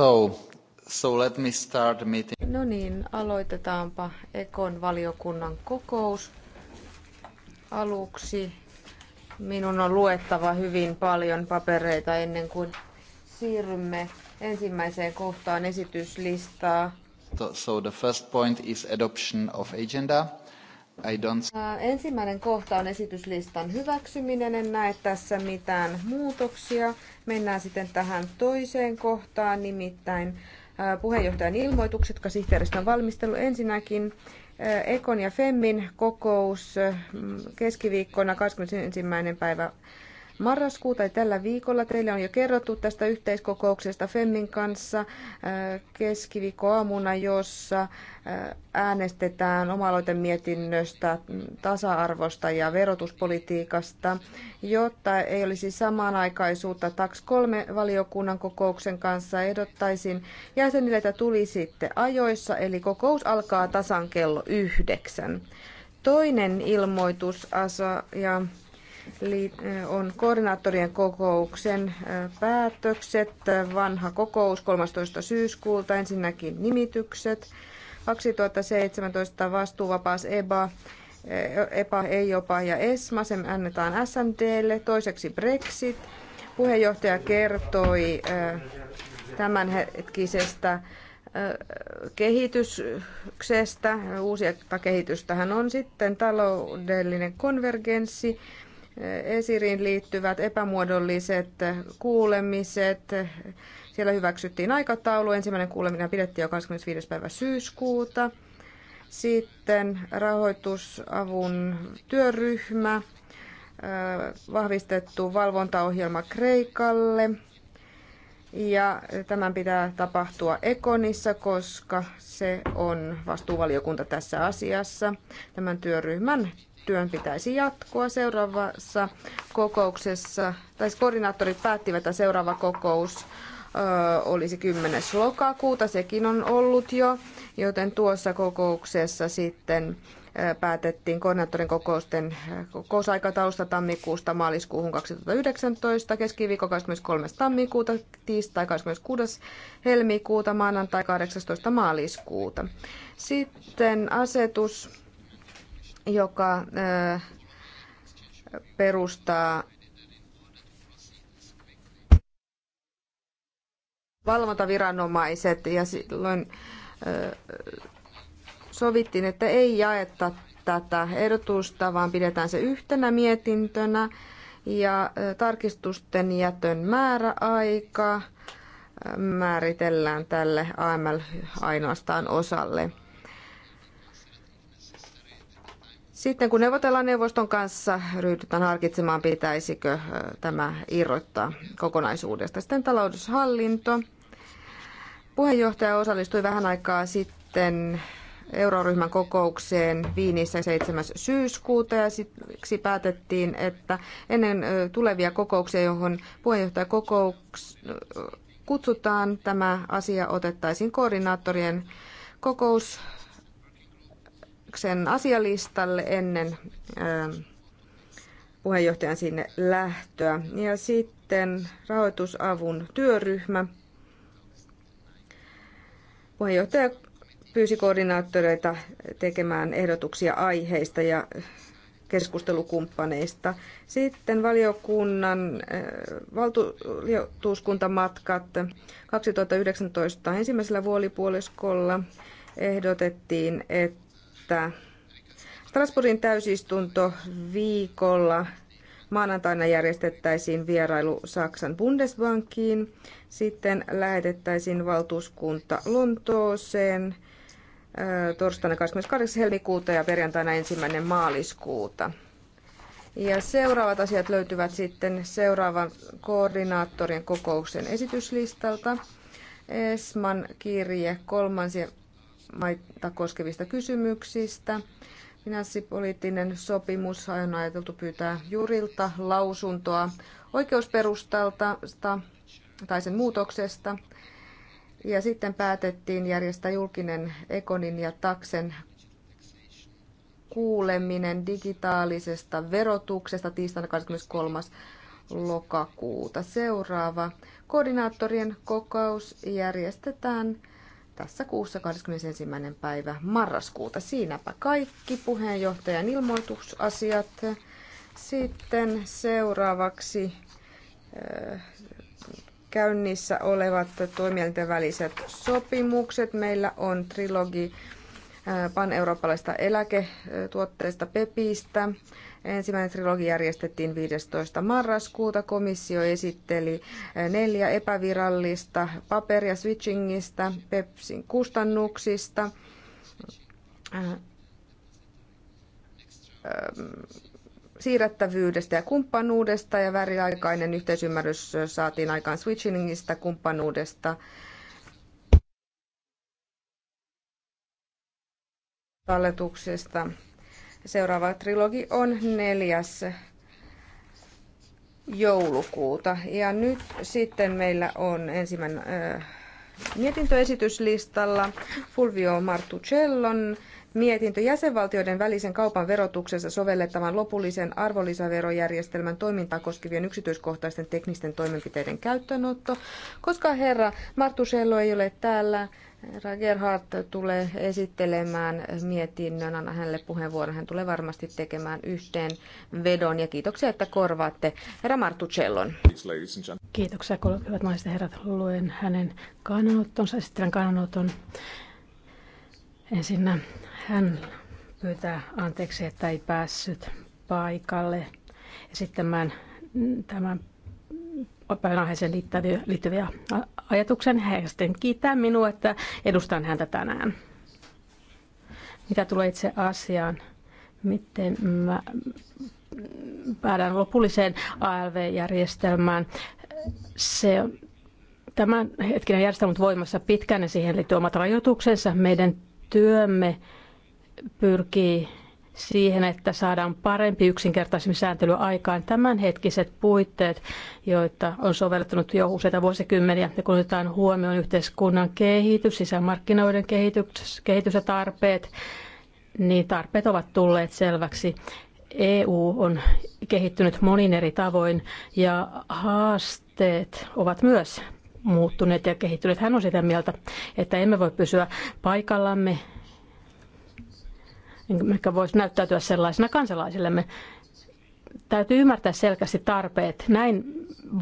So, so let me start meeting. No niin, aloitetaanpa Ekon valiokunnan kokous. Aluksi minun on luettava hyvin paljon papereita ennen kuin siirrymme ensimmäiseen kohtaan esityslistaa. So, so the first point is adoption of agenda. I don't... Ensimmäinen kohta on esityslistan hyväksyminen. En näe tässä mitään muutoksia. Mennään sitten tähän toiseen kohtaan, nimittäin puheenjohtajan ilmoitukset, jotka sihteeristön valmistelu. Ensinnäkin Ekon ja Femmin kokous keskiviikkona 21. päivä marraskuuta ja tällä viikolla. Teille on jo kerrottu tästä yhteiskokouksesta Femmin kanssa äh, keskiviikkoaamuna, jossa äh, äänestetään oma-aloitemietinnöstä, tasa-arvosta ja verotuspolitiikasta, jotta ei olisi samanaikaisuutta TAX 3 valiokunnan kokouksen kanssa. Ehdottaisin jäsenille, että tuli sitten ajoissa, eli kokous alkaa tasan kello yhdeksän. Toinen ilmoitus ja Äh, on koordinaattorien kokouksen äh, päätökset, vanha kokous 13. syyskuulta, ensinnäkin nimitykset, 2017 vastuuvapaas EBA, EPA, EIOPA ja ESMA, sen annetaan SMDlle, toiseksi Brexit, puheenjohtaja kertoi äh, tämänhetkisestä kehityksestä, uusia kehitystähän on sitten taloudellinen konvergenssi, esiriin liittyvät epämuodolliset kuulemiset. Siellä hyväksyttiin aikataulu. Ensimmäinen kuuleminen pidettiin jo 25. päivä syyskuuta. Sitten rahoitusavun työryhmä, vahvistettu valvontaohjelma Kreikalle. Ja tämän pitää tapahtua Ekonissa, koska se on vastuuvaliokunta tässä asiassa. Tämän työryhmän työn pitäisi jatkua seuraavassa kokouksessa, tai siis koordinaattorit päättivät, että seuraava kokous olisi 10. lokakuuta, sekin on ollut jo, joten tuossa kokouksessa sitten päätettiin koordinaattorin kokousten kokousaikataulusta tammikuusta maaliskuuhun 2019, keskiviikko 23. tammikuuta, tiistai 26. helmikuuta, maanantai 18. maaliskuuta. Sitten asetus joka perustaa valvontaviranomaiset ja silloin sovittiin, että ei jaeta tätä ehdotusta, vaan pidetään se yhtenä mietintönä ja tarkistusten jätön määräaika määritellään tälle AML ainoastaan osalle. Sitten kun neuvotellaan neuvoston kanssa, ryhdytään harkitsemaan, pitäisikö tämä irrottaa kokonaisuudesta. Sitten taloushallinto. Puheenjohtaja osallistui vähän aikaa sitten euroryhmän kokoukseen Viinissä 7. syyskuuta ja siksi päätettiin, että ennen tulevia kokouksia, johon kokouks, kutsutaan, tämä asia otettaisiin koordinaattorien kokous sen asialistalle ennen ähm, puheenjohtajan sinne lähtöä. Ja sitten rahoitusavun työryhmä. Puheenjohtaja pyysi koordinaattoreita tekemään ehdotuksia aiheista ja keskustelukumppaneista. Sitten valiokunnan äh, valtuuskuntamatkat 2019 ensimmäisellä vuolipuoliskolla ehdotettiin, että järjestää Strasbourgin täysistunto viikolla. Maanantaina järjestettäisiin vierailu Saksan Bundesbankiin. Sitten lähetettäisiin valtuuskunta Lontooseen torstaina 28. helmikuuta ja perjantaina 1. maaliskuuta. Ja seuraavat asiat löytyvät sitten seuraavan koordinaattorin kokouksen esityslistalta. Esman kirje kolmansien maita koskevista kysymyksistä. Finanssipoliittinen sopimus on ajateltu pyytää jurilta lausuntoa oikeusperustalta tai sen muutoksesta. Ja sitten päätettiin järjestää julkinen Ekonin ja Taksen kuuleminen digitaalisesta verotuksesta tiistaina 23. lokakuuta. Seuraava koordinaattorien kokous järjestetään tässä kuussa 21. päivä marraskuuta. Siinäpä kaikki puheenjohtajan ilmoitusasiat. Sitten seuraavaksi äh, käynnissä olevat toimielinten väliset sopimukset. Meillä on trilogi äh, pan-eurooppalaista eläketuotteista PEPistä. Ensimmäinen trilogi järjestettiin 15. marraskuuta. Komissio esitteli eh, neljä epävirallista paperia switchingistä, Pepsin kustannuksista, eh, eh, siirrettävyydestä ja kumppanuudesta ja väriaikainen yhteisymmärrys saatiin aikaan switchingista, kumppanuudesta, talletuksesta Seuraava trilogi on neljäs joulukuuta. Ja nyt sitten meillä on ensimmäinen mietintöesityslistalla Fulvio Martucellon mietintö jäsenvaltioiden välisen kaupan verotuksessa sovellettavan lopullisen arvonlisäverojärjestelmän toimintaa koskevien yksityiskohtaisten teknisten toimenpiteiden käyttöönotto. Koska herra Martucello ei ole täällä, Herra Gerhard tulee esittelemään mietinnön, anna hänelle puheenvuoron. Hän tulee varmasti tekemään yhteen vedon ja kiitoksia, että korvaatte herra Martucellon. Kiitoksia, kollegat naiset ja herrat. Luen hänen kannanottonsa, esittelen kannanoton. Ensinnä hän pyytää anteeksi, että ei päässyt paikalle esittämään tämän päivänaiheeseen liittyviä ajatuksen Hän sitten kiittää minua, että edustan häntä tänään. Mitä tulee itse asiaan, miten mä päädän lopulliseen ALV-järjestelmään. Se on tämän hetkinen järjestelmä voimassa pitkään ja siihen liittyy omat rajoituksensa. Meidän työmme pyrkii siihen, että saadaan parempi yksinkertaisemmin sääntely aikaan. Tämänhetkiset puitteet, joita on sovellettunut jo useita vuosikymmeniä, ja kun otetaan huomioon yhteiskunnan kehitys, sisämarkkinoiden kehitys, kehitys ja tarpeet, niin tarpeet ovat tulleet selväksi. EU on kehittynyt monin eri tavoin ja haasteet ovat myös muuttuneet ja kehittyneet. Hän on sitä mieltä, että emme voi pysyä paikallamme mikä voisi näyttäytyä sellaisena kansalaisillemme. Täytyy ymmärtää selkeästi tarpeet. Näin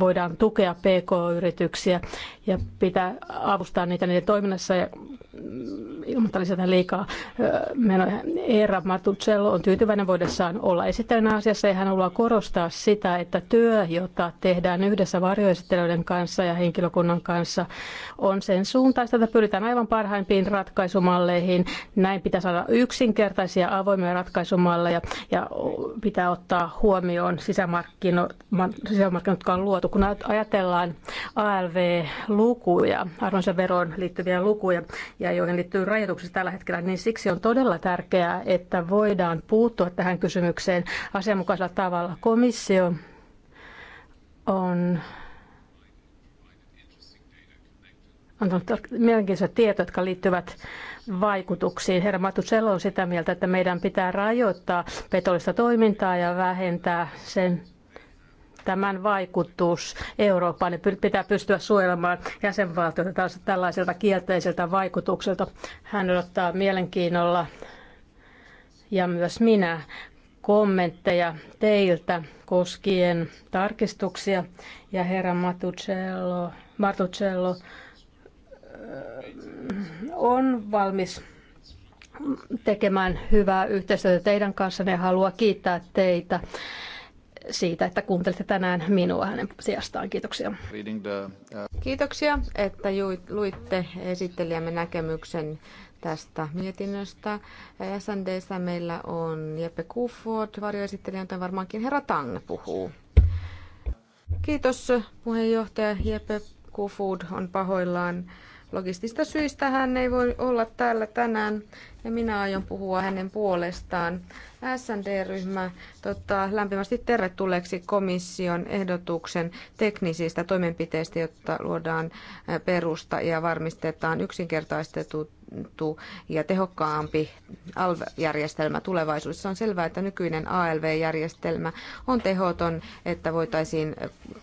voidaan tukea PK-yrityksiä ja pitää avustaa niitä niiden toiminnassa ja ilmoittaa lisätä liikaa menoja. Eera Martuccello on tyytyväinen voidessaan olla esittelijänä asiassa ja hän haluaa korostaa sitä, että työ, jota tehdään yhdessä varjoesittelijöiden kanssa ja henkilökunnan kanssa, on sen suuntaista, että pyritään aivan parhaimpiin ratkaisumalleihin. Näin pitää saada yksinkertaisia avoimia ratkaisumalleja ja pitää ottaa huomioon sisämarkkinot, sisämarkkinot jotka on luotu. Kun ajatellaan ALV-lukuja, arvonlisäveroon liittyviä lukuja ja ja joihin liittyy rajoituksia tällä hetkellä, niin siksi on todella tärkeää, että voidaan puuttua tähän kysymykseen asianmukaisella tavalla. Komissio on antanut mielenkiintoisia tietoja, jotka liittyvät vaikutuksiin. Herra Matusello on sitä mieltä, että meidän pitää rajoittaa petollista toimintaa ja vähentää sen tämän vaikutus Eurooppaan, niin pitää pystyä suojelemaan jäsenvaltioita taas tällaiselta kielteiseltä vaikutukselta. Hän odottaa mielenkiinnolla ja myös minä kommentteja teiltä koskien tarkistuksia. Ja herra Matucello, Matucello äh, on valmis tekemään hyvää yhteistyötä teidän kanssanne ja haluaa kiittää teitä siitä, että kuuntelitte tänään minua hänen sijastaan. Kiitoksia. Uh, Kiitoksia, että luitte esittelijämme näkemyksen tästä mietinnöstä. SNDssä meillä on Jeppe Kufford, varjoesittelijä, jota varmaankin herra Tang puhuu. Kiitos puheenjohtaja Jeppe Kufood on pahoillaan. Logistista syistä hän ei voi olla täällä tänään ja minä aion puhua hänen puolestaan. SND-ryhmä totta lämpimästi tervetulleeksi komission ehdotuksen teknisistä toimenpiteistä, jotta luodaan perusta ja varmistetaan yksinkertaistetut ja tehokkaampi ALV-järjestelmä tulevaisuudessa. On selvää, että nykyinen ALV-järjestelmä on tehoton, että voitaisiin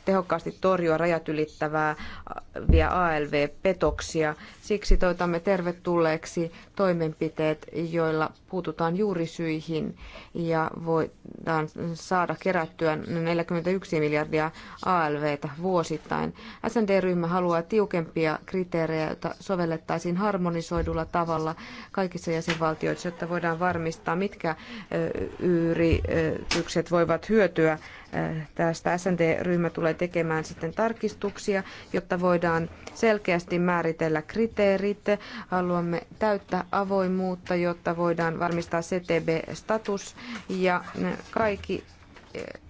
tehokkaasti torjua rajat ylittävää ALV-petoksia Siksi toitamme tervetulleeksi toimenpiteet, joilla puututaan juurisyihin ja voidaan saada kerättyä 41 miljardia ALVtä vuosittain. SND-ryhmä haluaa tiukempia kriteerejä, joita sovellettaisiin harmonisoidulla tavalla kaikissa jäsenvaltioissa, jotta voidaan varmistaa, mitkä yritykset voivat hyötyä Äh, tästä SND-ryhmä tulee tekemään sitten tarkistuksia, jotta voidaan selkeästi määritellä kriteerit. Haluamme täyttää avoimuutta, jotta voidaan varmistaa CTB-status ja kaikki äh,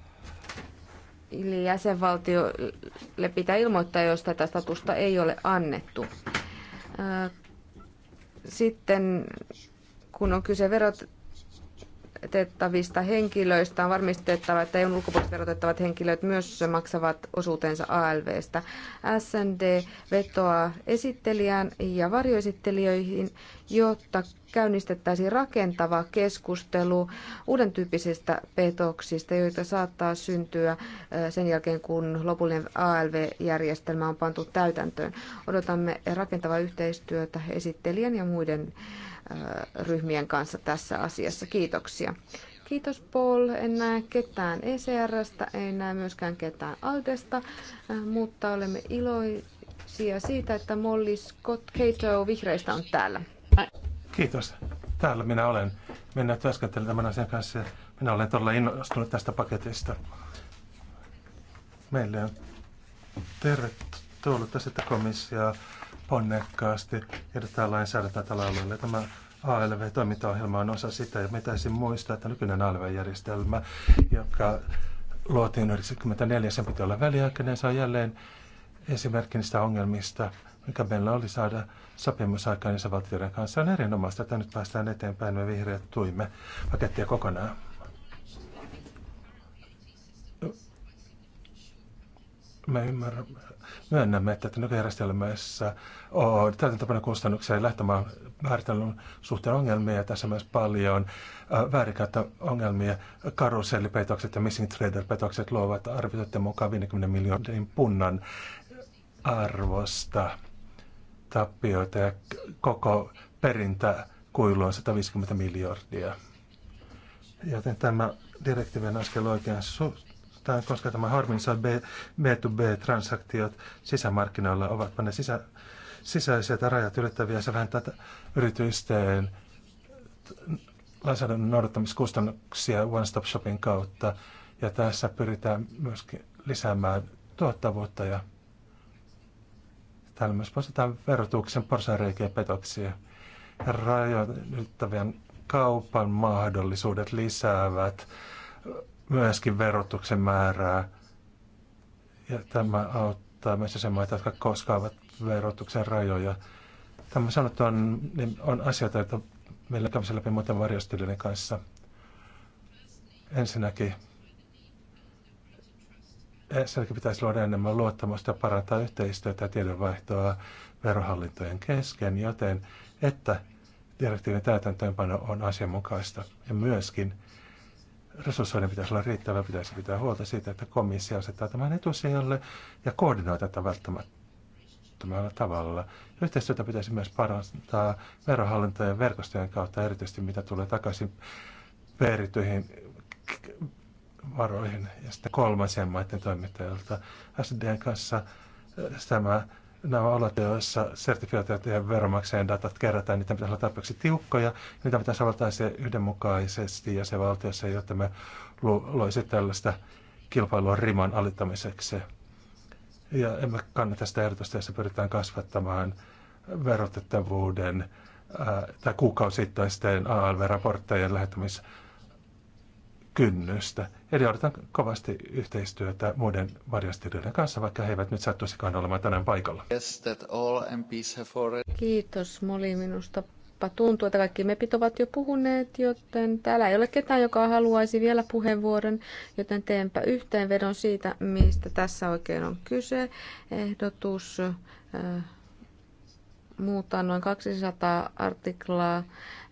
jäsenvaltiolle pitää ilmoittaa, jos tätä statusta ei ole annettu. Äh, sitten kun on kyse verot, verotettavista henkilöistä on varmistettava, että EUn ulkopuoliset verotettavat henkilöt myös maksavat osuutensa ALVstä. SND vetoaa esittelijään ja varjoesittelijöihin, jotta käynnistettäisiin rakentava keskustelu uuden tyyppisistä petoksista, joita saattaa syntyä sen jälkeen, kun lopullinen ALV-järjestelmä on pantu täytäntöön. Odotamme rakentavaa yhteistyötä esittelijän ja muiden ryhmien kanssa tässä asiassa. Kiitoksia. Kiitos Paul. En näe ketään ECRstä, en näe myöskään ketään Aldesta, mutta olemme iloisia siitä, että Molly Scott Cato vihreistä on täällä. Kiitos. Täällä minä olen. Minä työskentelen tämän asian kanssa ja minä olen todella innostunut tästä paketista. Meille on tervetullut tässä, komissiaa. komissio ponnekkaasti ehdottaa lainsäädäntöä tällä alueella. Tämä ALV-toimintaohjelma on osa sitä ja pitäisi muistaa, että nykyinen ALV-järjestelmä, joka luotiin 94, sen piti olla väliaikainen, saa jälleen esimerkki niistä ongelmista, mikä meillä oli saada sopimus aikaan niin valtioiden kanssa. On erinomaista, että nyt päästään eteenpäin, me vihreät tuimme pakettia kokonaan. me ymmärrämme, myönnämme, että nykyjärjestelmässä on täytäntöpanon kustannuksia ja lähtemään määritellyn suhteen ongelmia. Tässä myös paljon äh, ongelmia. Karusellipetokset ja missing trader-petokset luovat arvioiden mukaan 50 miljoonin punnan arvosta tappioita ja koko kuilu on 150 miljardia. Joten tämä direktiivien askel oikeaan suhteen vastaan, koska tämä harmin saa B2B-transaktiot sisämarkkinoilla, ovatpa ne sisä, sisäiset rajat ylittäviä, se vähentää yritysten lainsäädännön noudattamiskustannuksia One Stop Shopin kautta. Ja tässä pyritään myöskin lisäämään tuottavuutta ja täällä myös poistetaan verotuksen porsareikiä petoksia. Rajoittavien kaupan mahdollisuudet lisäävät myöskin verotuksen määrää. Ja tämä auttaa myös jäsenmaita, jotka koskaavat verotuksen rajoja. Tämä sanottu on, niin on asioita, joita meillä kävisi läpi muuten varjostelijoiden kanssa. Ensinnäkin, ensinnäkin pitäisi luoda enemmän luottamusta ja parantaa yhteistyötä ja tiedonvaihtoa verohallintojen kesken, joten että direktiivin täytäntöönpano on asianmukaista ja myöskin – resurssoinnin pitäisi olla riittävä, pitäisi pitää huolta siitä, että komissio asettaa tämän etusijalle ja koordinoi tätä välttämättömällä tavalla. Yhteistyötä pitäisi myös parantaa verohallintojen verkostojen kautta, erityisesti mitä tulee takaisin perityihin varoihin ja sitten kolmansien maiden toimittajilta. SDn kanssa äh, tämä nämä alat, joissa sertifioitajat ja veronmaksajien datat kerätään, niitä pitäisi olla tarpeeksi tiukkoja, niitä pitäisi avata se yhdenmukaisesti ja se valtiossa, jotta me loisi tällaista kilpailua riman alittamiseksi. Ja emme kannata sitä ehdotusta, jossa pyritään kasvattamaan verotettavuuden ää, tai kuukausittaisten ALV-raporttejen lähettämisen kynnystä. Eli odotan kovasti yhteistyötä muiden varjastelijoiden kanssa, vaikka he eivät nyt sattuisikaan olemaan tänään paikalla. Yes, Kiitos Moli minusta. Tuntuu, että kaikki mepit ovat jo puhuneet, joten täällä ei ole ketään, joka haluaisi vielä puheenvuoron, joten teenpä yhteenvedon siitä, mistä tässä oikein on kyse. Ehdotus äh, muuttaa noin 200 artiklaa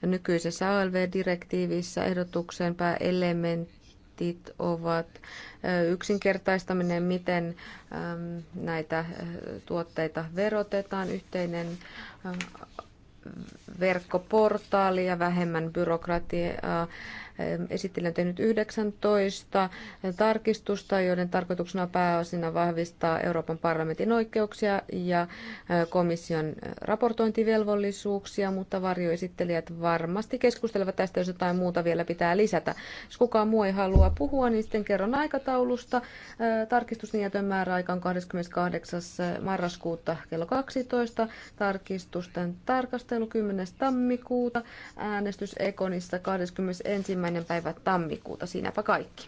nykyisessä ALV-direktiivissä ehdotuksen pääelementit ovat yksinkertaistaminen, miten näitä tuotteita verotetaan, yhteinen verkkoportaali ja vähemmän byrokratiaa, Esittelijä on tehnyt 19 tarkistusta, joiden tarkoituksena on pääosin vahvistaa Euroopan parlamentin oikeuksia ja komission raportointivelvollisuuksia, mutta varjoesittelijät varmasti keskustelevat tästä, jos jotain muuta vielä pitää lisätä. Jos kukaan muu ei halua puhua, niin sitten kerron aikataulusta. Tarkistusnietön määräaika on 28. marraskuuta kello 12. Tarkistusten tarkastelu 10. tammikuuta. Äänestys Ekonissa 21 ensimmäinen päivä tammikuuta. Siinäpä kaikki.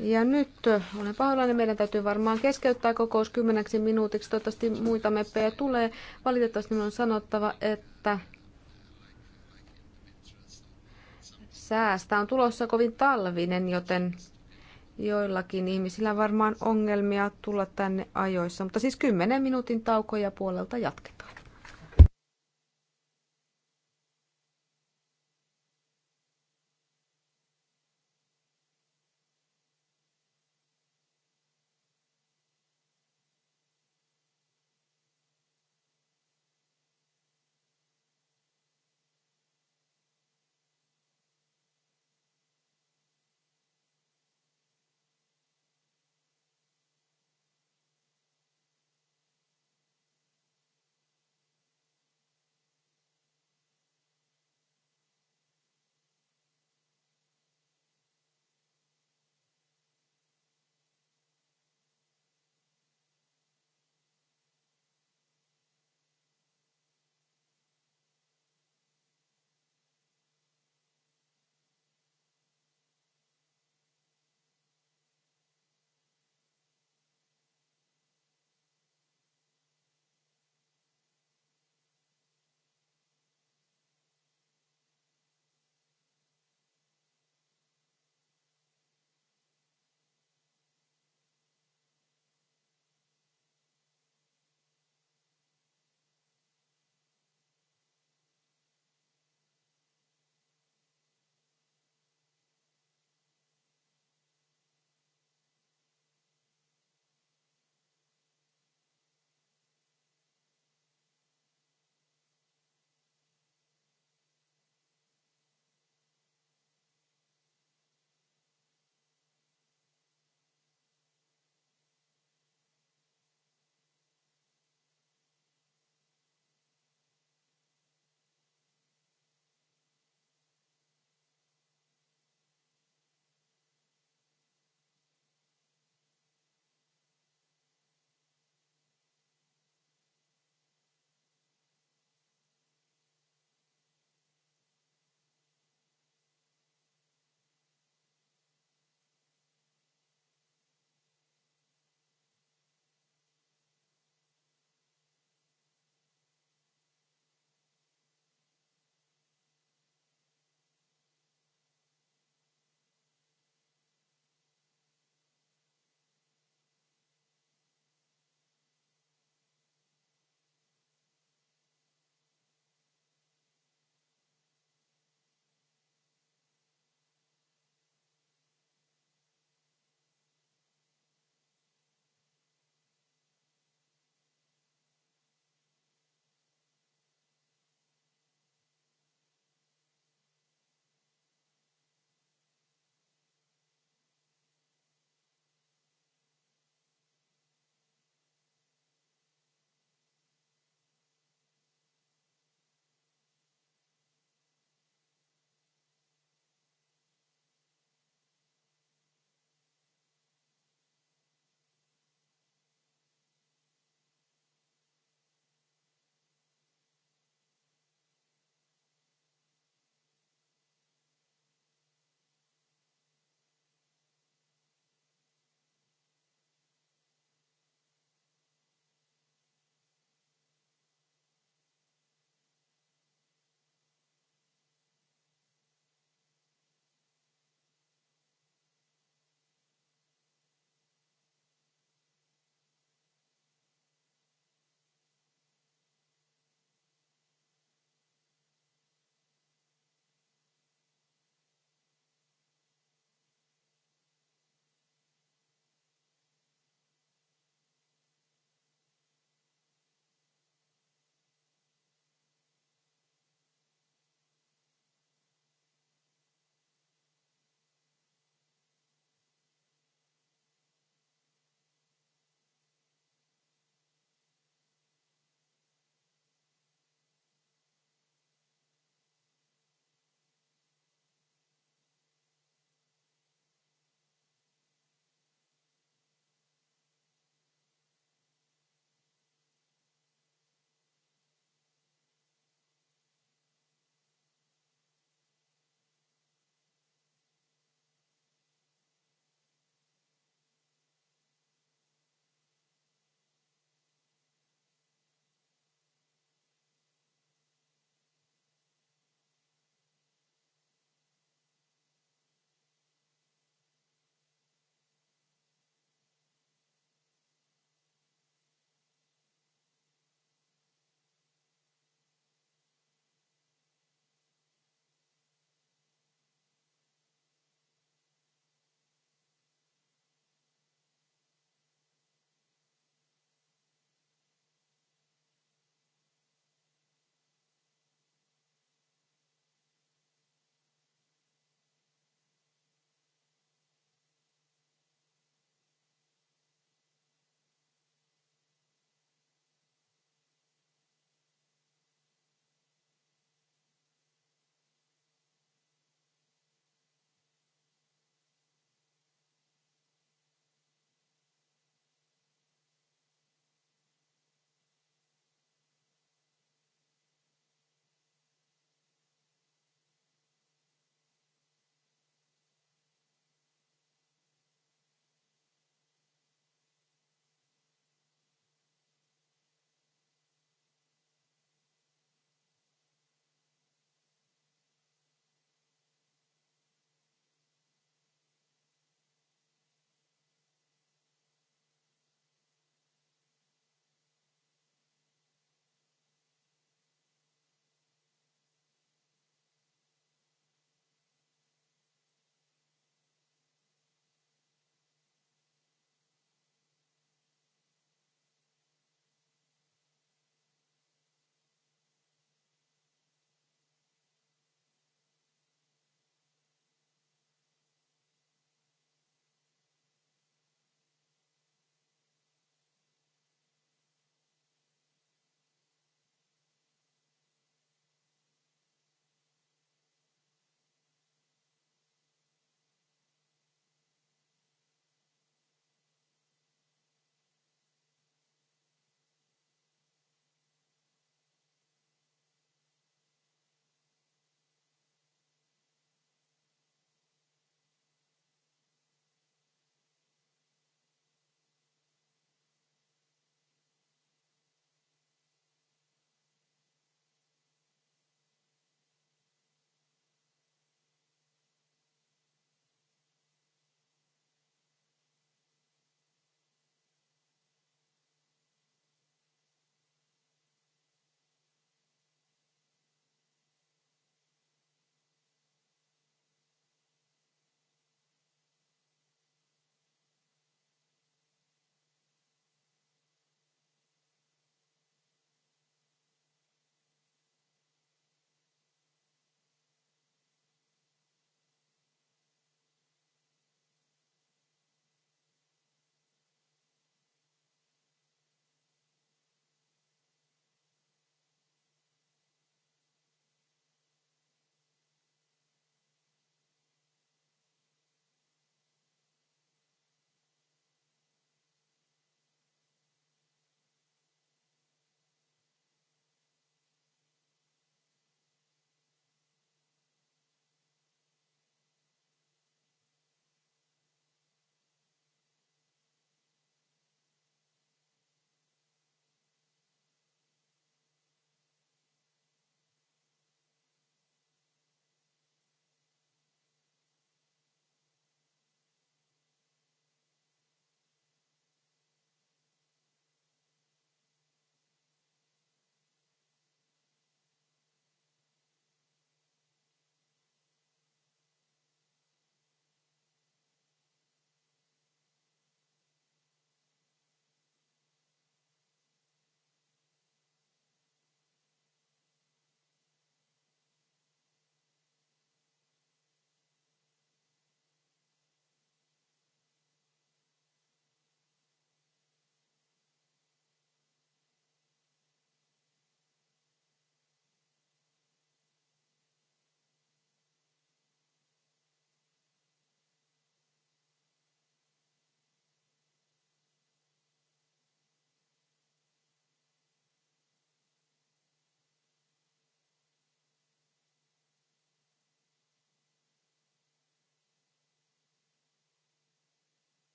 Ja nyt äh, olen pahoillani, meidän täytyy varmaan keskeyttää kokous kymmeneksi minuutiksi. Toivottavasti muita meppejä tulee. Valitettavasti minun on sanottava, että säästä on tulossa kovin talvinen, joten joillakin ihmisillä varmaan ongelmia tulla tänne ajoissa. Mutta siis 10 minuutin tauko ja puolelta jatketaan.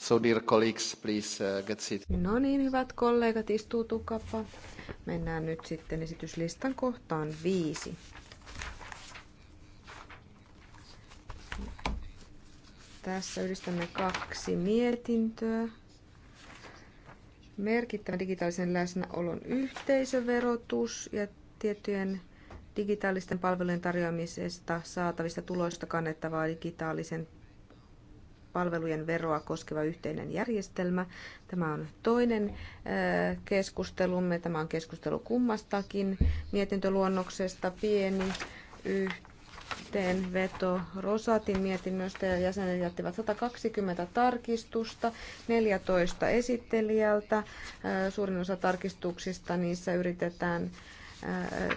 So dear colleagues, please uh, get seated. No niin, hyvät kollegat, istuutukapa. Mennään nyt sitten esityslistan kohtaan viisi. Tässä yhdistämme kaksi mietintöä. Merkittävä digitaalisen läsnäolon yhteisöverotus ja tiettyjen digitaalisten palvelujen tarjoamisesta saatavista tuloista kannettavaa digitaalisen palvelujen veroa koskeva yhteinen järjestelmä. Tämä on toinen keskustelumme. Tämä on keskustelu kummastakin mietintöluonnoksesta. Pieni yhteenveto Rosatin mietinnöstä ja jäsenet jättivät 120 tarkistusta, 14 esittelijältä. Suurin osa tarkistuksista niissä yritetään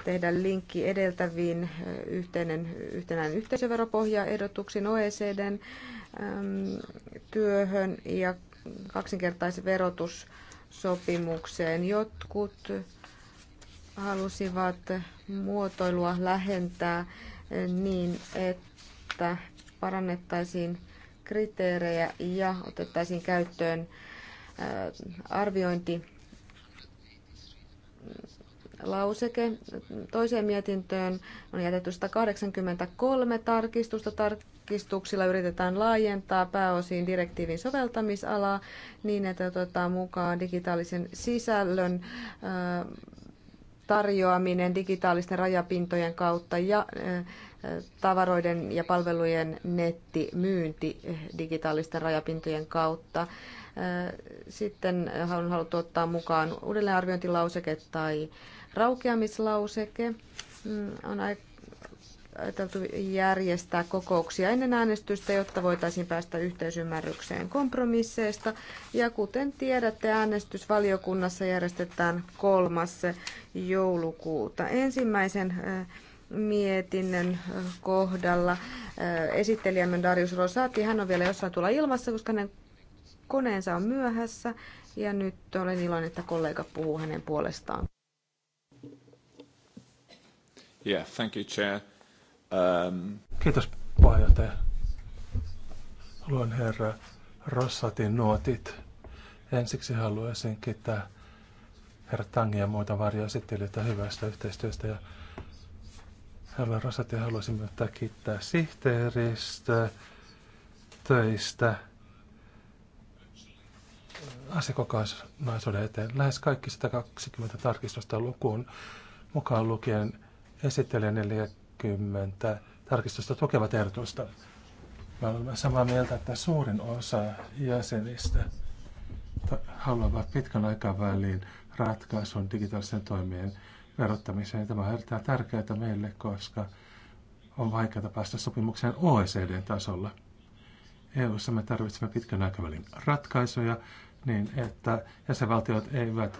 tehdä linkki edeltäviin yhteinen, yhtenäinen yhteisöveropohjaehdotuksiin OECDn työhön ja kaksinkertaisen verotussopimukseen. Jotkut halusivat muotoilua lähentää niin, että parannettaisiin kriteerejä ja otettaisiin käyttöön arviointi lauseke. Toiseen mietintöön on jätetty 183 tarkistusta. Tarkistuksilla yritetään laajentaa pääosin direktiivin soveltamisalaa niin, että otetaan mukaan digitaalisen sisällön äh, tarjoaminen digitaalisten rajapintojen kautta ja äh, tavaroiden ja palvelujen nettimyynti digitaalisten rajapintojen kautta. Äh, sitten on haluttu ottaa mukaan uudelleenarviointilauseke tai raukeamislauseke. Mm, on ajateltu järjestää kokouksia ennen äänestystä, jotta voitaisiin päästä yhteisymmärrykseen kompromisseista. Ja kuten tiedätte, äänestys valiokunnassa järjestetään kolmas joulukuuta. Ensimmäisen äh, mietinnön äh, kohdalla äh, esittelijämme Darius Rosati, hän on vielä jossain tulla ilmassa, koska hänen koneensa on myöhässä. Ja nyt olen iloinen, että kollega puhuu hänen puolestaan. Yeah, thank you, Chair. Um, Kiitos, puheenjohtaja. herra Rossatin nuotit. Ensiksi haluaisin kiittää herra Tangi ja muita varjoesittelijöitä hyvästä yhteistyöstä. Ja herra Rossatin haluaisin myöntää kiittää sihteeristä, töistä, asiakokonaisuuden eteen. Lähes kaikki 120 tarkistusta lukuun mukaan lukien Esittelee 40 tarkistusta tukevat ehdotusta. Me olemme samaa mieltä, että suurin osa jäsenistä haluavat pitkän aikavälin ratkaisun digitaalisten toimien verottamiseen. Tämä on erittäin tärkeää meille, koska on vaikeaa päästä sopimukseen OECD-tasolla. EU-ssa me tarvitsemme pitkän aikavälin ratkaisuja niin, että jäsenvaltiot eivät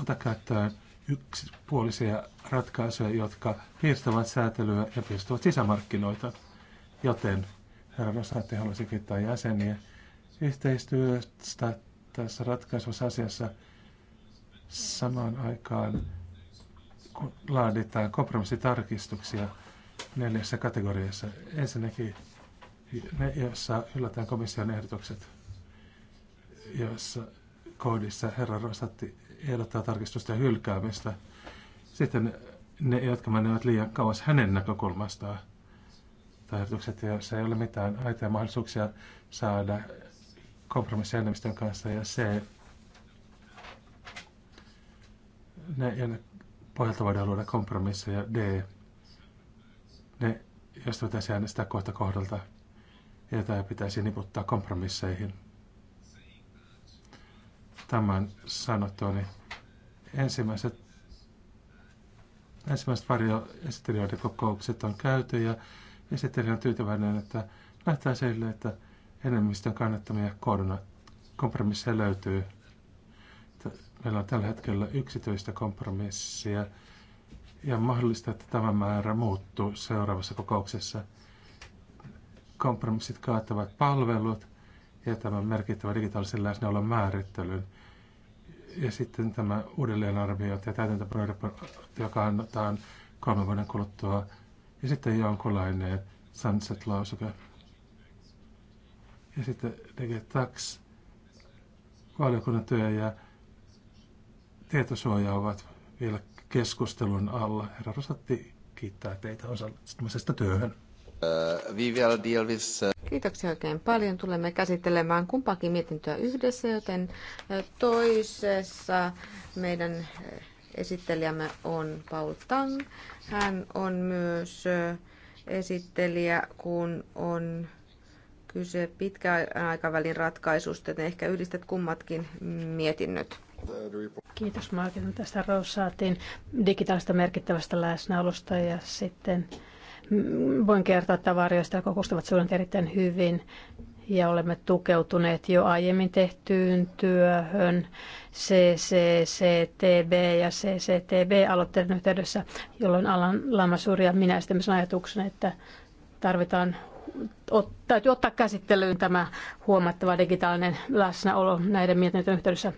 ota käyttöön yksipuolisia ratkaisuja, jotka piirtävät säätelyä ja piirtävät sisämarkkinoita. Joten herra Rosati haluaisi kiittää jäseniä yhteistyöstä tässä ratkaisussa asiassa samaan aikaan, kun laaditaan kompromissitarkistuksia neljässä kategoriassa. Ensinnäkin ne, joissa yllätään komission ehdotukset, joissa koodissa herra Rosatti ehdottaa tarkistusta ja hylkäämistä. Sitten ne, jotka menevät liian kauas hänen näkökulmastaan, tai ehdotukset, joissa ei ole mitään aitoja mahdollisuuksia saada kompromissia enemmistön kanssa, ja se, ne, ja ne pohjalta voidaan luoda kompromisseja, D, ne, joista pitäisi äänestää kohta kohdalta, ja ei pitäisi niputtaa kompromisseihin tämän sanottua, niin ensimmäiset, ensimmäiset varjoesittelijöiden kokoukset on käyty ja esittelijä on tyytyväinen, että näyttää sille, että enemmistön kannattamia korona kompromisseja löytyy. Meillä on tällä hetkellä yksityistä kompromissia ja mahdollista, että tämä määrä muuttuu seuraavassa kokouksessa. Kompromissit kaattavat palvelut ja tämän merkittävän digitaalisen läsnäolon määrittelyn – ja sitten tämä uudelleenarviointi ja täytäntöprojekti, joka annetaan kolmen vuoden kuluttua. Ja sitten jonkunlainen sunset lausuke Ja sitten tekee tax, valiokunnan työ ja tietosuoja ovat vielä keskustelun alla. Herra Rosatti kiittää teitä osallistumisesta työhön. Uh, we will deal with... Uh, Kiitoksia oikein paljon. Tulemme käsittelemään kumpakin mietintöä yhdessä, joten uh, toisessa meidän esittelijämme on Paul Tang. Hän on myös esittelijä, kun on kyse pitkän aikavälin ratkaisusta, joten ehkä yhdistät kummatkin mietinnöt. Kiitos Marketin tästä Rosaatin digitaalista merkittävästä läsnäolosta ja sitten Voin kertoa, että varjoistelko kokustavat suunnat erittäin hyvin ja olemme tukeutuneet jo aiemmin tehtyyn työhön CCCTB ja CCTB-aloitteiden yhteydessä, jolloin alan lamasuri ja minä esitämme sen ajatuksen, että tarvitaan Ot, täytyy ottaa käsittelyyn tämä huomattava digitaalinen läsnäolo näiden mietintöjen yhteydessä.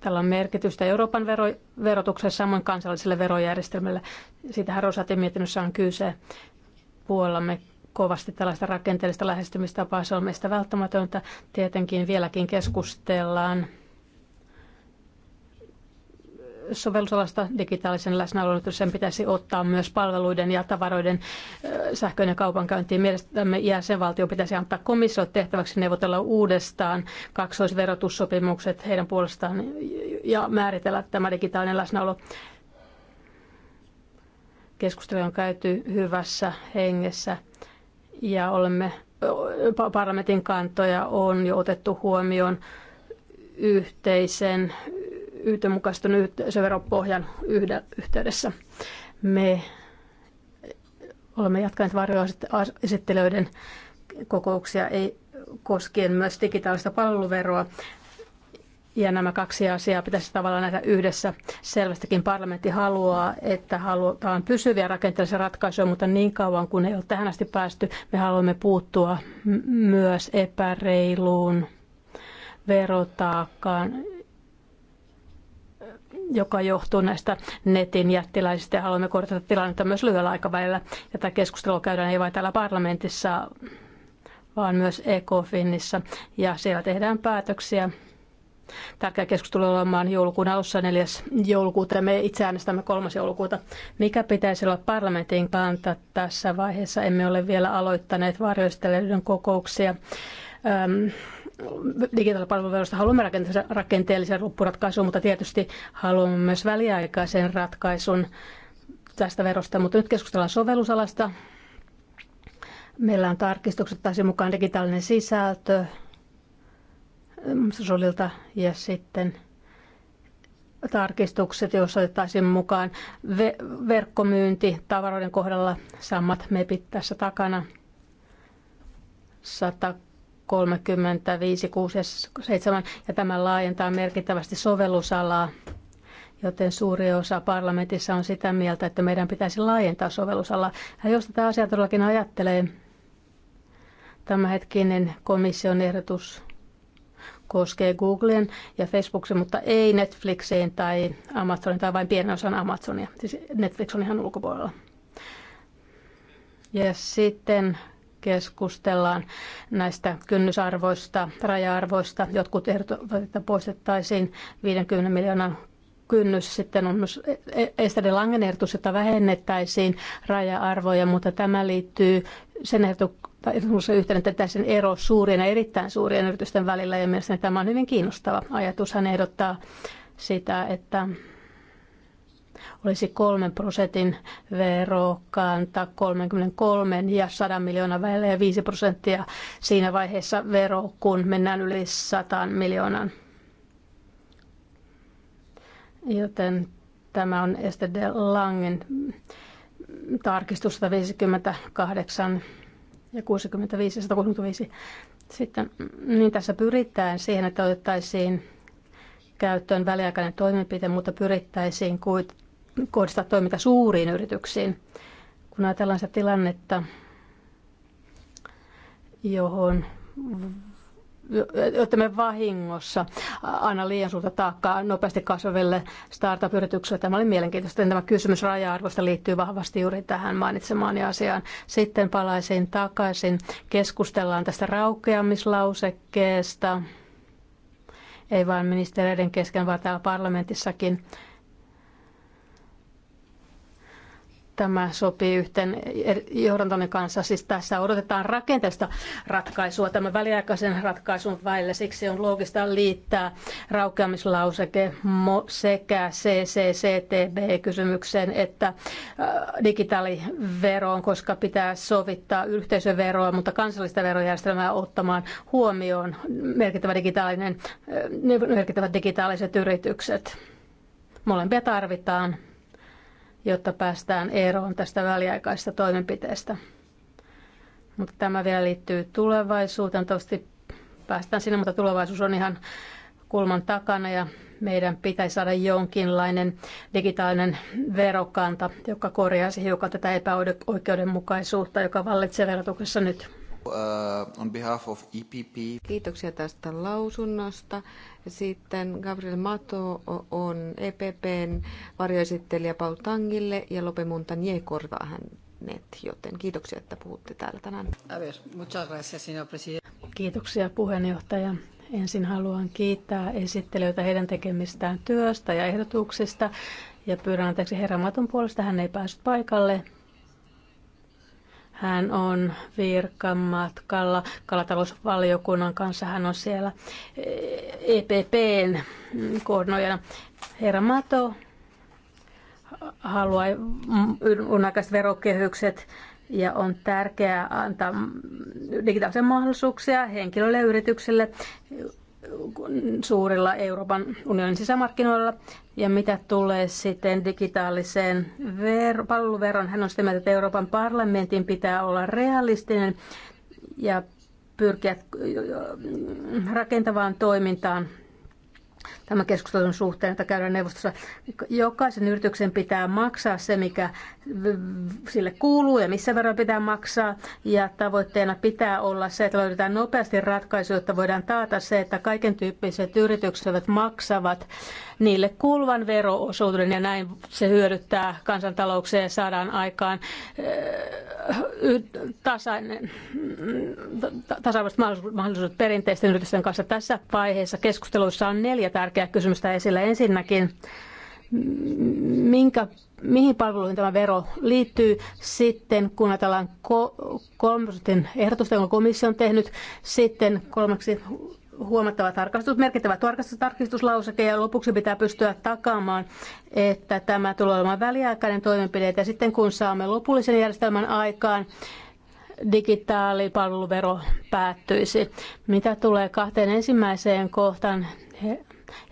Tällä on merkitystä Euroopan vero, verotuksessa samoin kansalliselle verojärjestelmälle. Siitähän Rosatin mietinnössä on kyse. Puolellamme kovasti tällaista rakenteellista lähestymistapaa. Se on meistä välttämätöntä. Tietenkin vieläkin keskustellaan sovellusalasta digitaalisen läsnäolon, sen pitäisi ottaa myös palveluiden ja tavaroiden sähköinen kaupankäynti. Mielestämme jäsenvaltio pitäisi antaa komissiolle tehtäväksi neuvotella uudestaan kaksoisverotussopimukset heidän puolestaan ja määritellä tämä digitaalinen läsnäolo. Keskustelu on käyty hyvässä hengessä ja olemme parlamentin kantoja on jo otettu huomioon yhteisen yhdenmukaistun yhteisöveropohjan yhteydessä. Me olemme jatkaneet varjoesittelyiden kokouksia ei koskien myös digitaalista palveluveroa. Ja nämä kaksi asiaa pitäisi tavallaan nähdä yhdessä. Selvästikin parlamentti haluaa, että halutaan pysyviä rakenteellisia ratkaisuja, mutta niin kauan kuin ei ole tähän asti päästy, me haluamme puuttua myös epäreiluun verotaakkaan, joka johtuu näistä netin jättiläisistä ja haluamme korjata tilannetta myös lyhyellä aikavälillä. Tätä keskustelua käydään ei vain täällä parlamentissa, vaan myös ECOFINissa ja siellä tehdään päätöksiä. Tärkeä keskustelu olemaan joulukuun alussa 4. joulukuuta ja me itse äänestämme 3. joulukuuta. Mikä pitäisi olla parlamentin kanta tässä vaiheessa? Emme ole vielä aloittaneet varjoistelijoiden kokouksia. Öm, digitaalipalveluverosta haluamme rakenteellisen loppuratkaisun, mutta tietysti haluamme myös väliaikaisen ratkaisun tästä verosta. Mutta nyt keskustellaan sovellusalasta. Meillä on tarkistukset taas mukaan digitaalinen sisältö mm, Solilta ja sitten tarkistukset, joissa otettaisiin mukaan ve- verkkomyynti tavaroiden kohdalla samat mepit tässä takana. 100 35, 6 ja 7, ja tämä laajentaa merkittävästi sovellusalaa, joten suuri osa parlamentissa on sitä mieltä, että meidän pitäisi laajentaa sovellusalaa. Ja jos tätä asiaa todellakin ajattelee, tämänhetkinen komission ehdotus koskee Googlen ja Facebookin, mutta ei Netflixiin tai Amazonin tai vain pienen osan Amazonia. Siis Netflix on ihan ulkopuolella. Ja sitten keskustellaan näistä kynnysarvoista, raja-arvoista. Jotkut ehdottavat, että poistettaisiin 50 miljoonaa kynnys. Sitten on myös Estade Langen ehdotus, että vähennettäisiin raja-arvoja, mutta tämä liittyy sen ehdotuksen yhteen, että tässä ero suurien ja erittäin suurien yritysten välillä. Ja mielestäni tämä on hyvin kiinnostava ajatus. Hän ehdottaa sitä, että olisi 3 prosentin verokanta 33 ja 100 miljoonaa välillä ja 5 prosenttia siinä vaiheessa vero, kun mennään yli 100 miljoonaan. Joten tämä on Estede Langen tarkistus 158 ja 65 165. Sitten, niin tässä pyritään siihen, että otettaisiin käyttöön väliaikainen toimenpide, mutta pyrittäisiin kohdistaa toiminta suuriin yrityksiin. Kun ajatellaan sitä tilannetta, johon jotta me vahingossa aina liian suurta taakkaa nopeasti kasvaville startup-yrityksille. Tämä oli mielenkiintoista. Tämä kysymys raja-arvosta liittyy vahvasti juuri tähän mainitsemaani asiaan. Sitten palaisin takaisin. Keskustellaan tästä raukeamislausekkeesta. Ei vain ministereiden kesken, vaan täällä parlamentissakin Tämä sopii yhteen johdantonne kanssa. Siis tässä odotetaan rakenteista ratkaisua tämän väliaikaisen ratkaisun välillä. Siksi on loogista liittää raukeamislauseke sekä CCCTB-kysymykseen että äh, digitaaliveroon, koska pitää sovittaa yhteisöveroa, mutta kansallista verojärjestelmää ottamaan huomioon merkittävä digitaalinen, äh, merkittävät digitaaliset yritykset. Molempia tarvitaan jotta päästään eroon tästä väliaikaisesta toimenpiteestä. Mutta tämä vielä liittyy tulevaisuuteen. Toivottavasti päästään sinne, mutta tulevaisuus on ihan kulman takana ja meidän pitäisi saada jonkinlainen digitaalinen verokanta, joka korjaisi hiukan tätä epäoikeudenmukaisuutta, joka vallitsee verotuksessa nyt. Uh, on behalf of EPP. Kiitoksia tästä lausunnosta. Sitten Gabriel Mato on EPPn varjoesittelijä Paul Tangille ja Lope Montagne korvaa hänet, joten kiitoksia, että puhutte täällä tänään. Kiitoksia puheenjohtaja. Ensin haluan kiittää esittelijöitä heidän tekemistään työstä ja ehdotuksista. Ja pyydän anteeksi herra Maton puolesta, hän ei päässyt paikalle, hän on matkalla kalatalousvaliokunnan kanssa. Hän on siellä EPPn koordinoijana. Herra Mato haluaa unnakaiset verokehykset ja on tärkeää antaa digitaalisia mahdollisuuksia henkilölle ja yritykselle suurilla Euroopan unionin sisämarkkinoilla. Ja mitä tulee sitten digitaaliseen ver- palveluveron, hän on sitä mieltä, että Euroopan parlamentin pitää olla realistinen ja pyrkiä mm, rakentavaan toimintaan tämän keskustelun suhteen, että käydään neuvostossa. Jokaisen yrityksen pitää maksaa se, mikä sille kuuluu ja missä verran pitää maksaa. Ja tavoitteena pitää olla se, että löydetään nopeasti ratkaisu, jotta voidaan taata se, että kaiken tyyppiset yritykset maksavat niille kuuluvan veroosuuden ja näin se hyödyttää kansantalouksia ja saadaan aikaan eh, tasainen, tasaiset mahdollisuudet perinteisten yritysten kanssa. Tässä vaiheessa keskusteluissa on neljä tärkeää tärkeää kysymystä esille Ensinnäkin, minkä, mihin palveluihin tämä vero liittyy. Sitten kun ajatellaan ko- kolmosen ehdotusta, jonka komissio on tehnyt, sitten kolmeksi huomattava tarkastus, merkittävä tarkastus, tarkistuslauseke ja lopuksi pitää pystyä takaamaan, että tämä tulee olemaan väliaikainen toimenpide. Ja sitten kun saamme lopullisen järjestelmän aikaan, digitaalipalveluvero päättyisi. Mitä tulee kahteen ensimmäiseen kohtaan,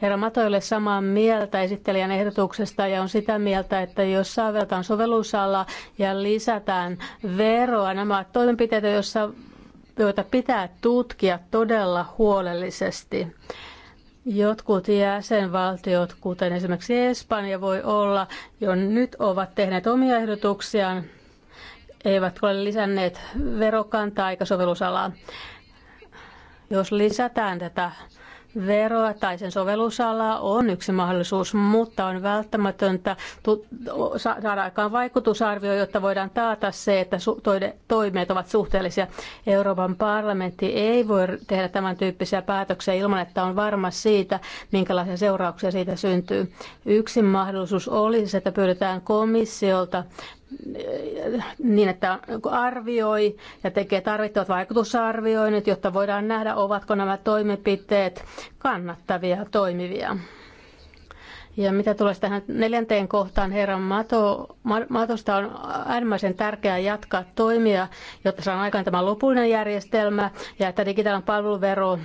Herra ole samaa mieltä esittelijän ehdotuksesta ja on sitä mieltä, että jos saavutetaan sovellusala ja lisätään veroa, nämä ovat toimenpiteitä, joissa, joita pitää tutkia todella huolellisesti. Jotkut jäsenvaltiot, kuten esimerkiksi Espanja voi olla, jo nyt ovat tehneet omia ehdotuksiaan, eivät ole lisänneet verokantaa eikä sovellusalaa. Jos lisätään tätä veroa tai sen sovellusalaa on yksi mahdollisuus, mutta on välttämätöntä saada aikaan vaikutusarvio, jotta voidaan taata se, että toimet ovat suhteellisia. Euroopan parlamentti ei voi tehdä tämän tyyppisiä päätöksiä ilman, että on varma siitä, minkälaisia seurauksia siitä syntyy. Yksi mahdollisuus olisi, että pyydetään komissiolta niin, että arvioi ja tekee tarvittavat vaikutusarvioinnit, jotta voidaan nähdä, ovatko nämä toimenpiteet kannattavia toimivia. Ja mitä tulee tähän neljänteen kohtaan, herran Mato, Matosta on äärimmäisen tärkeää jatkaa toimia, jotta saadaan aikaan tämä lopullinen järjestelmä ja että digitaalinen palveluvero,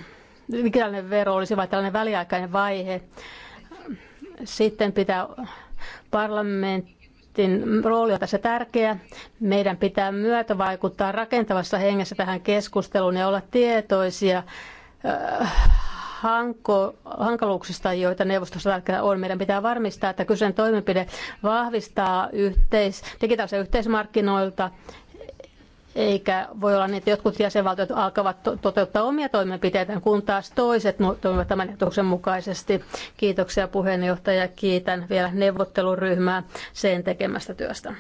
digitaalinen vero olisi vain tällainen väliaikainen vaihe. Sitten pitää parlamentti parlamentin rooli on tässä tärkeä. Meidän pitää myötä vaikuttaa rakentavassa hengessä tähän keskusteluun ja olla tietoisia äh, hanko, hankaluuksista, joita neuvostossa tällä on. Meidän pitää varmistaa, että kyseinen toimenpide vahvistaa yhteis, digitaalisia yhteismarkkinoilta eikä voi olla niin, että jotkut jäsenvaltiot alkavat toteuttaa omia toimenpiteitä, kun taas toiset toimivat tämän ehdotuksen mukaisesti. Kiitoksia puheenjohtaja. Kiitän vielä neuvotteluryhmää sen tekemästä työstä.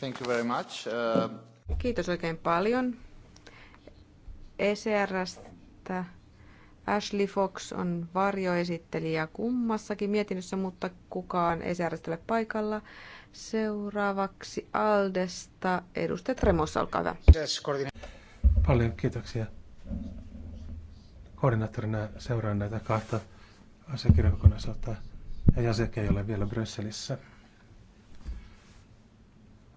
Thank you very much. Uh... Kiitos oikein paljon. ECRstä Ashley Fox on varjoesittelijä kummassakin mietinnössä, mutta kukaan ECRstä ole paikalla. Seuraavaksi Aldesta edustaja Tremos, olkaa hyvä. Paljon kiitoksia. Koordinaattorina seuraan näitä kahta asiakirjakokonaisuutta ja Jasek ei ole vielä Brysselissä.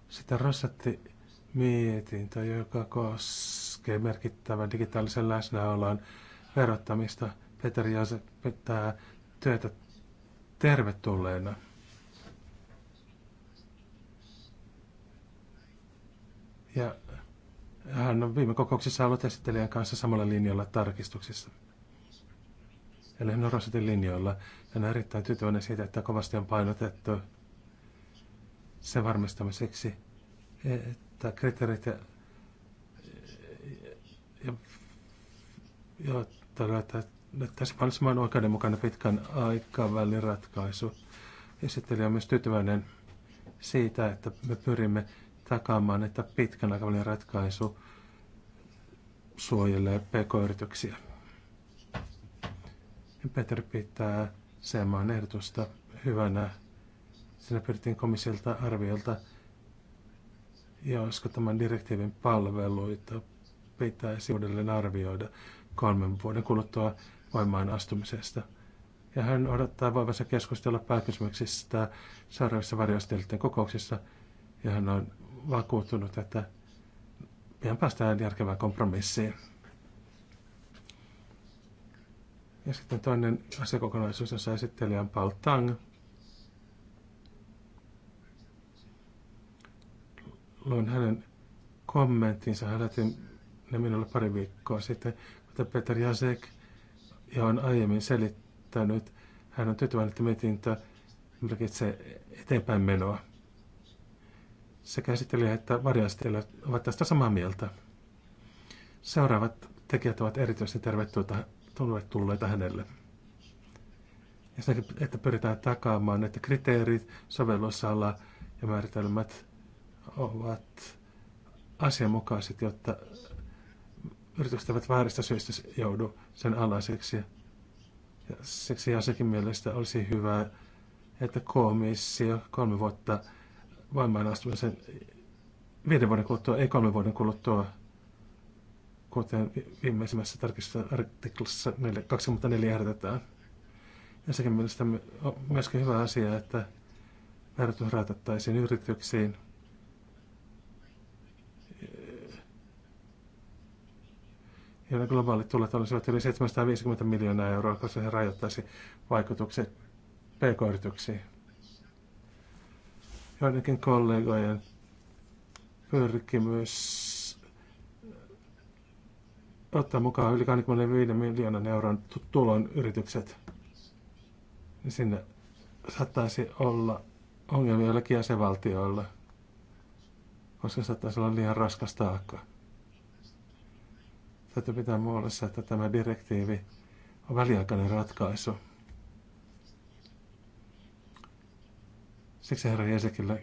Sitten Rossetti mietintö, joka koskee merkittävän digitaalisen läsnäolon verottamista. Peter Jasek pitää työtä tervetulleena – Ja hän on viime kokouksessa ollut esittelijän kanssa samalla linjalla tarkistuksissa. Eli hän on Rosetin linjoilla. Hän on erittäin tyytyväinen siitä, että kovasti on painotettu sen varmistamiseksi, että kriteerit ja, ja, ja tässä mahdollisimman oikeudenmukainen pitkän aikavälin ratkaisu. Esittelijä on myös tyytyväinen siitä, että me pyrimme takaamaan, että pitkän aikavälin ratkaisu suojelee pk-yrityksiä. Peter pitää Seemaan ehdotusta hyvänä. Siinä pyrittiin komissiolta arviolta, olisiko tämän direktiivin palveluita pitäisi uudelleen arvioida kolmen vuoden kuluttua voimaan astumisesta. Ja hän odottaa voivansa keskustella pääkysymyksistä seuraavissa varjostelten kokouksissa. Ja hän on vakuuttunut, että pian päästään järkevään kompromissiin. Ja sitten toinen asiakokonaisuus, jossa esittelijä on Paul Tang. Luin hänen kommenttinsa, hän lähti ne minulle pari viikkoa sitten, mutta Peter Jasek, jo on aiemmin selittänyt, hän on tyytyväinen, että mietintö merkitsee eteenpäin menoa sekä esittelijä että varjoesittelijä ovat tästä samaa mieltä. Seuraavat tekijät ovat erityisesti tervetulleita hänelle. Ja sen, että pyritään takaamaan, että kriteerit, sovellusala ja määritelmät ovat asianmukaiset, jotta yritykset eivät vääristä syistä joudu sen alaiseksi. Ja siksi asiakin mielestä olisi hyvä, että komissio kolme vuotta voimaan astumisen viiden vuoden kuluttua, ei kolmen vuoden kuluttua, kuten viimeisimmässä tarkistuksessa artiklassa 24 ehdotetaan. Ja sekin mielestäni on myöskin hyvä asia, että verotus raatettaisiin yrityksiin, joiden globaalit tulot olisivat yli 750 miljoonaa euroa, koska se rajoittaisi vaikutukset pk-yrityksiin joidenkin kollegojen pyrkimys ottaa mukaan yli 25 miljoonan euron tulon yritykset. Sinne saattaisi olla ongelmia jollekin jäsenvaltioilla, koska saattaisi olla liian raskas taakka. Täytyy pitää muodossa, että tämä direktiivi on väliaikainen ratkaisu. Siksi herra Jesekillä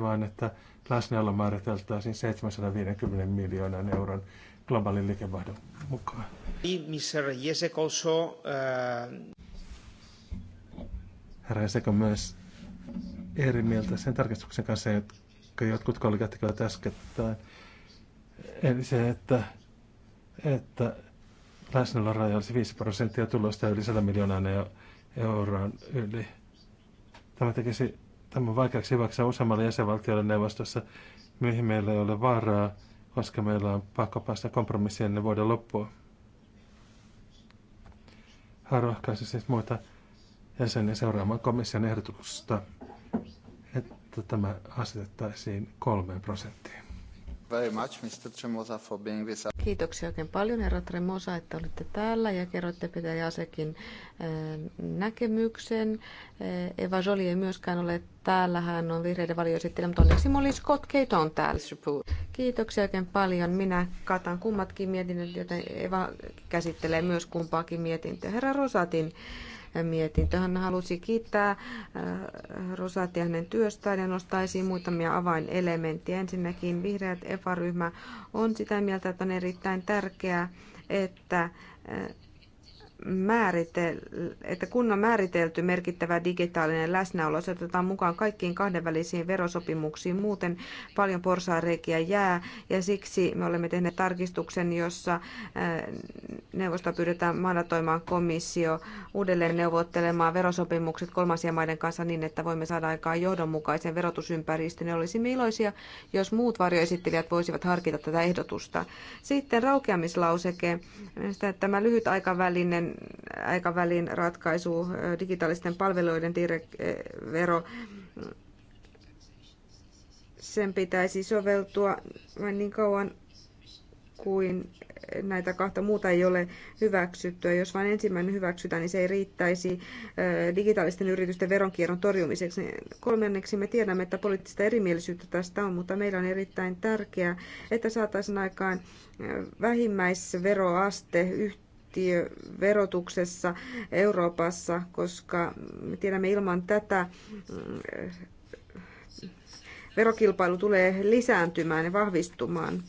vain, että läsnäolo määriteltäisiin 750 miljoonan euron globaalin liikevaihdon mukaan. Niin, Mr. Jesek also, uh... Herra Jesek on myös eri mieltä sen tarkistuksen kanssa, jotka jotkut kollegat tekevät äskettäin. Eli se, että, että läsnäolo raja olisi 5 prosenttia tulosta yli 100 miljoonaa euroa yli. Tämä tekisi tämän vaikeaksi hyväksyä useammalle jäsenvaltiolle neuvostossa, mihin meillä ei ole varaa, koska meillä on pakko päästä kompromissien ennen vuoden loppua. Hän rohkaisi siis muita jäseniä seuraamaan komission ehdotusta, että tämä asetettaisiin kolmeen prosenttiin very much, Mr. Tremosa, for being with us. Kiitoksia oikein paljon, herra Tremosa, että olitte täällä ja kerroitte Jasekin eh, näkemyksen. Eh, Eva Joli ei myöskään ole täällä, hän on vihreiden valioesittelijä, mutta onneksi Molly Scott Kate on täällä. Kiitoksia oikein paljon. Minä katan kummatkin mietinnöt, joten Eva käsittelee myös kumpaakin mietintöä. Herra Rosatin mietintö. Hän halusi kiittää äh, Rosati hänen työstään ja nostaa esiin muutamia avainelementtejä. Ensinnäkin vihreät EFA-ryhmä on sitä mieltä, että on erittäin tärkeää, että äh, määritel- että kunnon määritelty merkittävä digitaalinen läsnäolo se otetaan mukaan kaikkiin kahdenvälisiin verosopimuksiin. Muuten paljon porsaareikiä jää ja siksi me olemme tehneet tarkistuksen, jossa äh, neuvosta pyydetään mandatoimaan komissio uudelleen neuvottelemaan verosopimukset kolmansien maiden kanssa niin, että voimme saada aikaan johdonmukaisen verotusympäristön. olisimme iloisia, jos muut varjoesittelijät voisivat harkita tätä ehdotusta. Sitten raukeamislauseke. Tämä lyhyt aikavälinen aikavälin ratkaisu, digitaalisten palveluiden vero, sen pitäisi soveltua vain niin kauan kuin näitä kahta muuta ei ole hyväksyttyä. Jos vain ensimmäinen hyväksytään, niin se ei riittäisi digitaalisten yritysten veronkierron torjumiseksi. Kolmanneksi me tiedämme, että poliittista erimielisyyttä tästä on, mutta meillä on erittäin tärkeää, että saataisiin aikaan vähimmäisveroaste yhtiöverotuksessa Euroopassa, koska me tiedämme ilman tätä mm, verokilpailu tulee lisääntymään ja vahvistumaan.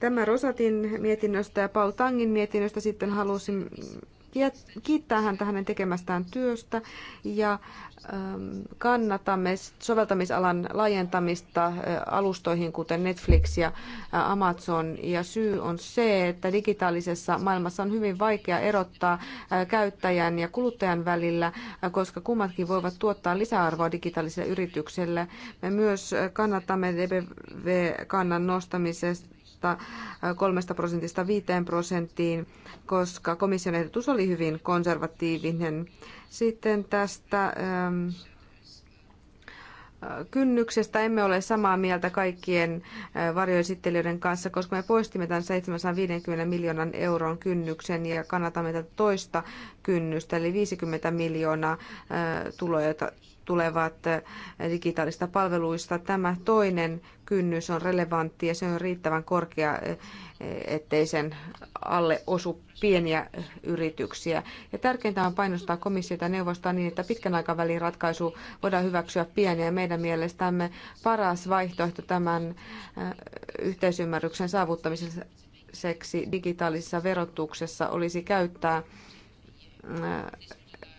Tämä Rosatin mietinnöstä ja Paul Tangin mietinnöstä sitten halusin kiittää häntä hänen tekemästään työstä ja ähm, kannatamme soveltamisalan laajentamista äh, alustoihin kuten Netflix ja äh, Amazon. Ja syy on se, että digitaalisessa maailmassa on hyvin vaikea erottaa äh, käyttäjän ja kuluttajan välillä, koska kummatkin voivat tuottaa lisäarvoa digitaaliselle yritykselle. Me myös kannatamme DBV-kannan nostamisesta tuosta äh, kolmesta prosentista viiteen prosenttiin, koska komission ehdotus oli hyvin konservatiivinen. Sitten tästä ähm, äh, kynnyksestä emme ole samaa mieltä kaikkien äh, varjoesittelijöiden kanssa, koska me poistimme tämän 750 miljoonan euron kynnyksen ja kannatamme tätä toista kynnystä, eli 50 miljoonaa tuloja, tulevat eh, digitaalista palveluista. Tämä toinen kynnys on relevantti ja se on riittävän korkea, eh, ettei sen alle osu pieniä yrityksiä. Ja tärkeintä on painostaa komissiota ja neuvostoa niin, että pitkän aikavälin ratkaisu voidaan hyväksyä pieniä. Meidän mielestämme paras vaihtoehto tämän eh, yhteisymmärryksen saavuttamiseksi digitaalisessa verotuksessa olisi käyttää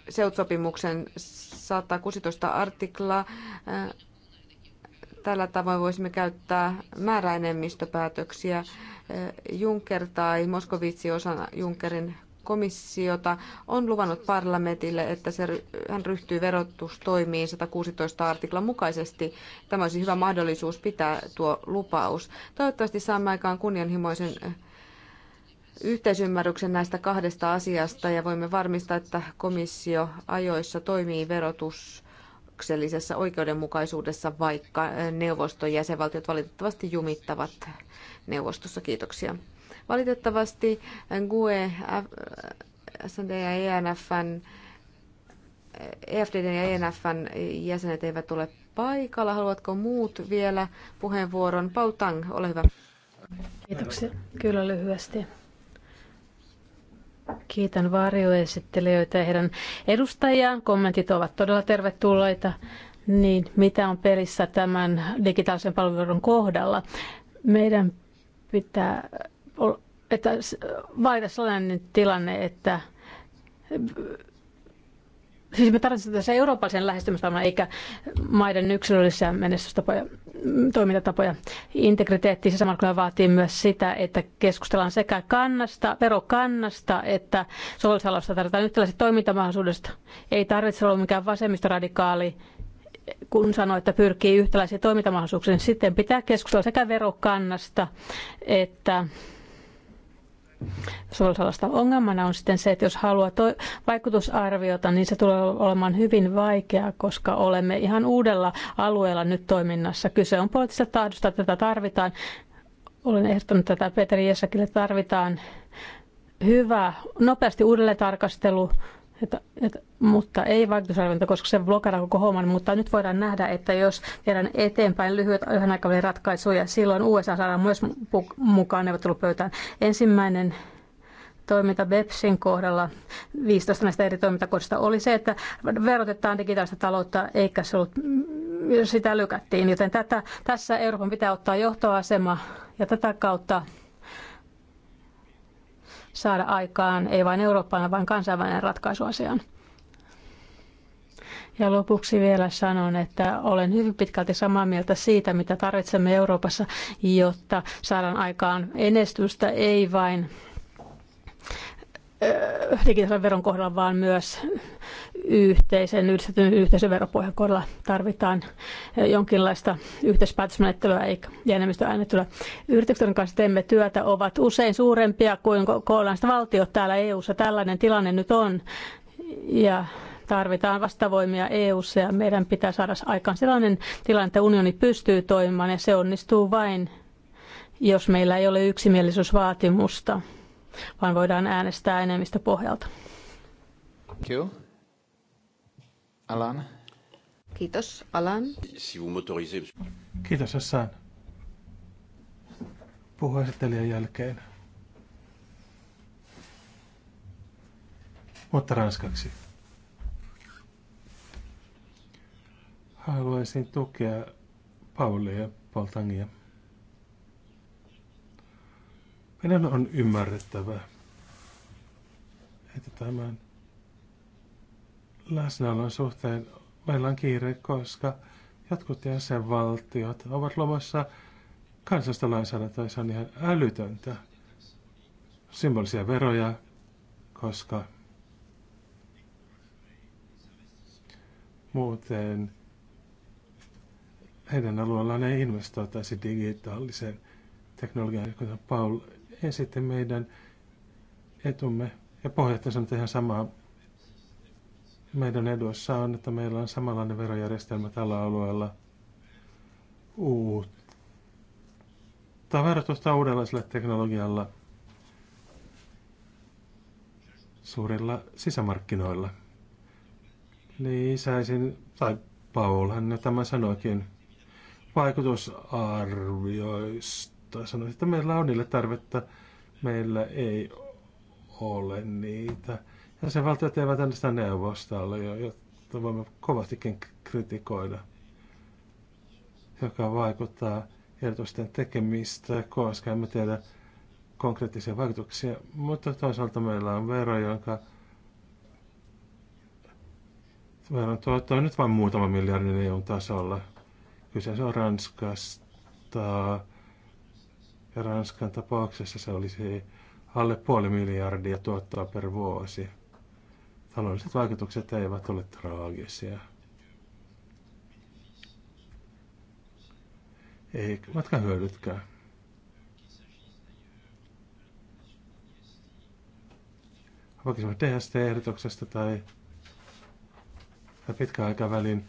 seutsopimuksen 116 artiklaa. Tällä tavoin voisimme käyttää määräenemmistöpäätöksiä. Juncker tai Moskovitsi osana Junckerin komissiota on luvannut parlamentille, että se, hän ryhtyy verotustoimiin 116 artiklan mukaisesti. Tämä olisi hyvä mahdollisuus pitää tuo lupaus. Toivottavasti saamme aikaan kunnianhimoisen yhteisymmärryksen näistä kahdesta asiasta ja voimme varmistaa, että komissio ajoissa toimii verotuksellisessa oikeudenmukaisuudessa, vaikka neuvoston jäsenvaltiot valitettavasti jumittavat neuvostossa. Kiitoksia. Valitettavasti GUE, SND ja ENFn EFDn ja ENFn jäsenet eivät ole paikalla. Haluatko muut vielä puheenvuoron? Pautang, Tang, ole hyvä. Kiitoksia. Kyllä lyhyesti. Kiitän varjoesittelijöitä ja heidän edustajiaan. Kommentit ovat todella tervetulleita. Niin, mitä on pelissä tämän digitaalisen palvelun kohdalla? Meidän pitää että valita sellainen tilanne, että Siis me tarvitsemme tässä eurooppalaisen lähestymistavan eikä maiden yksilöllisiä menestystapoja, toimintatapoja. Integriteetti sisämarkkinoilla vaatii myös sitä, että keskustellaan sekä kannasta, verokannasta että sovellusalosta. Tarvitaan yhtäläiset toimintamahdollisuudet. Ei tarvitse olla mikään vasemmistoradikaali, kun sanoo, että pyrkii yhtäläisiin toimintamahdollisuuksiin. Sitten pitää keskustella sekä verokannasta että sellaista Ongelmana on sitten se, että jos haluaa to- vaikutusarviota, niin se tulee olemaan hyvin vaikeaa, koska olemme ihan uudella alueella nyt toiminnassa. Kyse on poliittisesta tahdosta, että tätä tarvitaan. Olen ehdottanut tätä Petri Jessakille, tarvitaan hyvä, nopeasti uudelleen tarkastelu että, että, mutta ei vaikutusarviointia, koska se blokara koko homman, mutta nyt voidaan nähdä, että jos tehdään eteenpäin lyhyet yhden aikavälin ratkaisuja, silloin USA saadaan myös mukaan neuvottelupöytään. Ensimmäinen toiminta BEPSin kohdalla, 15 näistä eri toimintakohdista, oli se, että verotetaan digitaalista taloutta, eikä se ollut, sitä lykättiin. Joten tätä, tässä Euroopan pitää ottaa johtoasema ja tätä kautta saada aikaan, ei vain Eurooppaan, vaan kansainvälinen ratkaisu asiaan. Ja lopuksi vielä sanon, että olen hyvin pitkälti samaa mieltä siitä, mitä tarvitsemme Euroopassa, jotta saadaan aikaan enestystä, ei vain digitaalisen veron kohdalla, vaan myös yhteisen yhdistetyn yhteisön veropohjan kohdalla tarvitaan jonkinlaista yhteispäätösmenettelyä eikä Yritykset Yritysten kanssa teemme työtä ovat usein suurempia kuin koolaiset valtiot täällä EU-ssa. Tällainen tilanne nyt on ja tarvitaan vastavoimia EU-ssa ja meidän pitää saada aikaan sellainen tilanne, että unioni pystyy toimimaan ja se onnistuu vain, jos meillä ei ole yksimielisyysvaatimusta vaan voidaan äänestää enemmistö pohjalta. Kiitos. Alan. Kiitos, Alan. Si vous Kiitos, Hassan. saan jälkeen. Mutta ranskaksi. Haluaisin tukea Paulia Poltangia. Meidän on ymmärrettävä, että tämän läsnäolon suhteen meillä on kiire, koska jotkut jäsenvaltiot ovat lomassa kansallista lainsäädäntöä. Se on ihan älytöntä. Symbolisia veroja, koska muuten heidän alueellaan ei investoitaisi digitaaliseen teknologiaan, kuten Paul sitten meidän etumme ja pohjoittansa nyt ihan samaa meidän eduissa on, että meillä on samanlainen verojärjestelmä tällä alueella. Uutta verotusta uudenlaisella teknologialla suurilla sisämarkkinoilla. Lisäisin, tai Paulhan tämä sanoikin, vaikutusarvioista mutta sanoisin, että meillä on niille tarvetta. Meillä ei ole niitä. Ja se valtiot eivät aina sitä neuvostalle, jota voimme kovastikin kritikoida, joka vaikuttaa ehdotusten tekemistä, koska emme tiedä konkreettisia vaikutuksia. Mutta toisaalta meillä on vero, jonka veron tuotto on nyt vain muutama miljardin eu tasolla. Kyseessä on Ranskasta ja Ranskan tapauksessa se olisi alle puoli miljardia tuottoa per vuosi. Taloudelliset vaikutukset eivät ole traagisia. Ei matka hyödytkään. vaikka DST-ehdotuksesta tai, pitkäaikavälin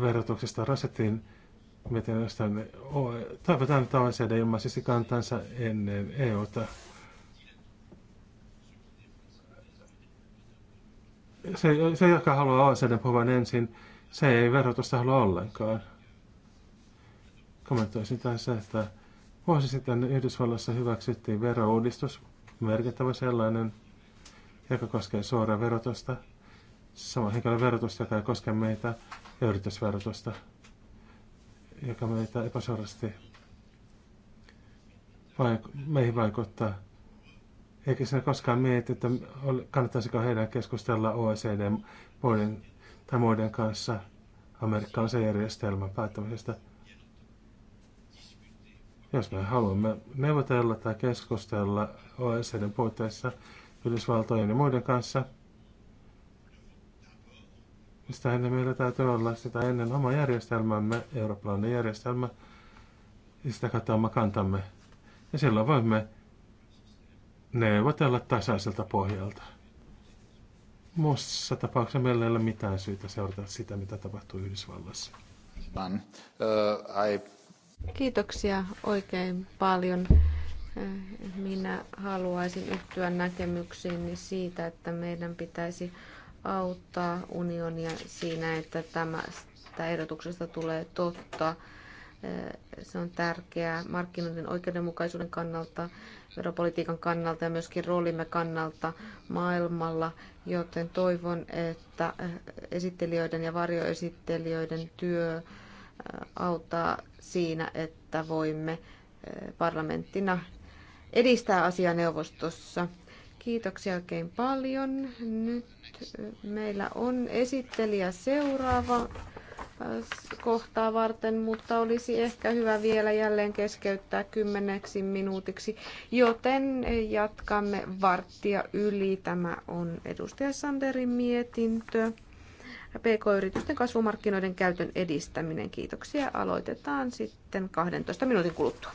verotuksesta rasettiin Miten mietinnöstä toivotaan, että OECD ilmaisisi kantansa ennen EUta. Se, se joka haluaa OECD puhuvan ensin, se ei verotusta halua ollenkaan. Kommentoisin tässä, että vuosi sitten Yhdysvalloissa hyväksyttiin verouudistus, merkittävä sellainen, joka koskee suoraa verotusta, sama henkilön verotusta, joka ei koske meitä, ja yritysverotusta joka meitä epäsuorasti vaiku- meihin vaikuttaa. Eikä sinä koskaan mieti, että kannattaisiko heidän keskustella OECD muiden, tai muiden kanssa amerikkalaisen järjestelmän päättämisestä. Jos me haluamme neuvotella tai keskustella OECDn puitteissa Yhdysvaltojen ja muiden kanssa – mistä sitähän meillä täytyy olla sitä ennen oma järjestelmämme, eurooppalainen järjestelmä, ja sitä kautta oma kantamme. Ja silloin voimme neuvotella tasaiselta pohjalta. Muussa tapauksessa meillä ei ole mitään syytä seurata sitä, mitä tapahtuu Yhdysvalloissa. Uh, Kiitoksia oikein paljon. Eh, minä haluaisin yhtyä näkemyksiin siitä, että meidän pitäisi auttaa unionia siinä, että tämä, ehdotuksesta tulee totta. Eh, se on tärkeää markkinoiden oikeudenmukaisuuden kannalta, veropolitiikan kannalta ja myöskin roolimme kannalta maailmalla, joten toivon, että eh, esittelijöiden ja varjoesittelijöiden työ eh, auttaa siinä, että voimme parlamenttina edistää asiaa neuvostossa. Kiitoksia oikein paljon. Nyt eh, meillä on esittelijä seuraava eh, kohtaa varten, mutta olisi ehkä hyvä vielä jälleen keskeyttää kymmeneksi minuutiksi, joten eh, jatkamme varttia yli. Tämä on edustaja Sanderin mietintö. PK-yritysten kasvumarkkinoiden käytön edistäminen. Kiitoksia. Aloitetaan sitten 12 minuutin kuluttua.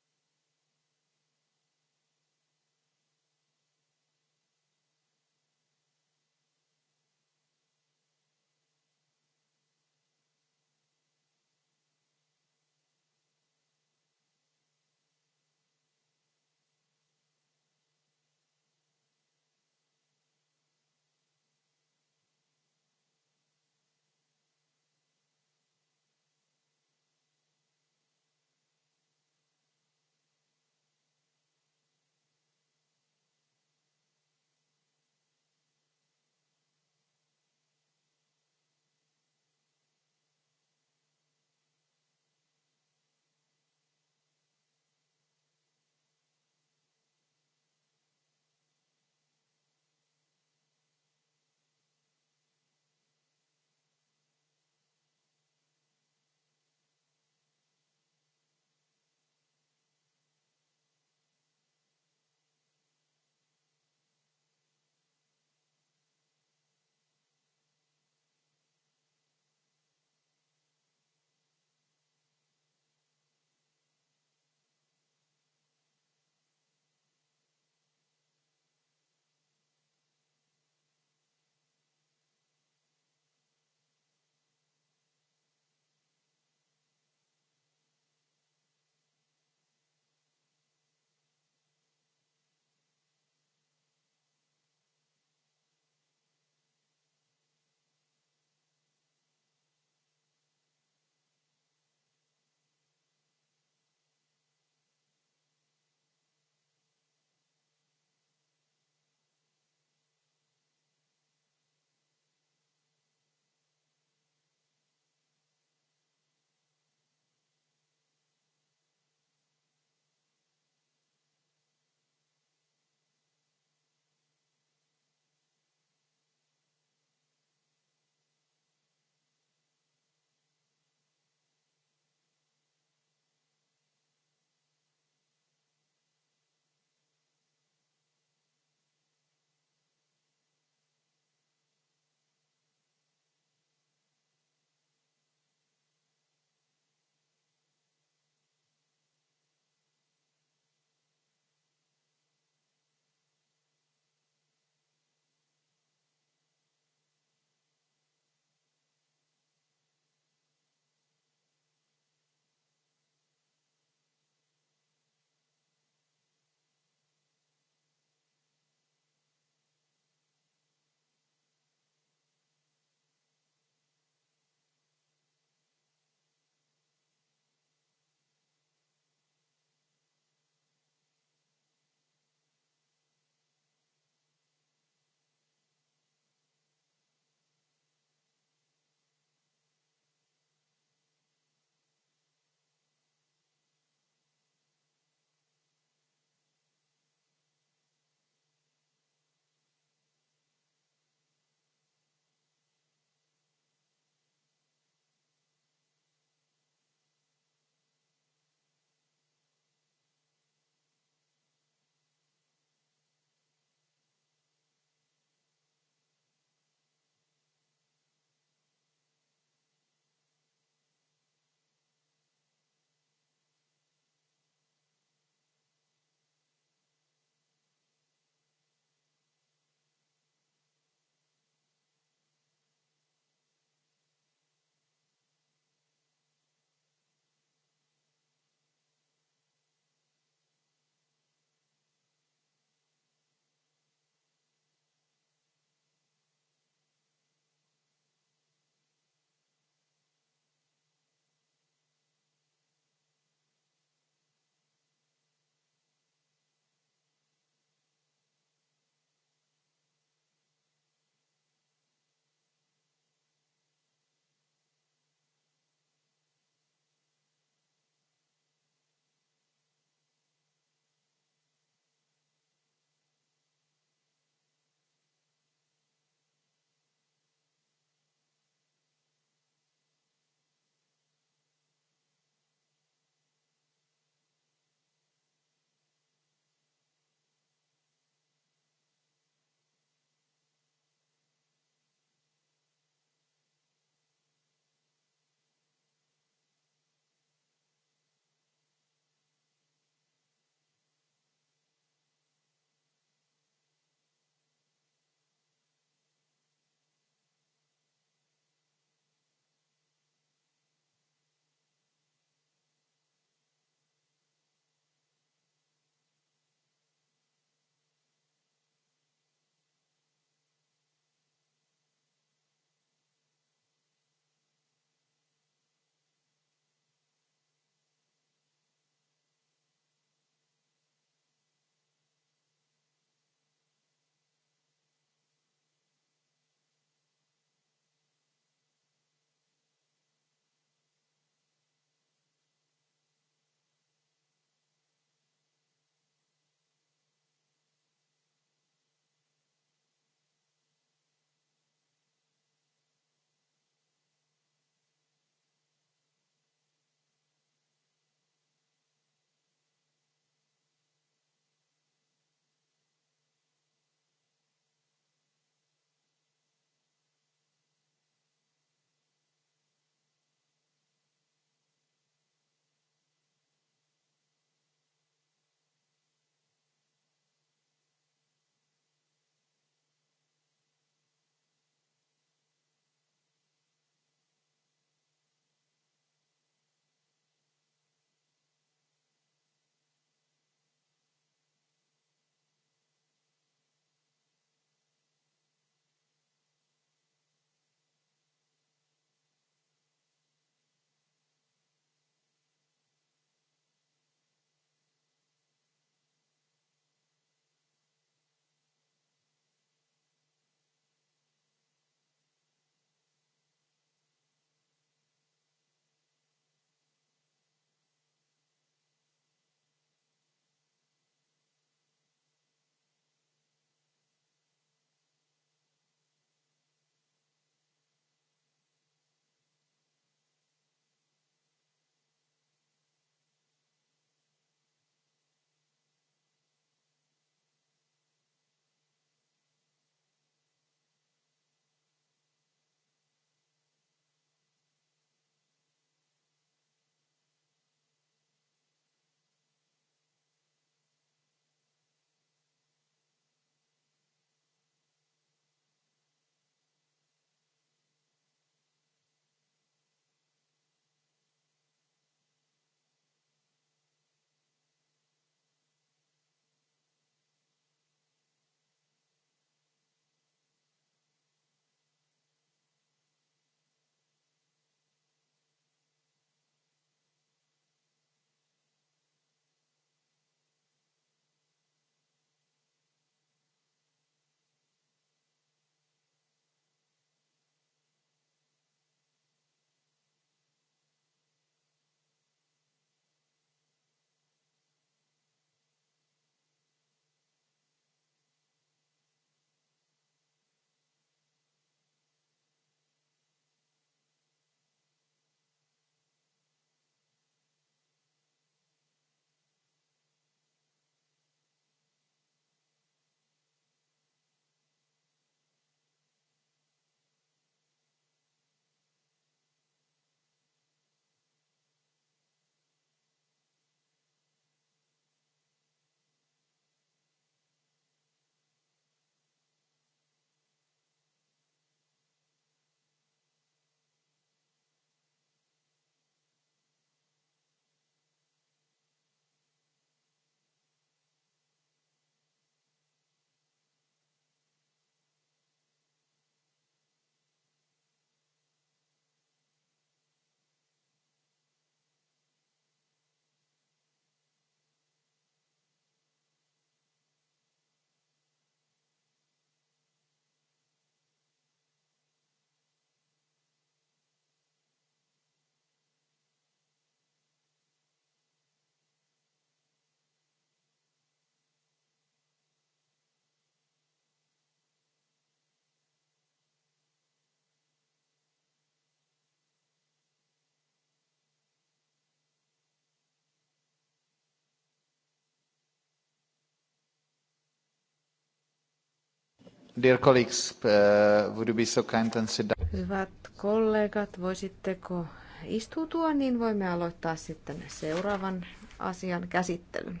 Dear colleagues, uh, would you be so kind and sit down? Hyvät kollegat, voisitteko istutua, niin voimme aloittaa sitten seuraavan asian käsittelyn.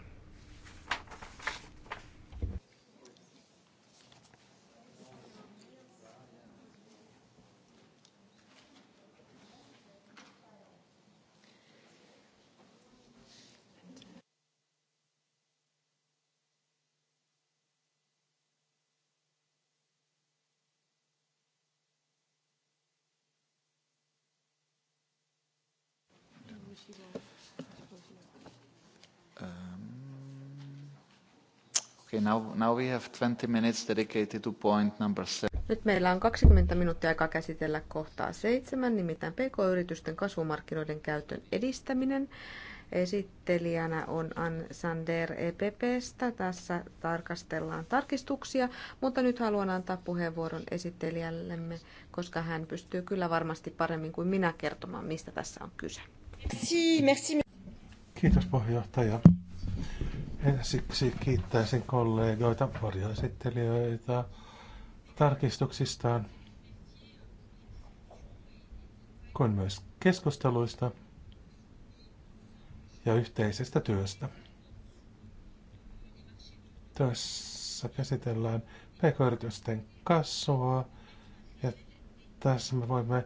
Now, now we have 20 minutes dedicated to point number seven. Nyt meillä on 20 minuuttia aikaa käsitellä kohtaa seitsemän, nimittäin PK-yritysten kasvumarkkinoiden käytön edistäminen. Esittelijänä on Ann Sander EPPstä. Tässä tarkastellaan tarkistuksia, mutta nyt haluan antaa puheenvuoron esittelijällemme, koska hän pystyy kyllä varmasti paremmin kuin minä kertomaan, mistä tässä on kyse. Kiitos puheenjohtaja. Ensiksi kiittäisin kollegoita, varjoesittelijöitä tarkistuksistaan, kuin myös keskusteluista ja yhteisestä työstä. Tässä käsitellään pk-yritysten kasvua ja tässä me voimme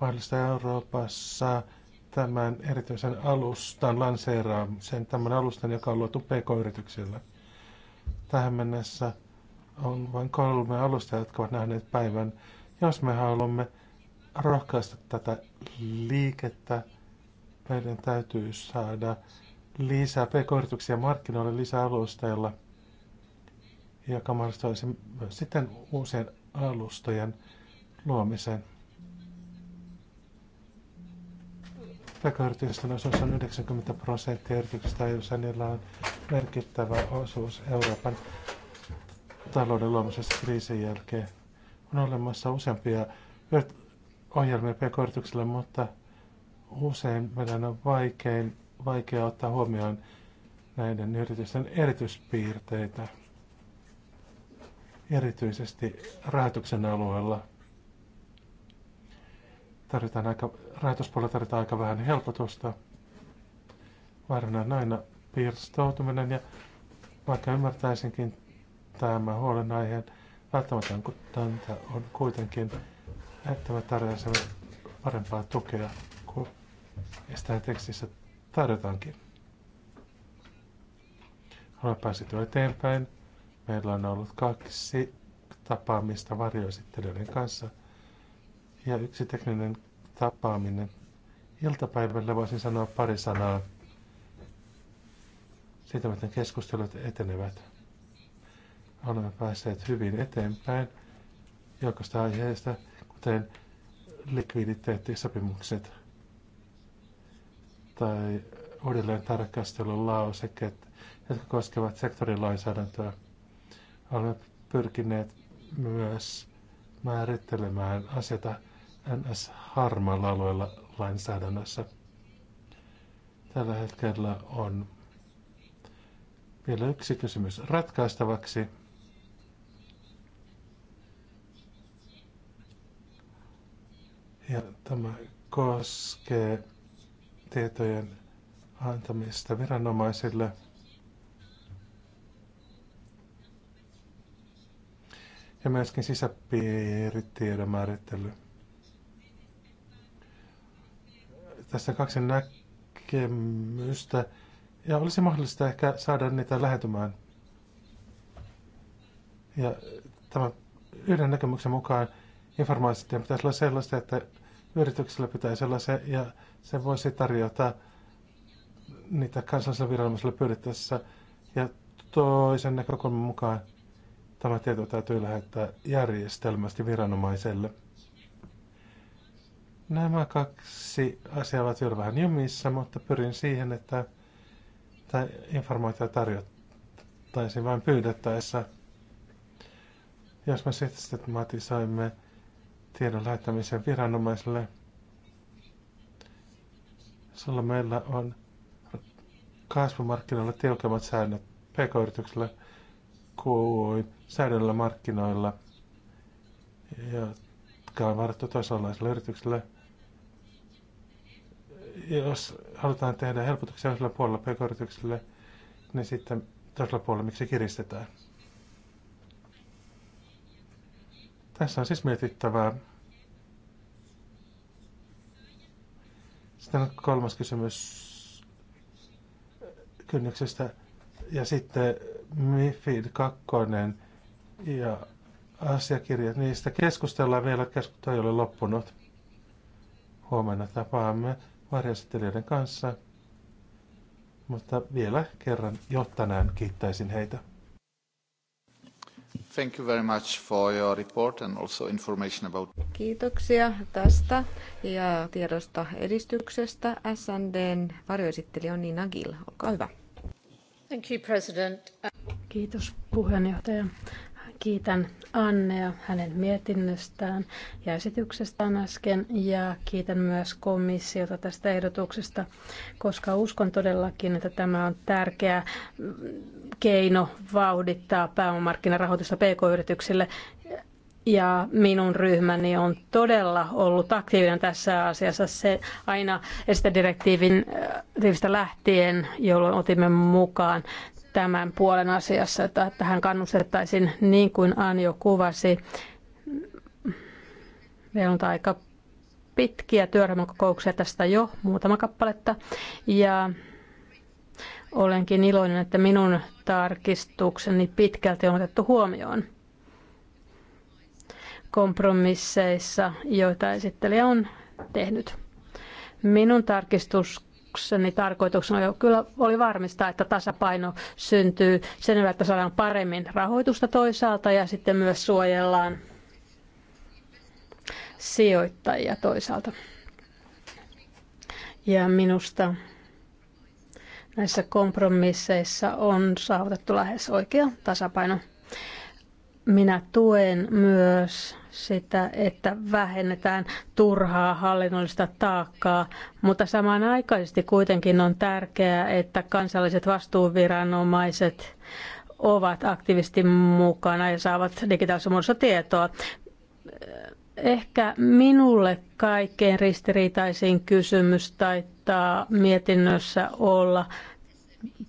mahdollistaa Euroopassa tämän erityisen alustan lanseeraamisen, tämän alustan, joka on luotu pk yrityksillä Tähän mennessä on vain kolme alusta, jotka ovat nähneet päivän. Jos me haluamme rohkaista tätä liikettä, meidän täytyy saada lisää pk-yrityksiä markkinoille lisäalustoilla, joka mahdollistaisi myös sitten uusien alustojen luomisen. Pk-yritysten osuus on 90 prosenttia yrityksistä EU:ssa, niillä on merkittävä osuus Euroopan talouden luomisessa kriisin jälkeen. On olemassa useampia ohjelmia pk-yrityksille, mutta usein meidän on vaikein, vaikea ottaa huomioon näiden yritysten erityispiirteitä, erityisesti rahoituksen alueella tarvitaan aika, rahoituspuolella tarvitaan aika vähän helpotusta. Varmaan on aina pirstoutuminen ja vaikka ymmärtäisinkin tämän huolenaiheen, välttämätöntä on kuitenkin, että me tarvitsemme parempaa tukea kuin sitä tekstissä tarjotaankin. Olemme päässeet jo eteenpäin. Meillä on ollut kaksi tapaamista varjoesittelijöiden kanssa – ja yksi tekninen tapaaminen. Iltapäivällä voisin sanoa pari sanaa siitä, miten keskustelut etenevät. Olemme päässeet hyvin eteenpäin joukosta aiheesta, kuten likviditeettisopimukset tai uudelleen tarkastelun lauseket, jotka koskevat sektorilainsäädäntöä. Olemme pyrkineet myös määrittelemään asioita ns. harmaalla alueella lainsäädännössä. Tällä hetkellä on vielä yksi kysymys ratkaistavaksi. Ja tämä koskee tietojen antamista viranomaisille. Ja myöskin sisäpiiritiedon määrittely. tässä kaksi näkemystä ja olisi mahdollista ehkä saada niitä lähetymään. Ja tämä yhden näkemyksen mukaan informaatio pitäisi olla sellaista, että yrityksellä pitäisi olla se, ja se voisi tarjota niitä kansallisella viranomaisella pyydettäessä. Ja toisen näkökulman mukaan tämä tieto täytyy lähettää järjestelmästi viranomaiselle. Nämä kaksi asiaa ovat vielä vähän jumissa, mutta pyrin siihen, että tämä informaatiota tarjottaisiin vain pyydettäessä. Jos me systematisoimme tiedon lähettämisen viranomaiselle, silloin meillä on kasvumarkkinoilla tiukemmat säännöt pk-yrityksille kuin säädöllä markkinoilla, jotka on varattu toisenlaisille yrityksille – jos halutaan tehdä helpotuksia toisella puolella pk niin sitten toisella puolella miksi kiristetään. Tässä on siis mietittävää. Sitten on kolmas kysymys kynnyksestä. Ja sitten MIFID 2 ja asiakirjat. Niistä keskustellaan vielä, keskustelu ei ole loppunut. Huomenna tapaamme varjastelijoiden kanssa. Mutta vielä kerran jo tänään kiittäisin heitä. Thank you very much for your report and also information about... Kiitoksia tästä ja tiedosta edistyksestä. SNDn varjoesitteli on Nina Gill. Olkaa hyvä. Thank you, President. Kiitos puheenjohtaja. Kiitän Annea hänen mietinnöstään ja esityksestään äsken ja kiitän myös komissiota tästä ehdotuksesta, koska uskon todellakin, että tämä on tärkeä mm, keino vauhdittaa pääomamarkkinarahoitusta pk-yrityksille ja minun ryhmäni on todella ollut aktiivinen tässä asiassa se aina estedirektiivin direktiivin äh, direktiivistä lähtien, jolloin otimme mukaan tämän puolen asiassa, että tähän kannustettaisiin niin kuin Anjo kuvasi. Meillä on aika pitkiä työryhmäkokouksia tästä jo, muutama kappaletta. Ja olenkin iloinen, että minun tarkistukseni pitkälti on otettu huomioon kompromisseissa, joita esittelijä on tehnyt. Minun tarkistus ehdotukseni tarkoituksena oli, kyllä oli varmistaa, että tasapaino syntyy sen yllä, että saadaan paremmin rahoitusta toisaalta ja sitten myös suojellaan sijoittajia toisaalta. Ja minusta näissä kompromisseissa on saavutettu lähes oikea tasapaino. Minä tuen myös sitä, että vähennetään turhaa hallinnollista taakkaa, mutta samanaikaisesti kuitenkin on tärkeää, että kansalliset vastuuviranomaiset ovat aktiivisesti mukana ja saavat digitaalisessa muodossa tietoa. Ehkä minulle kaikkein ristiriitaisin kysymys taitaa mietinnössä olla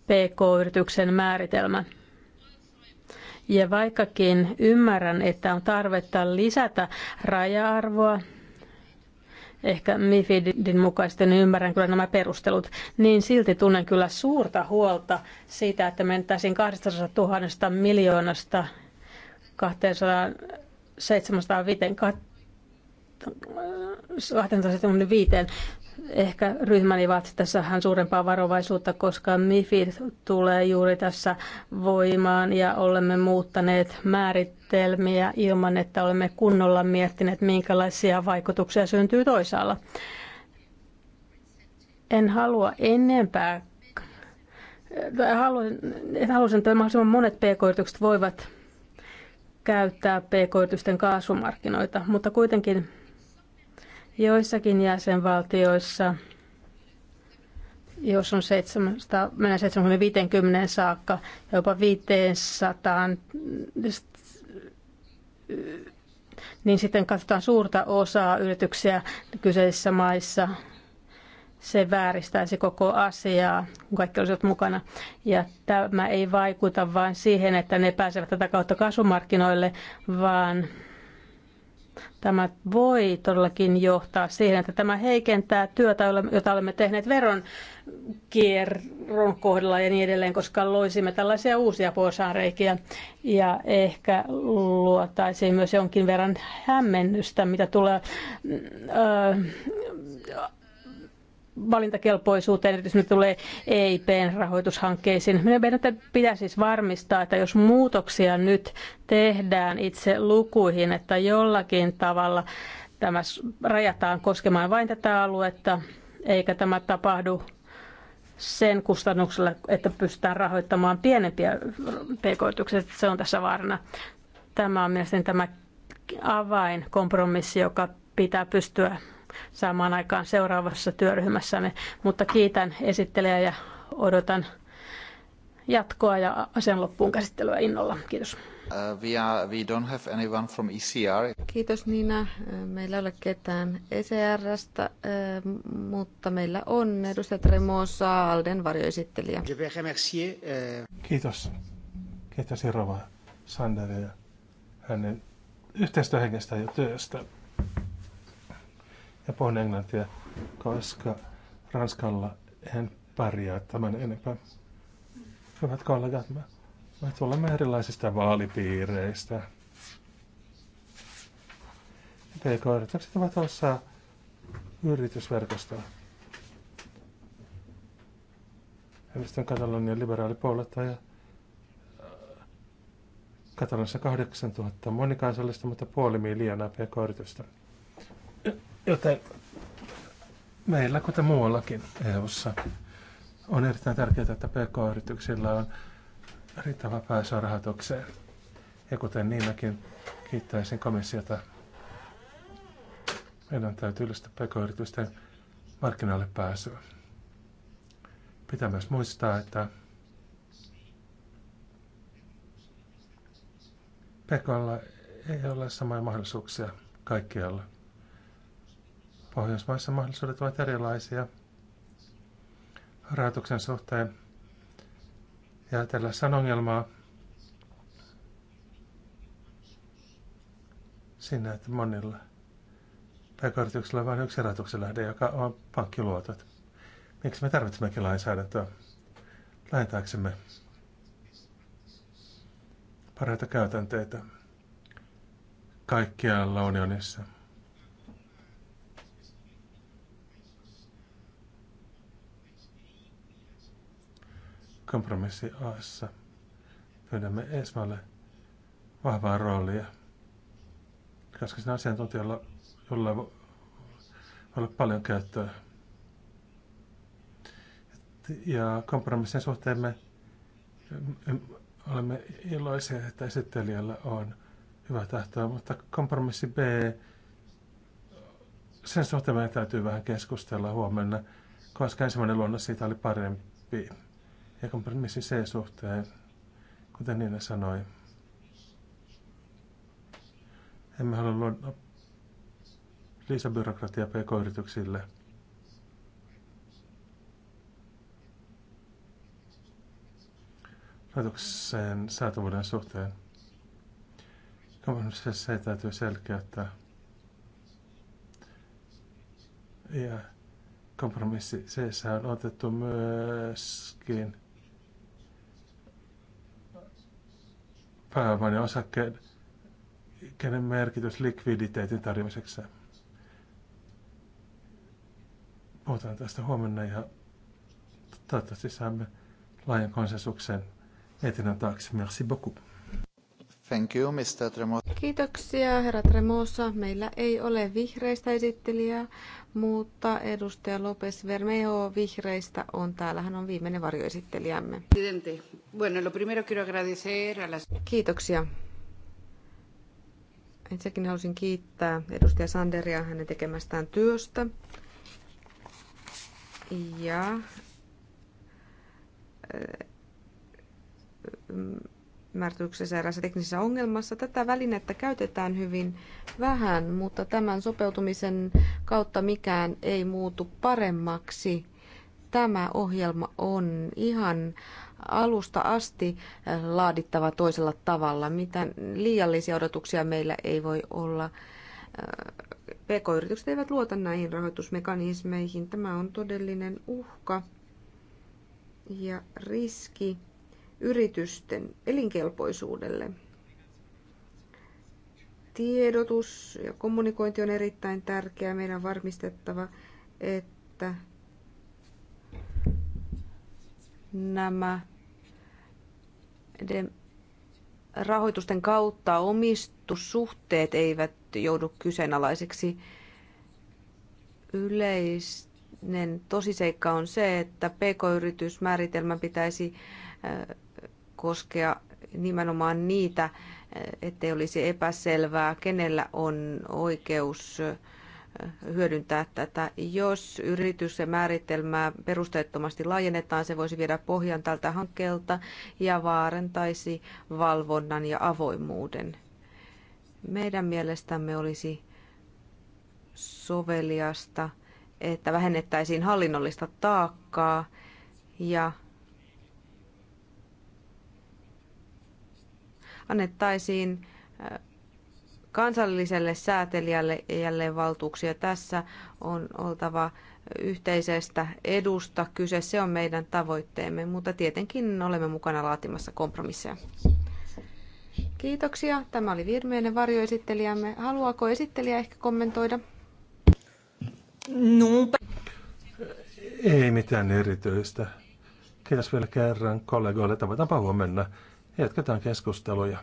PK-yrityksen määritelmä. Ja vaikkakin ymmärrän, että on tarvetta lisätä raja-arvoa, ehkä MIFIDin mukaisesti, niin ymmärrän kyllä nämä perustelut, niin silti tunnen kyllä suurta huolta siitä, että mentäisiin 200 000 miljoonasta 200 750 viiteen ehkä ryhmäni vaatii tässä vähän suurempaa varovaisuutta, koska MIFID tulee juuri tässä voimaan ja olemme muuttaneet määritelmiä ilman, että olemme kunnolla miettineet, minkälaisia vaikutuksia syntyy toisaalla. En halua enempää Haluaisin, haluaisin, että mahdollisimman monet pk-yritykset voivat käyttää pk-yritysten kaasumarkkinoita, mutta kuitenkin Joissakin jäsenvaltioissa, jos on 700, 750 saakka, jopa 500, niin sitten katsotaan suurta osaa yrityksiä kyseisissä maissa. Se vääristäisi koko asiaa, kun kaikki olisivat mukana. Ja tämä ei vaikuta vain siihen, että ne pääsevät tätä kautta kasvumarkkinoille, vaan Tämä voi todellakin johtaa siihen, että tämä heikentää työtä, jota olemme tehneet veron kierron kohdalla ja niin edelleen, koska loisimme tällaisia uusia porsaanreikiä ja ehkä luotaisiin myös jonkin verran hämmennystä, mitä tulee öö, valintakelpoisuuteen, erityisesti tulee EIPn rahoitushankkeisiin. Meidän pitää siis varmistaa, että jos muutoksia nyt tehdään itse lukuihin, että jollakin tavalla tämä rajataan koskemaan vain tätä aluetta, eikä tämä tapahdu sen kustannuksella, että pystytään rahoittamaan pienempiä pk Se on tässä vaarana. Tämä on mielestäni tämä avain kompromissi, joka pitää pystyä saamaan aikaan seuraavassa työryhmässämme. Mutta kiitän esittelijä ja odotan jatkoa ja asian loppuun käsittelyä innolla. Kiitos. Uh, we, are, we don't have anyone from ECR. Kiitos Nina. Äh, meillä ei ole ketään ECRstä, äh, mutta meillä on edustaja Tremosa Alden varjoesittelijä. Äh, Kiitos. Kiitos Sander ja hänen yhteistyöhenkestä ja työstä ja puhun englantia, koska Ranskalla en pärjää tämän enempää. Hyvät kollegat, me, me tulemme erilaisista vaalipiireistä. PK-yritykset ovat osa yritysverkostoa. Edustan Katalonian liberaalipuoletta ja äh, Katalonissa 8000 monikansallista, mutta puoli miljoonaa pk-yritystä. Joten meillä, kuten muuallakin EU:ssa, on erittäin tärkeää, että PK-yrityksillä on riittävä pääsyä rahoitukseen. Ja kuten niilläkin, kiittäisin komissiota. Meidän täytyy ylistää PK-yritysten markkinoille pääsyä. Pitää myös muistaa, että PKlla ei ole samoja mahdollisuuksia kaikkialla. Pohjoismaissa mahdollisuudet ovat erilaisia rahoituksen suhteen. Ja tällä on ongelmaa siinä, että monilla pk on vain yksi rahoituksen lähde, joka on pankkiluotot. Miksi me tarvitsemmekin lainsäädäntöä? Lähentääksemme parhaita käytänteitä kaikkialla unionissa. kompromissi Aassa. Pyydämme Esmalle vahvaa roolia, koska sen asiantuntijalla, jolla voi olla paljon käyttöä. Ja kompromissin suhteen me mm, olemme iloisia, että esittelijällä on hyvä tahto, mutta kompromissi B, sen suhteen meidän täytyy vähän keskustella huomenna, koska ensimmäinen luonnos siitä oli parempi ja kompromissi C-suhteen, kuten Niina sanoi. Emme halua luoda lisäbyrokratiaa pk-yrityksille. Laitoksen saatavuuden suhteen. Kompromississa se täytyy selkeyttää. Ja kompromissi C on otettu myöskin pääoman ja osakkeiden merkitys likviditeetin tarjoamiseksi. Puhutaan tästä huomenna ja toivottavasti saamme laajan konsensuksen mietinnön taakse. Merci beaucoup. Thank you, Mr. Tremont. Kiitoksia, herra Tremosa. Meillä ei ole vihreistä esittelijää, mutta edustaja Lopes Vermeo vihreistä on täällä. Hän on viimeinen varjoesittelijämme. Bueno, lo primero quiero agradecer a las... Kiitoksia. Ensinnäkin halusin kiittää edustaja Sanderia hänen tekemästään työstä. Ja ymmärryksessä eräässä teknisessä ongelmassa. Tätä välinettä käytetään hyvin vähän, mutta tämän sopeutumisen kautta mikään ei muutu paremmaksi. Tämä ohjelma on ihan alusta asti eh, laadittava toisella tavalla. Mitä liiallisia odotuksia meillä ei voi olla. Eh, PK-yritykset eivät luota näihin rahoitusmekanismeihin. Tämä on todellinen uhka ja riski yritysten elinkelpoisuudelle. Tiedotus ja kommunikointi on erittäin tärkeää. Meidän on varmistettava, että nämä rahoitusten kautta omistussuhteet eivät joudu kyseenalaiseksi. Yleinen tosiseikka on se, että pk-yritysmääritelmän pitäisi äh, koskea nimenomaan niitä, ettei olisi epäselvää, kenellä on oikeus hyödyntää tätä. Jos yritys ja määritelmää perusteettomasti laajennetaan, se voisi viedä pohjan tältä hankkeelta ja vaarentaisi valvonnan ja avoimuuden. Meidän mielestämme olisi soveliasta, että vähennettäisiin hallinnollista taakkaa ja annettaisiin kansalliselle säätelijälle jälleen valtuuksia. Tässä on oltava yhteisestä edusta kyse, se on meidän tavoitteemme, mutta tietenkin olemme mukana laatimassa kompromisseja. Kiitoksia. Tämä oli viimeinen varjoesittelijämme. Haluaako esittelijä ehkä kommentoida? No. Ei mitään erityistä. Kiitos vielä kerran kollegoille. Tavataanpa huomenna. Jatketaan keskusteluja.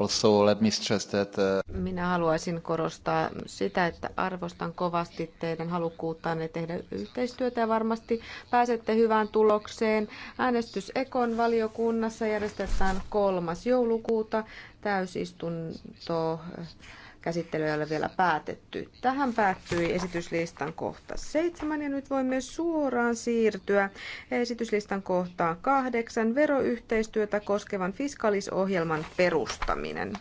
Also let me stress that, uh... Minä haluaisin korostaa sitä, että arvostan kovasti teidän halukkuuttaanne tehdä yhteistyötä ja varmasti pääsette hyvään tulokseen. Äänestys Ekon valiokunnassa järjestetään kolmas joulukuuta täysistunto käsittely ei ole vielä päätetty. Tähän päättyi esityslistan kohta seitsemän ja nyt voimme suoraan siirtyä esityslistan kohtaan kahdeksan veroyhteistyötä koskevan fiskalisohjelman perustaminen.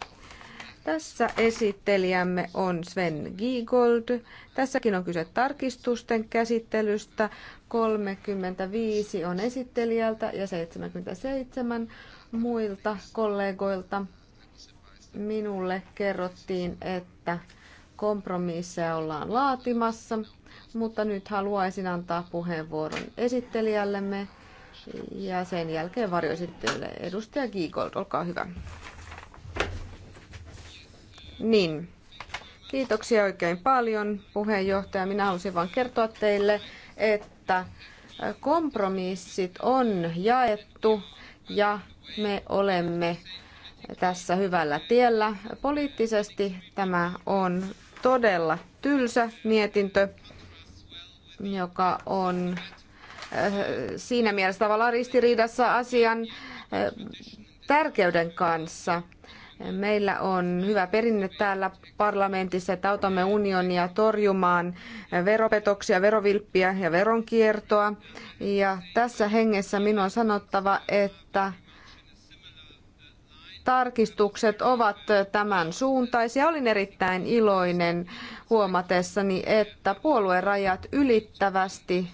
Tässä esittelijämme on Sven Giegold. Tässäkin on kyse tarkistusten käsittelystä. 35 on esittelijältä ja 77 muilta kollegoilta. Minulle kerrottiin, että kompromisseja ollaan laatimassa, mutta nyt haluaisin antaa puheenvuoron esittelijällemme ja sen jälkeen varjoesittelijälle. Edustaja Giigold, olkaa hyvä. Niin. Kiitoksia oikein paljon puheenjohtaja. Minä haluaisin vain kertoa teille, että kompromissit on jaettu ja me olemme tässä hyvällä tiellä. Poliittisesti tämä on todella tylsä mietintö, joka on äh, siinä mielessä tavallaan ristiriidassa asian äh, tärkeyden kanssa. Meillä on hyvä perinne täällä parlamentissa, että autamme unionia torjumaan veropetoksia, verovilppiä ja veronkiertoa. Ja tässä hengessä minun on sanottava, että tarkistukset ovat tämän suuntaisia. Olin erittäin iloinen huomatessani, että puoluerajat ylittävästi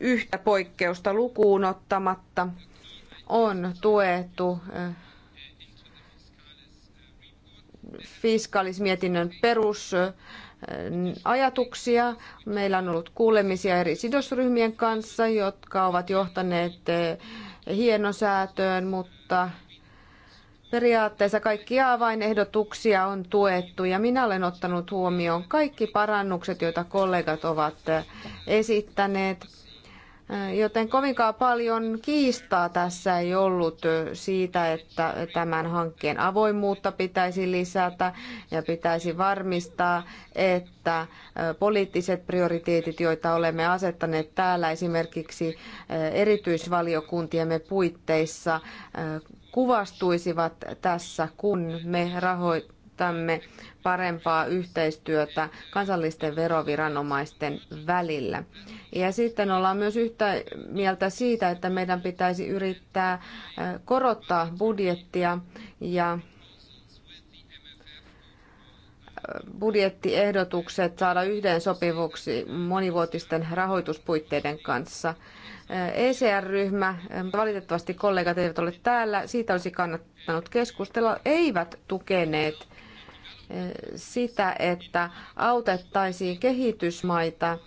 yhtä poikkeusta lukuun ottamatta on tuettu fiskaalismietinnön perusajatuksia. Meillä on ollut kuulemisia eri sidosryhmien kanssa, jotka ovat johtaneet hienosäätöön, mutta mutta periaatteessa kaikkia avainehdotuksia on tuettu ja minä olen ottanut huomioon kaikki parannukset, joita kollegat ovat esittäneet Joten kovinkaan paljon kiistaa tässä ei ollut siitä, että tämän hankkeen avoimuutta pitäisi lisätä ja pitäisi varmistaa, että poliittiset prioriteetit, joita olemme asettaneet täällä esimerkiksi erityisvaliokuntiemme puitteissa, kuvastuisivat tässä, kun me rahoitamme parempaa yhteistyötä kansallisten veroviranomaisten välillä. Ja sitten ollaan myös yhtä mieltä siitä, että meidän pitäisi yrittää korottaa budjettia ja budjettiehdotukset saada yhden sopivuksi monivuotisten rahoituspuitteiden kanssa. ECR-ryhmä, valitettavasti kollegat eivät ole täällä, siitä olisi kannattanut keskustella, eivät tukeneet sitä, että autettaisiin kehitysmaita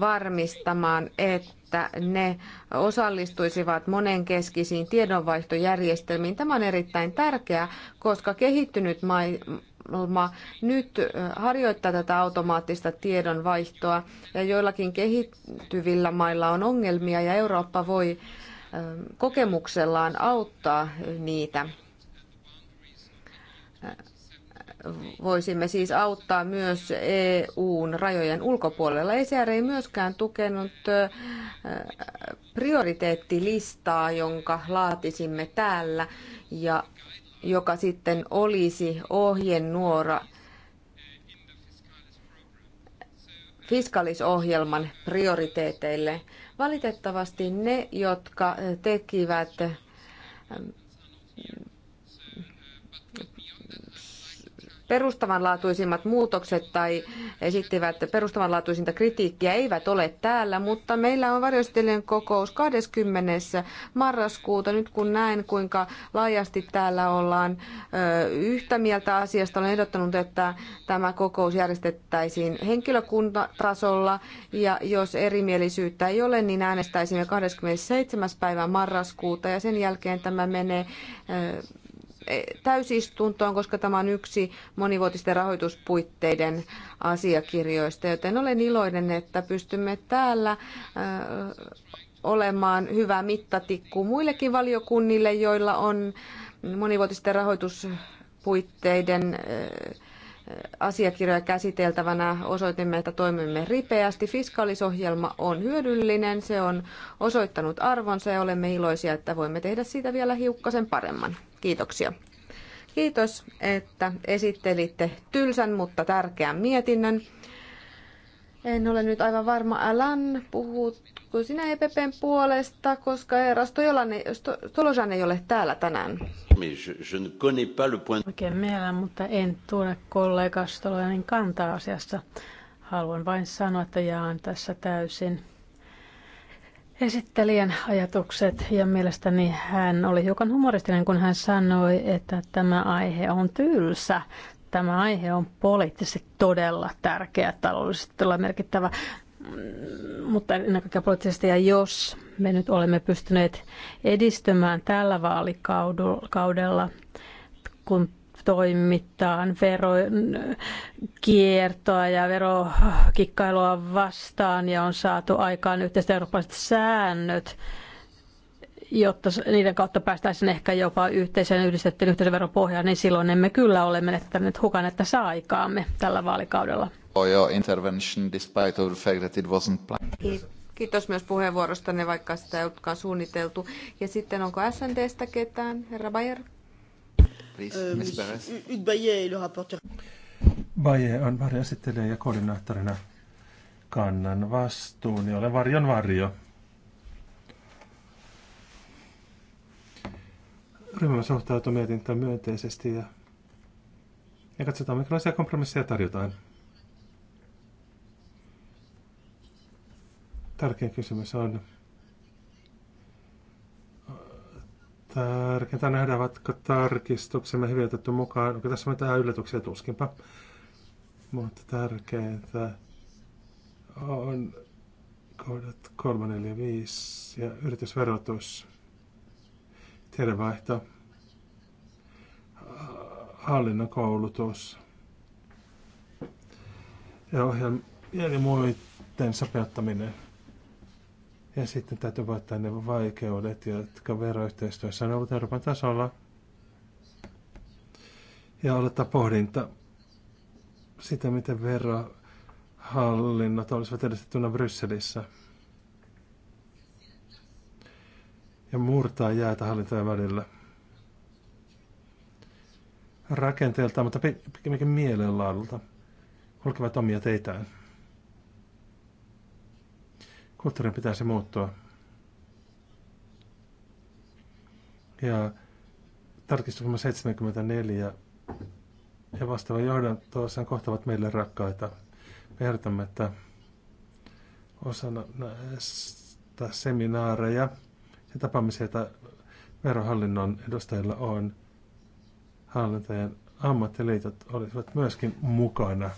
varmistamaan, että ne osallistuisivat monenkeskisiin tiedonvaihtojärjestelmiin. Tämä on erittäin tärkeää, koska kehittynyt maailma nyt harjoittaa tätä automaattista tiedonvaihtoa ja joillakin kehittyvillä mailla on ongelmia ja Eurooppa voi ähm, kokemuksellaan auttaa niitä voisimme siis auttaa myös EUn rajojen ulkopuolella. ECR ei myöskään tukenut prioriteettilistaa, jonka laatisimme täällä ja joka sitten olisi ohjenuora fiskalisohjelman prioriteeteille. Valitettavasti ne, jotka tekivät perustavanlaatuisimmat muutokset tai esittivät perustavanlaatuisinta kritiikkiä eivät ole täällä, mutta meillä on varjostelijan kokous 20. marraskuuta. Nyt kun näen, kuinka laajasti täällä ollaan yhtä mieltä asiasta, olen ehdottanut, että tämä kokous järjestettäisiin henkilökuntatasolla ja jos erimielisyyttä ei ole, niin äänestäisimme 27. päivä marraskuuta ja sen jälkeen tämä menee E, täysistuntoon, koska tämä on yksi monivuotisten rahoituspuitteiden asiakirjoista, joten olen iloinen, että pystymme täällä e, olemaan hyvä mittatikku muillekin valiokunnille, joilla on monivuotisten rahoituspuitteiden e, asiakirjoja käsiteltävänä osoitimme, että toimimme ripeästi. Fiskaalisohjelma on hyödyllinen, se on osoittanut arvonsa ja olemme iloisia, että voimme tehdä siitä vielä hiukkasen paremman. Kiitoksia. Kiitos, että esittelitte tylsän, mutta tärkeän mietinnön. En ole nyt aivan varma, Alan, puhutko sinä EPPn puolesta, koska Eras Tolosan ei ole täällä tänään. Oikein mielellä, mutta en tunne kollega Stolojanin kantaa asiassa. Haluan vain sanoa, että jaan tässä täysin esittelijän ajatukset ja mielestäni hän oli hiukan humoristinen, kun hän sanoi, että tämä aihe on tylsä. Tämä aihe on poliittisesti todella tärkeä, taloudellisesti todella merkittävä, mm, mutta ennen kaikkea poliittisesti. Ja jos me nyt olemme pystyneet edistymään tällä vaalikaudella, kun toimitaan kiertoa ja verokikkailua vastaan ja on saatu aikaan yhteiset eurooppalaiset säännöt, jotta niiden kautta päästäisiin ehkä jopa yhteiseen yhdistettyyn veropohjaan, niin silloin emme kyllä ole menettäneet hukan, että saa aikaamme tällä vaalikaudella. Kiitos myös puheenvuorostanne, vaikka sitä ei ollutkaan suunniteltu. Ja sitten onko SNDstä ketään, herra Bayer? Please, Yud ähm, Baye, le rapporteur. Baye on varjoesittelijä ja koordinaattorina kannan vastuun ja olen varjon varjo. Ryhmä suhtautuu mietintään myönteisesti ja, ja katsotaan, minkälaisia kompromisseja tarjotaan. Tärkein kysymys on, Tärkeintä nähdä, ovatko tarkistuksemme hyvin otettu mukaan. Onko tässä mitään yllätyksiä? Tuskinpa. Mutta tärkeintä on kohdat 3, 4, 5 ja yritysverotus, Tiedevaihto. hallinnon koulutus ja ohjelmien ja muiden sopeuttaminen. Ja sitten täytyy voittaa ne vaikeudet, jotka veroyhteistyössä on ollut Euroopan tasolla. Ja aloittaa pohdinta sitä, miten verohallinnot olisivat edistettynä Brysselissä. Ja murtaa jäätä hallintojen välillä. rakenteelta, mutta pikemminkin mielenlaadulta. Kulkevat omia teitään. Kulttuurin pitäisi muuttua. Ja tarkistuksen 74 ja vastaava johdanto-osan kohtavat meille rakkaita. Me ehdotamme, että osana näistä seminaareja ja tapaamisia, joita verohallinnon edustajilla on, hallintajien ammattiliitot olisivat myöskin mukana.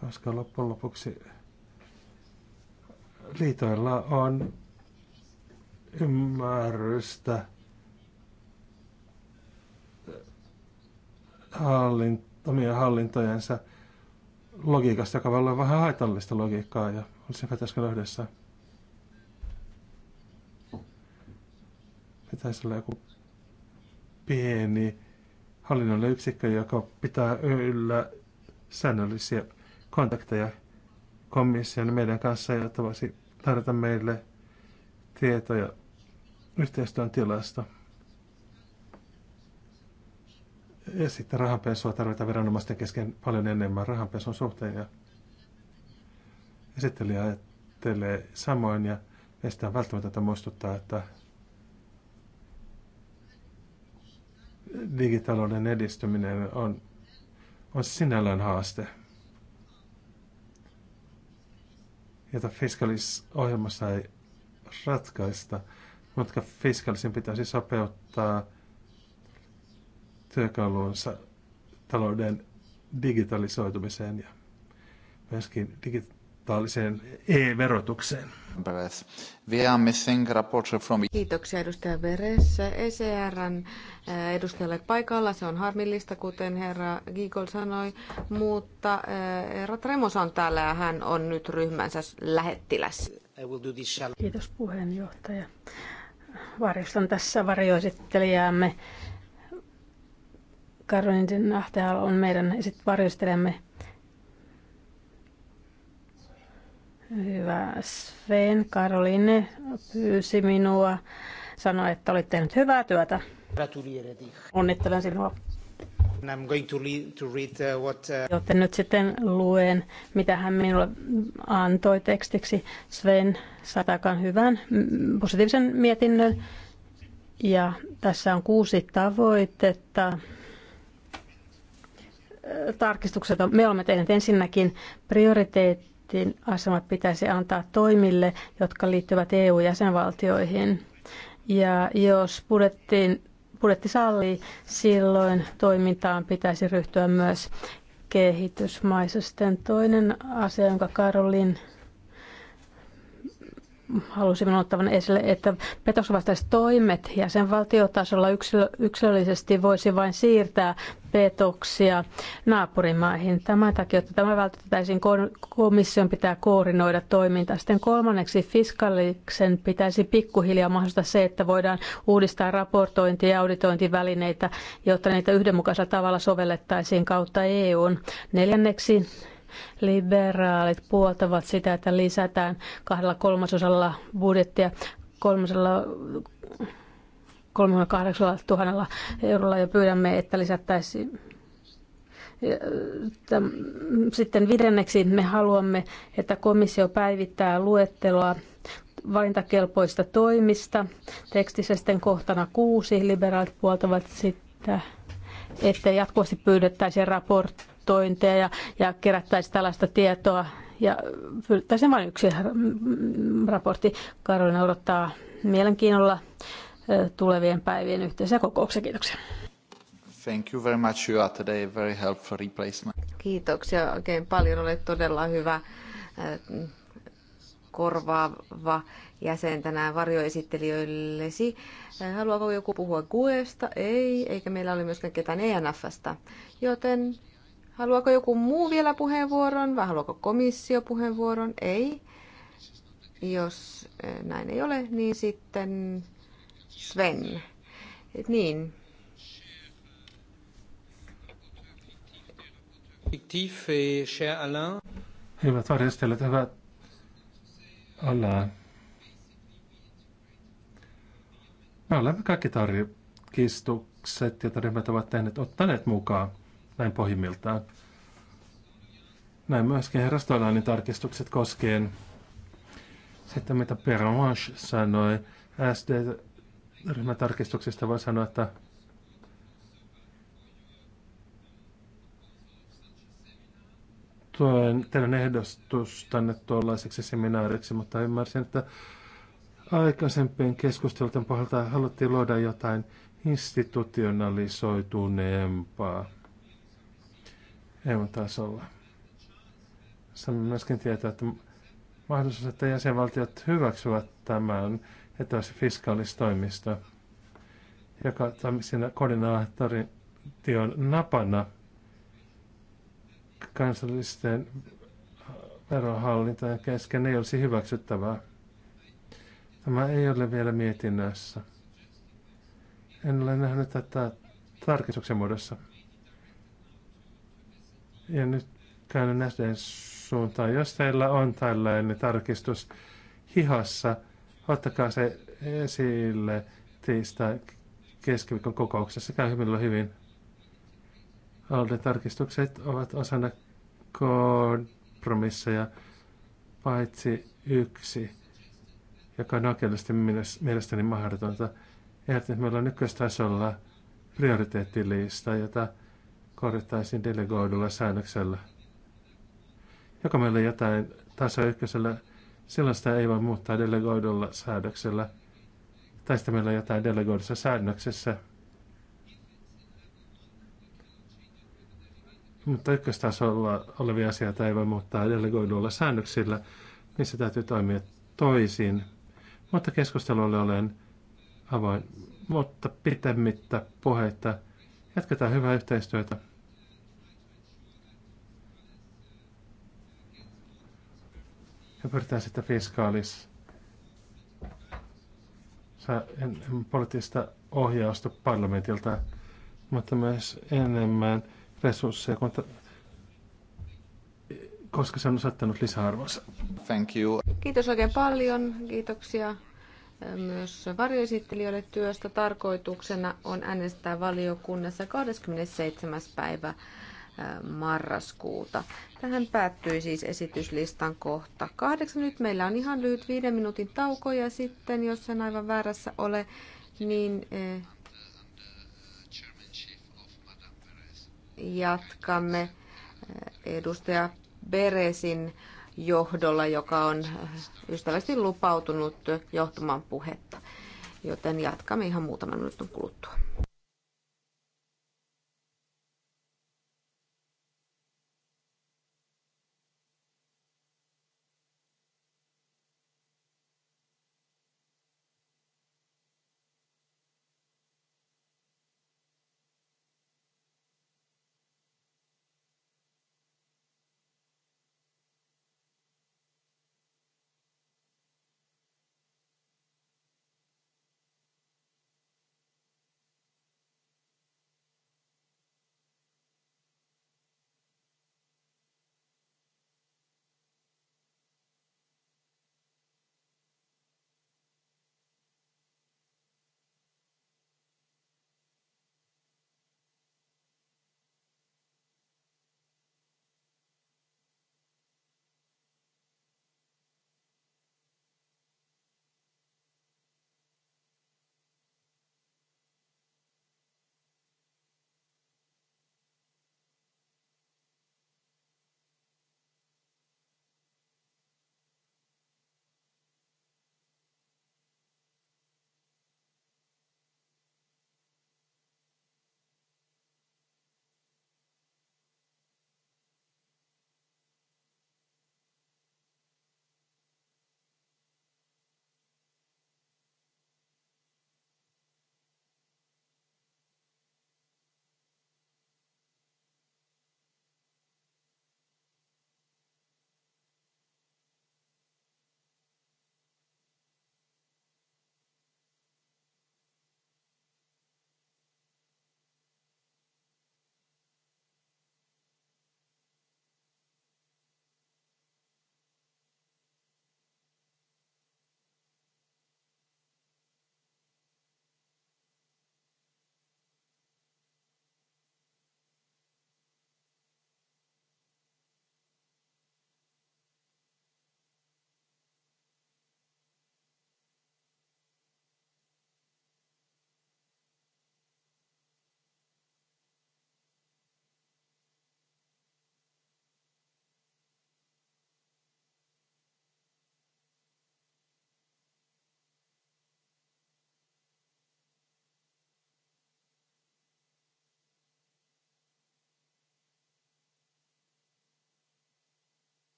Koska loppujen lopuksi liitoilla on ymmärrystä hallint- omien hallintojensa logiikasta, joka voi olla vähän haitallista logiikkaa ja olisin pitäisikö löydessä. Pitäisi olla joku pieni hallinnollinen yksikkö, joka pitää yllä säännöllisiä kontakteja komission meidän kanssa, jotta voisi tarjota meille tietoja yhteistyön tilasta. Ja sitten rahanpesua tarvitaan viranomaisten kesken paljon enemmän rahanpesun suhteen. Ja esittelijä ajattelee samoin ja meistä on välttämätöntä muistuttaa, että digitalouden edistyminen on, on sinällään haaste – jota fiskalisohjelmassa ei ratkaista, mutta fiskalisin pitäisi sopeuttaa työkalunsa talouden digitalisoitumiseen ja myöskin digitalisoitumiseen digitaaliseen e-verotukseen. We are missing from... Kiitoksia edustaja Veres. ECRn eh, edustajalle paikalla. Se on harmillista, kuten herra Giegel sanoi, mutta eh, herra Tremos on täällä ja hän on nyt ryhmänsä lähettiläs. Kiitos puheenjohtaja. Varjostan tässä varjoesittelijäämme. Karolin Ahtaal on meidän varjoistelemme Hyvä Sven, Karoline pyysi minua, sanoi, että olit tehnyt hyvää työtä. Onnittelen sinua. I'm going to read, to read uh, what, uh... Joten nyt sitten luen, mitä hän minulle antoi tekstiksi. Sven satakan hyvän positiivisen mietinnön. Ja tässä on kuusi tavoitetta. Tarkistukset on, me olemme tehneet ensinnäkin prioriteetti parlamentin asema pitäisi antaa toimille, jotka liittyvät EU-jäsenvaltioihin. Ja jos budjettiin, budjetti sallii, silloin toimintaan pitäisi ryhtyä myös kehitysmaissa. toinen asia, jonka Karolin halusimme ottavan esille, että petoksenvastaiset toimet ja sen valtiotasolla yksilö, yksilöllisesti voisi vain siirtää petoksia naapurimaihin. Tämän takia, että tämä vältettäisiin, komission pitää koordinoida toimintaa. Sitten kolmanneksi fiskaliksen pitäisi pikkuhiljaa mahdollistaa se, että voidaan uudistaa raportointi- ja auditointivälineitä, jotta niitä yhdenmukaisella tavalla sovellettaisiin kautta EUn. Neljänneksi Liberaalit puoltavat sitä, että lisätään kahdella kolmasosalla budjettia kolmasella 38 000 eurolla ja pyydämme, että lisättäisiin sitten viidenneksi me haluamme, että komissio päivittää luetteloa valintakelpoista toimista. Tekstissä sitten kohtana kuusi liberaalit puoltavat sitä, että jatkuvasti pyydettäisiin raporttia raportointeja ja kerättäisiin tällaista tietoa. Ja pyydettäisiin vain yksi raportti. Karolina odottaa mielenkiinnolla tulevien päivien yhteisiä kokouksia. Kiitoksia. Thank you very much. You are today very helpful replacement. Kiitoksia oikein paljon. Olet todella hyvä korvaava jäsen tänään varjoesittelijöillesi. Haluaako joku puhua GUEsta? Ei, eikä meillä ole myöskään ketään ENFstä. Joten Haluaako joku muu vielä puheenvuoron vai haluaako komissio puheenvuoron? Ei. Jos eh, näin ei ole, niin sitten Sven. Niin. Eh, hyvät varjostelijat, hyvät ollaan. Me olemme kaikki tarkistukset, joita ryhmät ovat tehneet, ottaneet mukaan näin pohjimmiltaan. Näin myöskin herrastolainen tarkistukset koskien sitten mitä Peramanche sanoi SD-ryhmän tarkistuksista, voi sanoa, että tuen teidän tänne tuollaiseksi seminaariksi, mutta ymmärsin, että aikaisempien keskustelujen pohjalta haluttiin luoda jotain institutionalisoituneempaa. EU-tasolla. Saamme myöskin tietää, että mahdollisuus, että jäsenvaltiot hyväksyvät tämän, että olisi fiskaalistoimisto, joka siinä koordinaation napana kansallisten verohallintojen kesken ei olisi hyväksyttävää. Tämä ei ole vielä mietinnössä. En ole nähnyt tätä tarkistuksen muodossa. Ja nyt käännyn näiden suuntaan. Jos teillä on tällainen tarkistus hihassa, ottakaa se esille tiistai keskiviikon kokouksessa. Käy hyvin hyvin. Alden tarkistukset ovat osana kompromisseja, paitsi yksi, joka on oikeasti mielestäni mahdotonta. Ehdotin, että meillä on nykyisessä prioriteettilista, jota korjattaisiin delegoidulla säännöksellä. Joka meillä jotain taso ykkösellä, silloin sitä ei voi muuttaa delegoidulla säädöksellä. Tai sitten meillä jotain delegoidussa säännöksessä. Mutta ykköstasolla olevia asioita ei voi muuttaa delegoidulla säännöksillä, niin se täytyy toimia toisin. Mutta keskustelulle olen avoin. Mutta pitemmittä puheita. Jatketaan hyvää yhteistyötä. ja pyritään sitten fiskaalis poliittista ohjausta parlamentilta, mutta myös enemmän resursseja, kun koska se on saattanut lisäarvonsa. Thank you. Kiitos oikein paljon. Kiitoksia eh, myös varjoesittelijöille työstä. Tarkoituksena on äänestää valiokunnassa 27. päivä marraskuuta. Tähän päättyi siis esityslistan kohta kahdeksan. Nyt meillä on ihan lyhyt viiden minuutin tauko ja sitten, jos en aivan väärässä ole, niin jatkamme edustaja Beresin johdolla, joka on ystävästi lupautunut johtamaan puhetta. Joten jatkamme ihan muutaman minuutin kuluttua.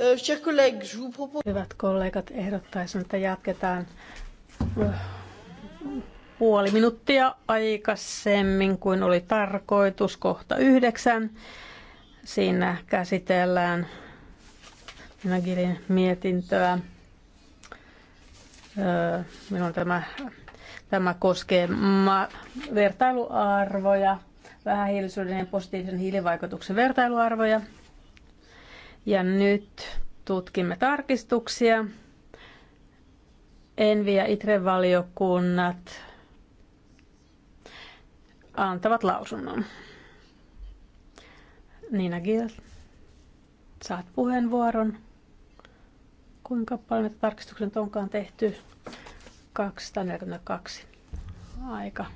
Euh, Hyvät kollegat, ehdottaisin, että jatketaan äh, puoli minuuttia aikaisemmin kuin oli tarkoitus, kohta yhdeksän. Siinä käsitellään Minagilin mietintöä. Äh, minun tämä, tämä koskee ma- vertailuarvoja, vähähiilisyyden ja positiivisen hiilivaikutuksen vertailuarvoja. Ja nyt tutkimme tarkistuksia. Envi- ja ITRE-valiokunnat antavat lausunnon. Nina Gil, saat puheenvuoron. Kuinka paljon näitä tarkistukset onkaan tehty? 242. Aika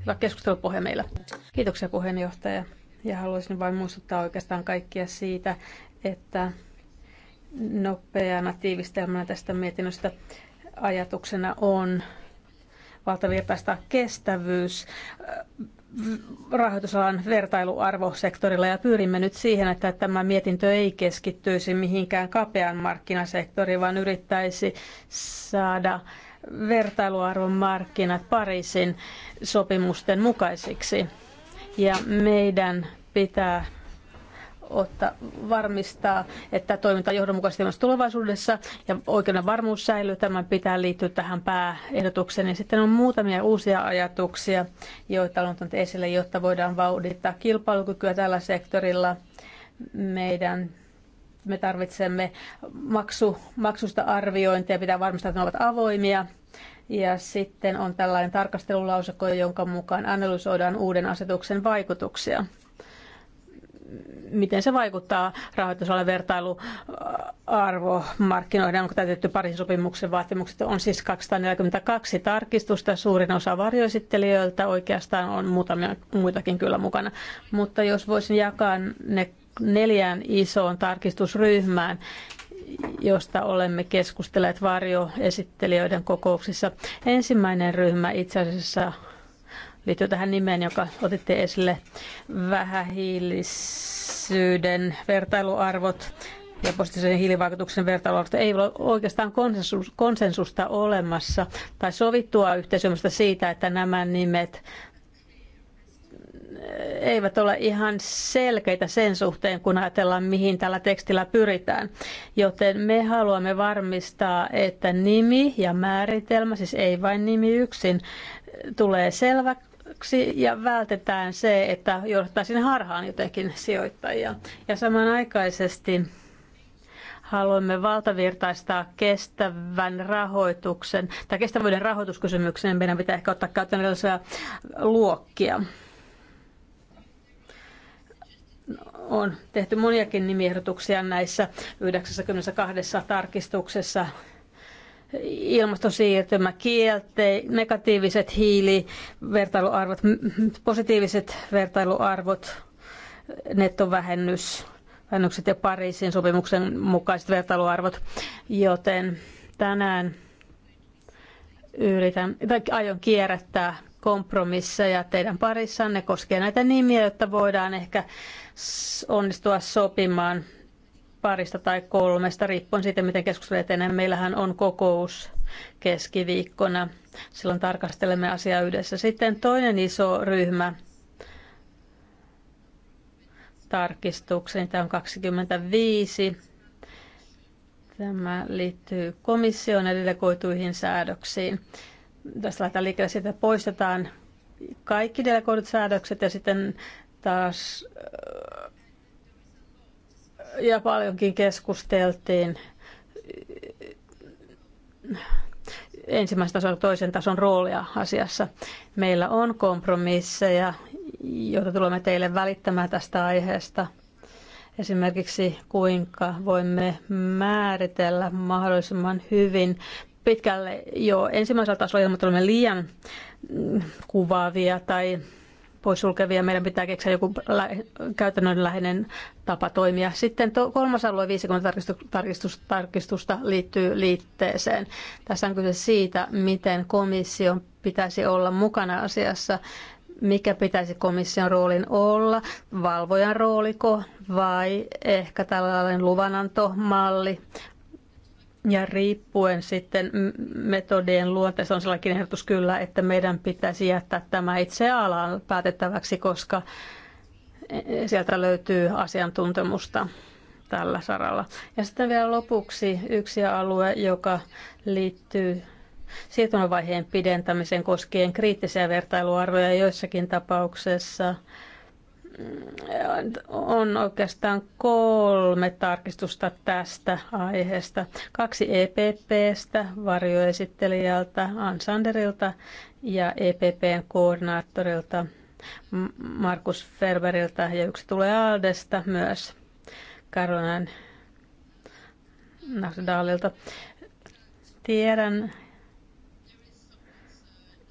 hyvä keskustelupohja meillä. Kiitoksia puheenjohtaja. Ja haluaisin vain muistuttaa oikeastaan kaikkia siitä, että nopeana tiivistelmänä tästä mietinnöstä ajatuksena on valtavirtaista kestävyys äh, rahoitusalan vertailuarvosektorilla ja pyrimme nyt siihen, että tämä mietintö ei keskittyisi mihinkään kapean markkinasektoriin, vaan yrittäisi saada vertailuarvon markkinat Pariisin sopimusten mukaisiksi. Ja meidän pitää ottaa, varmistaa, että toiminta johdonmukaisesti myös tulevaisuudessa ja oikeuden varmuus säilyy. Tämän pitää liittyä tähän pääehdotukseen. Ja sitten on muutamia uusia ajatuksia, joita on tullut esille, jotta voidaan vauhdittaa kilpailukykyä tällä sektorilla. Meidän me tarvitsemme maksu, maksusta arviointia, pitää varmistaa, että ne ovat avoimia. Ja sitten on tällainen tarkastelulauseko, jonka mukaan analysoidaan uuden asetuksen vaikutuksia miten se vaikuttaa rahoitusalan vertailuarvo markkinoiden, onko täytetty parin sopimuksen vaatimukset. On siis 242 tarkistusta, suurin osa varjoesittelijöiltä oikeastaan on muutamia muitakin kyllä mukana. Mutta jos voisin jakaa ne neljään isoon tarkistusryhmään, josta olemme keskustelleet varjoesittelijöiden kokouksissa. Ensimmäinen ryhmä itse asiassa liittyy tähän nimeen, joka otitte esille, vähähiilisyyden vertailuarvot ja positiivisen hiilivaikutuksen vertailuarvot. Ei ole oikeastaan konsensus, konsensusta olemassa tai sovittua yhteisymmärrystä siitä, että nämä nimet eivät ole ihan selkeitä sen suhteen, kun ajatellaan, mihin tällä tekstillä pyritään. Joten me haluamme varmistaa, että nimi ja määritelmä, siis ei vain nimi yksin, tulee selvä, ja vältetään se, että johdettaisiin harhaan jotenkin sijoittajia. Ja samanaikaisesti haluamme valtavirtaistaa kestävän rahoituksen tai kestävyyden rahoituskysymykseen. Meidän pitää ehkä ottaa käyttöön erilaisia luokkia. On tehty moniakin nimiehdotuksia näissä 92 tarkistuksessa ilmastosiirtymä, kielte, negatiiviset hiilivertailuarvot, positiiviset vertailuarvot, nettovähennys, vähennykset ja Pariisin sopimuksen mukaiset vertailuarvot, joten tänään yritän, tai aion kierrättää kompromisseja teidän parissanne koskien näitä nimiä, jotta voidaan ehkä onnistua sopimaan parista tai kolmesta, riippuen siitä, miten keskustelu etenee. Meillähän on kokous keskiviikkona. Silloin tarkastelemme asiaa yhdessä. Sitten toinen iso ryhmä tarkistuksen, tämä on 25. Tämä liittyy komission ja delegoituihin säädöksiin. Tässä laitetaan liikkeelle siitä, poistetaan kaikki delegoidut säädökset ja sitten taas ja paljonkin keskusteltiin ensimmäisen tason toisen tason roolia asiassa. Meillä on kompromisseja, joita tulemme teille välittämään tästä aiheesta. Esimerkiksi kuinka voimme määritellä mahdollisimman hyvin pitkälle jo ensimmäisellä tasolla ilmoittelemme liian kuvaavia tai poissulkevia. Meidän pitää keksiä joku käytännönläheinen tapa toimia. Sitten to, kolmas alue 50 tarkistusta, tarkistusta liittyy liitteeseen. Tässä on kyse siitä, miten komission pitäisi olla mukana asiassa mikä pitäisi komission roolin olla, valvojan rooliko vai ehkä tällainen luvananto-malli? Ja riippuen sitten metodien luonteesta on sellainen ehdotus kyllä, että meidän pitäisi jättää tämä itse alan päätettäväksi, koska sieltä löytyy asiantuntemusta tällä saralla. Ja sitten vielä lopuksi yksi alue, joka liittyy siirtymävaiheen pidentämiseen koskien kriittisiä vertailuarvoja joissakin tapauksessa – on oikeastaan kolme tarkistusta tästä aiheesta. Kaksi EPPstä, varjoesittelijältä Ansanderilta ja EPPn koordinaattorilta Markus Ferberiltä ja yksi tulee Aldesta myös Karolan Nasdaalilta. Tiedän,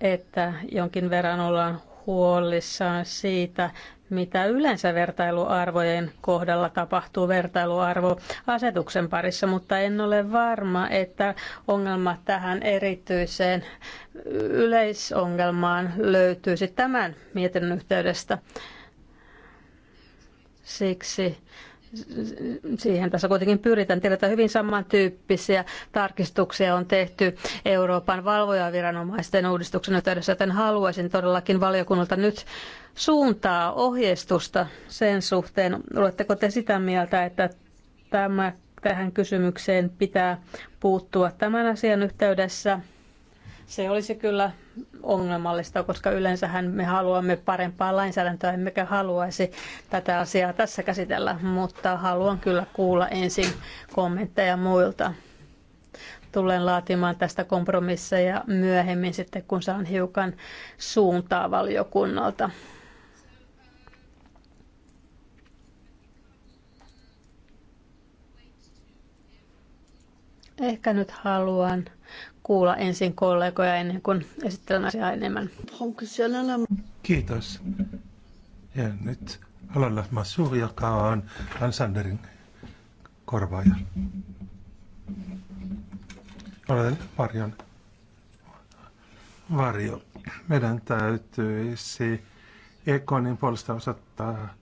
että jonkin verran ollaan huolissaan siitä, mitä yleensä vertailuarvojen kohdalla tapahtuu vertailuarvo asetuksen parissa, mutta en ole varma, että ongelma tähän erityiseen yleisongelmaan löytyisi tämän mietinnön yhteydestä. Siksi siihen tässä kuitenkin pyritään. Tiedätä hyvin samantyyppisiä tarkistuksia on tehty Euroopan valvojaviranomaisten uudistuksen yhteydessä, joten haluaisin todellakin valiokunnalta nyt suuntaa ohjeistusta sen suhteen. Oletteko te sitä mieltä, että tämä, tähän kysymykseen pitää puuttua tämän asian yhteydessä? Se olisi kyllä ongelmallista, koska yleensähän me haluamme parempaa lainsäädäntöä, emmekä haluaisi tätä asiaa tässä käsitellä, mutta haluan kyllä kuulla ensin kommentteja muilta. Tulen laatimaan tästä kompromisseja myöhemmin sitten, kun saan hiukan suuntaa valiokunnalta. Ehkä nyt haluan kuulla ensin kollegoja ennen kuin esittelen asiaa enemmän. Kiitos. Ja nyt Alalla Masur, joka on Ansanderin korvaaja. Olen Varjon varjo. Meidän täytyisi Ekonin puolesta osoittaa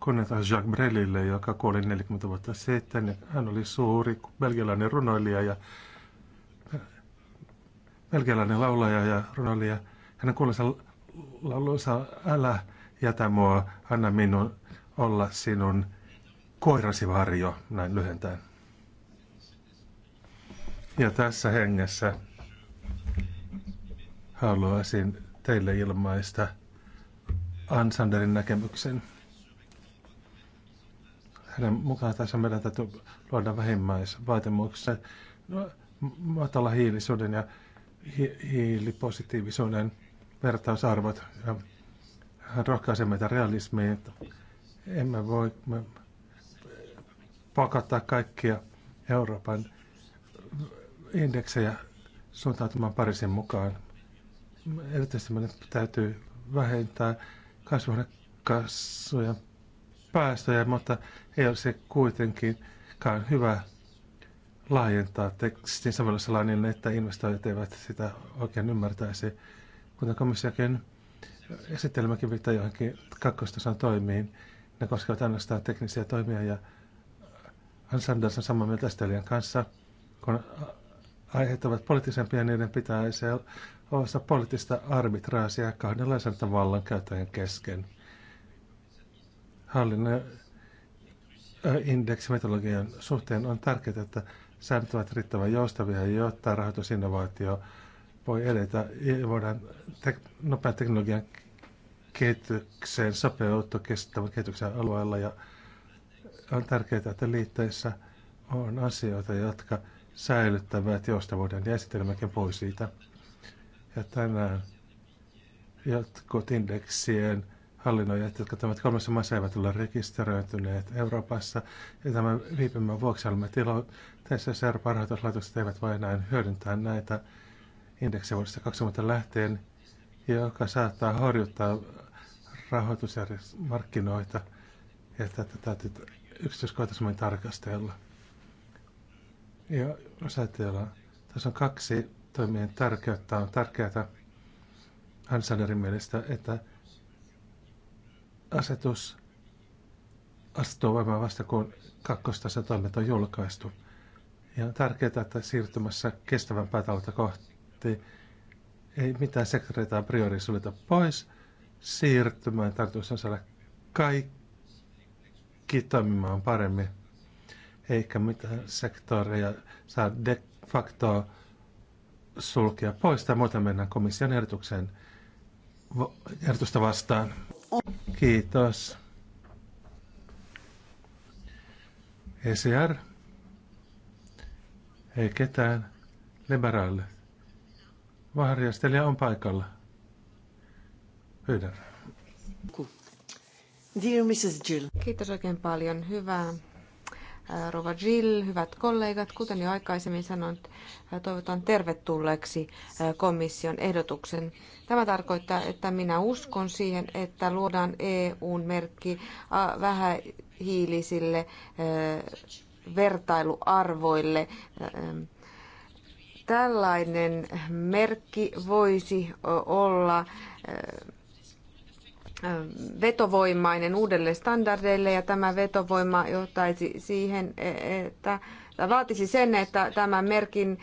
kunnioita Jacques Brelille, joka kuoli 40 vuotta sitten. Hän oli suuri belgialainen runoilija ja belgialainen laulaja ja runoilija. Hänen kuulensa laulunsa Älä jätä mua, anna minun olla sinun koirasi varjo, näin lyhentäen. Ja tässä hengessä haluaisin teille ilmaista Ansanderin näkemyksen. Hänen mukaan tässä meidän täytyy luoda vähimmäisvaatimukset no, matala hiilisuuden ja hiilipositiivisuuden vertausarvot. Ja rohkaisee meitä realismiin, että emme voi me pakottaa kaikkia Euroopan indeksejä suuntautumaan Pariisin mukaan. Erityisesti meidän täytyy vähentää kasvuhuonekasvujen päästöjä, mutta ei ole se kuitenkaan hyvä laajentaa tekstin sovellusalaa niin, että investoijat eivät sitä oikein ymmärtäisi. Kuten komissiakin esittelemäkin viittaa johonkin kakkostason toimiin, ne koskevat ainoastaan teknisiä toimia ja Hans Sanders on samaa mieltä Estelian kanssa. Kun aiheet ovat poliittisempia, niiden pitäisi olla poliittista arbitraasia kahdenlaisen vallan käyttäjän kesken. Hallinnon indeksimetodologian suhteen on tärkeää, että säännöt ovat riittävän joustavia, jotta rahoitusinnovaatio voi edetä ja voidaan tek- nopean teknologian kehitykseen sopeutua kestävän kehityksen alueella. Ja on tärkeää, että liitteissä on asioita, jotka säilyttävät joustavuuden ja esitelmäkin pois siitä. Ja tänään jotkut indeksien hallinnoijat, jotka tämän kolmessa maassa, eivät ole rekisteröityneet Euroopassa. Ja tämän viipymän vuoksi olemme tilanteessa, Euroopan rahoituslaitokset eivät voi enää hyödyntää näitä indeksejä vuodesta 20 lähtien, joka saattaa horjuttaa rahoitusmarkkinoita. Ja tätä täytyy yksityiskohtaisemmin tarkastella. Ja jos ajatellaan, tässä on kaksi toimien tärkeyttä. On tärkeää Hansanerin mielestä, että asetus astuu voimaan vasta kun kakkostason toimet on julkaistu. Ja on tärkeää, että siirtymässä kestävän taloutta kohti ei mitään sektoreita priorisoida pois. Siirtymään tarkoitus on saada kaikki toimimaan paremmin, eikä mitään sektoreja saa de facto sulkea pois tai muuta mennään komission ehdotuksen, ehdotusta vastaan. Kiitos. ECR. Ei ketään. Liberaalle. Vaharjastelija on paikalla. Pyydän. Dear Mrs. Jill. Kiitos oikein paljon. Hyvää Rova Jill, hyvät kollegat, kuten jo aikaisemmin sanoin, toivotan tervetulleeksi komission ehdotuksen. Tämä tarkoittaa, että minä uskon siihen, että luodaan EUn merkki vähähiilisille vertailuarvoille. Tällainen merkki voisi olla vetovoimainen uudelle standardeille ja tämä vetovoima johtaisi siihen, e, että tämä vaatisi sen, että tämän merkin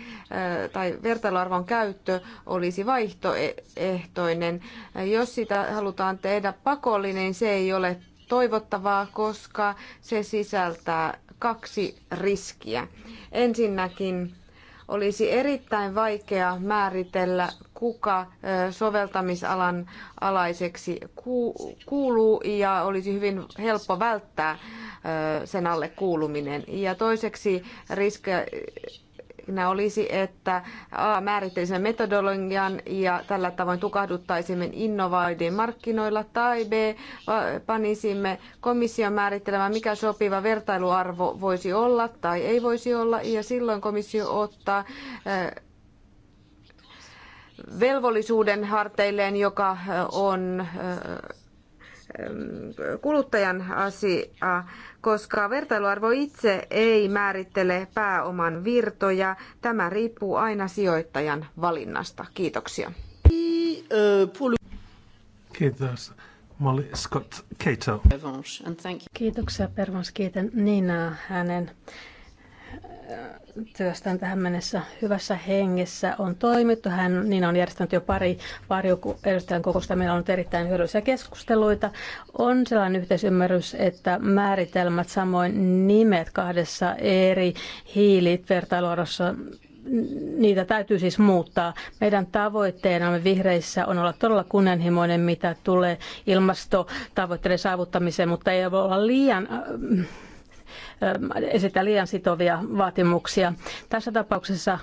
tai vertailuarvon käyttö olisi vaihtoehtoinen. Jos sitä halutaan tehdä pakollinen, niin se ei ole toivottavaa, koska se sisältää kaksi riskiä. Ensinnäkin olisi erittäin vaikea määritellä, kuka soveltamisalan alaiseksi kuuluu ja olisi hyvin helppo välttää sen alle kuuluminen. Ja toiseksi riske esimerkkinä olisi, että A, määrittelisimme metodologian ja tällä tavoin tukahduttaisimme innovaidien markkinoilla, tai B, panisimme komission määrittelemään, mikä sopiva vertailuarvo voisi olla tai ei voisi olla, ja silloin komissio ottaa eh, velvollisuuden harteilleen, joka eh, on eh, Ähm, kuluttajan asia, koska vertailuarvo itse ei määrittele pääoman virtoja. Tämä riippuu aina sijoittajan valinnasta. Kiitoksia. Kiitos. Molly Scott Cato. Kiitoksia Pervans, kiitän Niinaa hänen työstään tähän mennessä hyvässä hengessä on toimittu. Hän niin on järjestänyt jo pari, pari edustajan kokousta. Meillä on ollut erittäin hyödyllisiä keskusteluita. On sellainen yhteisymmärrys, että määritelmät samoin nimet kahdessa eri hiilivertailuodossa niitä täytyy siis muuttaa. Meidän tavoitteenamme vihreissä on olla todella kunnianhimoinen, mitä tulee ilmastotavoitteiden saavuttamiseen, mutta ei voi olla liian äh, esitä liian sitovia vaatimuksia. Tässä tapauksessa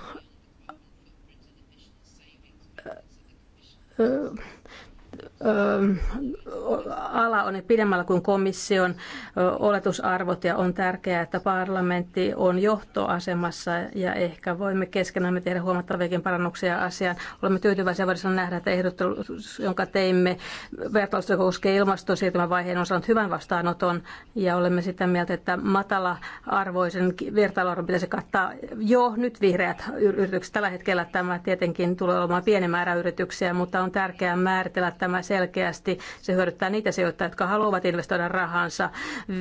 ala on pidemmällä kuin komission oletusarvot ja on tärkeää, että parlamentti on johtoasemassa ja ehkä voimme keskenämme tehdä huomattaviakin parannuksia asiaan. Olemme tyytyväisiä voidaan nähdä, että ehdotus, jonka teimme vertailusta koskee ilmastosiirtymän vaiheen on saanut hyvän vastaanoton ja olemme sitä mieltä, että matala-arvoisen vertailuarvon pitäisi kattaa jo nyt vihreät yritykset. Tällä hetkellä tämä tietenkin tulee olemaan pieni määrä yrityksiä, mutta on tärkeää määritellä tämä selkeästi. Se hyödyttää niitä sijoittajia, jotka haluavat investoida rahansa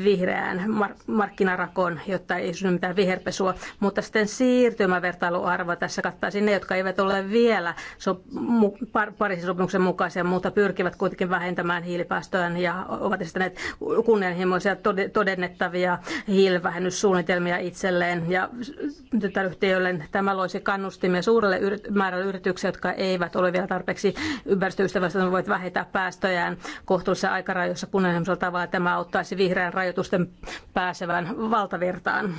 vihreään mar- markkinarakoon, jotta ei synny mitään viherpesua. Mutta sitten siirtymävertailuarvo tässä kattaa ne, jotka eivät ole vielä so- mu- par- Pariisin sopimuksen mukaisia, mutta pyrkivät kuitenkin vähentämään hiilipäästöjä ja ovat esittäneet kunnianhimoisia todennettavia hiilivähennyssuunnitelmia itselleen ja tytäryhtiöille. Tämä loisi kannustimia suurelle yrit- määrälle yrityksiä, jotka eivät ole vielä tarpeeksi ympäristöystävällisiä, voivat vähentää vähentää päästöjään kohtuullisessa aikarajoissa kunnianhimoisella tavalla. Tämä auttaisi vihreän rajoitusten pääsevän valtavirtaan.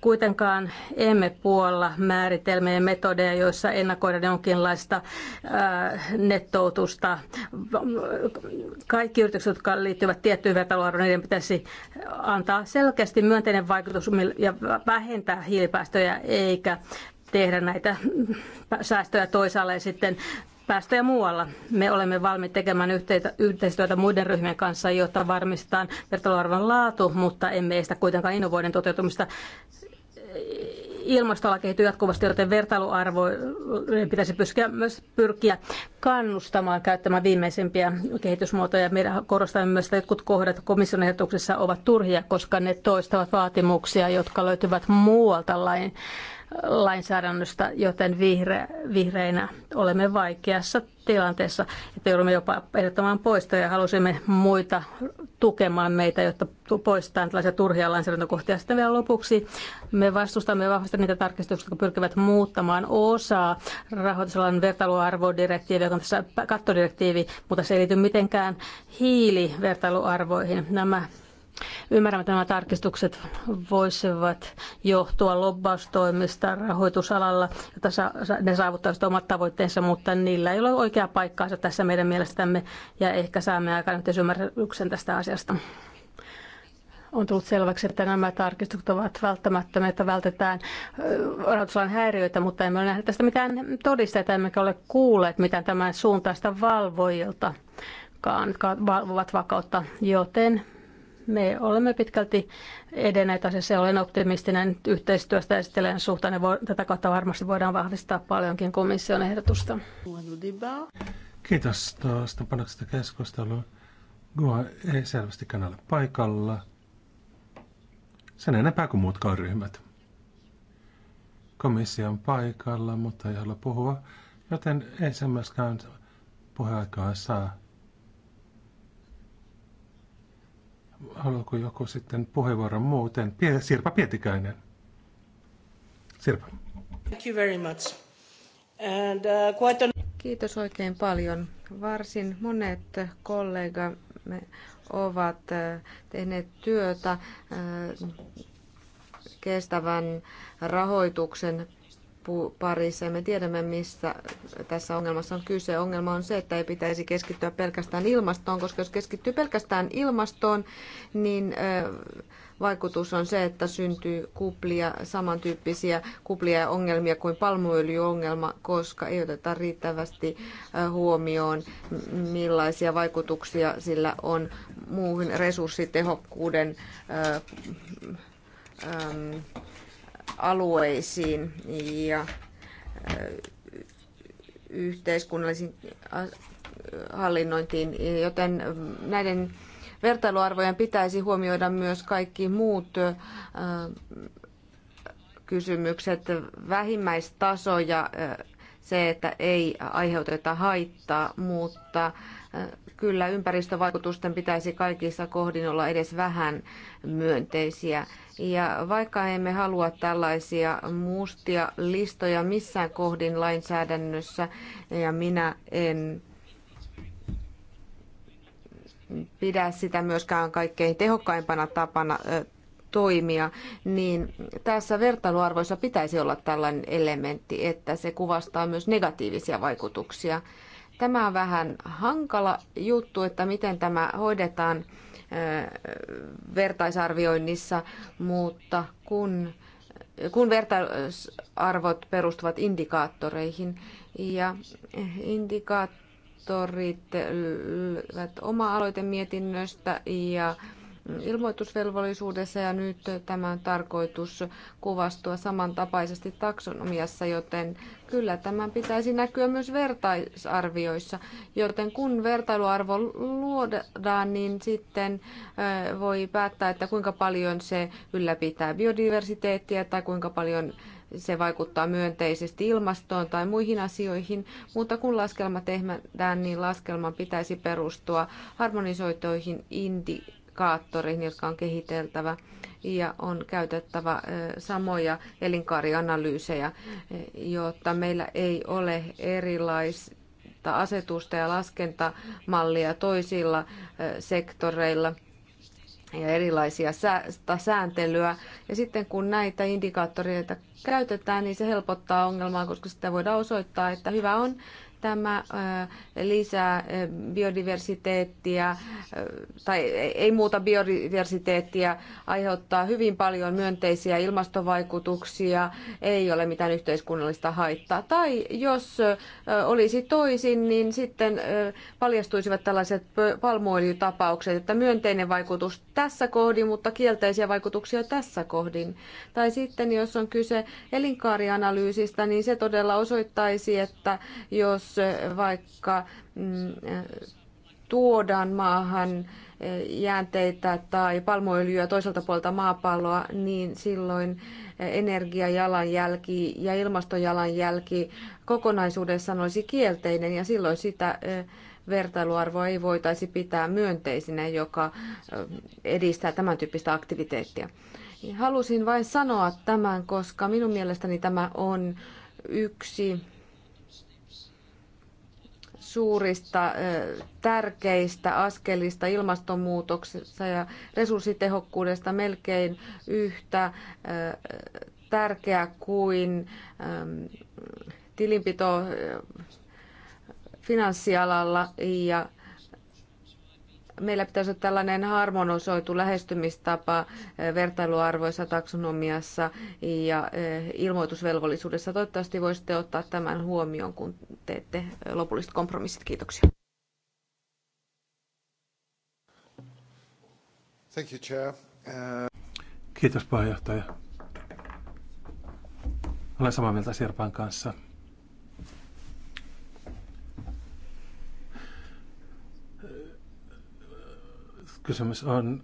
Kuitenkaan emme puolla määritelmiä ja metodeja, joissa ennakoidaan jonkinlaista äh, nettoutusta. Kaikki yritykset, jotka liittyvät tiettyyn vertailuarvoon, niiden pitäisi antaa selkeästi myönteinen vaikutus ja vähentää hiilipäästöjä eikä tehdä näitä säästöjä toisaalle ja sitten päästöjä muualla. Me olemme valmiit tekemään yhteistyötä muiden ryhmien kanssa, jotta varmistetaan vertailuarvon laatu, mutta emme estä kuitenkaan innovoiden toteutumista. Ilmastolla kehittyy jatkuvasti, joten vertailuarvojen pitäisi pyrkiä, myös pyrkiä kannustamaan käyttämään viimeisimpiä kehitysmuotoja. Meidän korostamme myös, että jotkut kohdat komission ehdotuksessa ovat turhia, koska ne toistavat vaatimuksia, jotka löytyvät muualta lain lainsäädännöstä, joten vihre, vihreinä olemme vaikeassa tilanteessa, että joudumme jopa ehdottamaan poistoja ja halusimme muita tukemaan meitä, jotta poistetaan tällaisia turhia lainsäädäntökohtia. Sitten vielä lopuksi me vastustamme vahvasti niitä tarkistuksia, jotka pyrkivät muuttamaan osaa rahoitusalan vertailuarvodirektiivi, joka on tässä kattodirektiivi, mutta se ei liity mitenkään hiilivertailuarvoihin. Nämä Ymmärrämme, että nämä tarkistukset voisivat johtua lobbaustoimista rahoitusalalla, jotta ne saavuttaisivat omat tavoitteensa, mutta niillä ei ole oikea paikkaansa tässä meidän mielestämme ja ehkä saamme aikaan yhteisymmärryksen tästä asiasta. On tullut selväksi, että nämä tarkistukset ovat välttämättömiä, että vältetään rahoitusalan häiriöitä, mutta emme ole nähneet tästä mitään todisteita, emmekä ole kuulleet mitään tämän suuntaista valvojilta jotka valvovat vakautta, joten me olemme pitkälti edenneet asiassa olen optimistinen yhteistyöstä esittelen suhtaan Vo- tätä kautta varmasti voidaan vahvistaa paljonkin komission ehdotusta. Kiitos tuosta panoksesta keskustelua. Gua ei selvästi ole paikalla. Sen enempää kuin muutkaan ryhmät. Komissio on paikalla, mutta ei halua puhua, joten ei se myöskään puheaikaa saa. Haluatko joku sitten puheenvuoron muuten? Sirpa Pietikäinen. Sirpa. Thank you very much. And, uh, quite an... Kiitos oikein paljon. Varsin monet kollegamme ovat uh, tehneet työtä uh, kestävän rahoituksen parissa ja me tiedämme, missä tässä ongelmassa on kyse. Ongelma on se, että ei pitäisi keskittyä pelkästään ilmastoon, koska jos keskittyy pelkästään ilmastoon, niin vaikutus on se, että syntyy kuplia, samantyyppisiä kuplia ja ongelmia kuin palmuöljyongelma, koska ei oteta riittävästi huomioon, millaisia vaikutuksia sillä on muuhun resurssitehokkuuden alueisiin ja yhteiskunnallisiin hallinnointiin, joten näiden vertailuarvojen pitäisi huomioida myös kaikki muut kysymykset, vähimmäistaso ja se, että ei aiheuteta haittaa, mutta kyllä ympäristövaikutusten pitäisi kaikissa kohdin olla edes vähän myönteisiä. Ja vaikka emme halua tällaisia mustia listoja missään kohdin lainsäädännössä, ja minä en pidä sitä myöskään kaikkein tehokkaimpana tapana toimia, niin tässä vertailuarvoissa pitäisi olla tällainen elementti, että se kuvastaa myös negatiivisia vaikutuksia. Tämä on vähän hankala juttu, että miten tämä hoidetaan Äh, vertaisarvioinnissa, mutta kun, kun vertaisarvot perustuvat indikaattoreihin ja indikaattorit oma-aloitemietinnöstä ja ilmoitusvelvollisuudessa ja nyt tämä on tarkoitus kuvastua samantapaisesti taksonomiassa, joten kyllä tämän pitäisi näkyä myös vertaisarvioissa. Joten kun vertailuarvo luodaan, niin sitten voi päättää, että kuinka paljon se ylläpitää biodiversiteettiä tai kuinka paljon se vaikuttaa myönteisesti ilmastoon tai muihin asioihin, mutta kun laskelma tehdään, niin laskelman pitäisi perustua harmonisoitoihin indi- indikaattoreihin, jotka on kehiteltävä ja on käytettävä samoja elinkaarianalyysejä, jotta meillä ei ole erilaista asetusta ja laskentamallia toisilla sektoreilla – ja erilaisia sääntelyä. Ja sitten kun näitä indikaattoreita käytetään, niin se helpottaa ongelmaa, koska sitä voidaan osoittaa, että hyvä on, Tämä lisää biodiversiteettia tai ei muuta biodiversiteettia aiheuttaa hyvin paljon myönteisiä ilmastovaikutuksia, ei ole mitään yhteiskunnallista haittaa. Tai jos olisi toisin, niin sitten paljastuisivat tällaiset palmuöljytapaukset, että myönteinen vaikutus tässä kohdin, mutta kielteisiä vaikutuksia tässä kohdin. Tai sitten jos on kyse elinkaarianalyysistä, niin se todella osoittaisi, että jos jos eh, vaikka mm, eh, tuodaan maahan eh, jäänteitä tai palmuöljyä toiselta puolta maapalloa, niin silloin energiajalanjälki ja ilmastojalanjälki kokonaisuudessaan olisi kielteinen ja silloin sitä vertailuarvoa ei voitaisi pitää myönteisenä, joka edistää tämän tyyppistä aktiviteettia. Halusin vain sanoa tämän, koska minun mielestäni tämä on yksi suurista, tärkeistä askelista ilmastonmuutoksessa ja resurssitehokkuudesta melkein yhtä tärkeä kuin tilinpito finanssialalla ja meillä pitäisi olla tällainen harmonisoitu lähestymistapa eh, vertailuarvoissa taksonomiassa ja eh, ilmoitusvelvollisuudessa. Toivottavasti voisitte ottaa tämän huomioon, kun teette eh, lopulliset kompromissit. Kiitoksia. Thank you, Chair. Kiitos puheenjohtaja. Olen samaa mieltä Sirpan kanssa. Kysymys on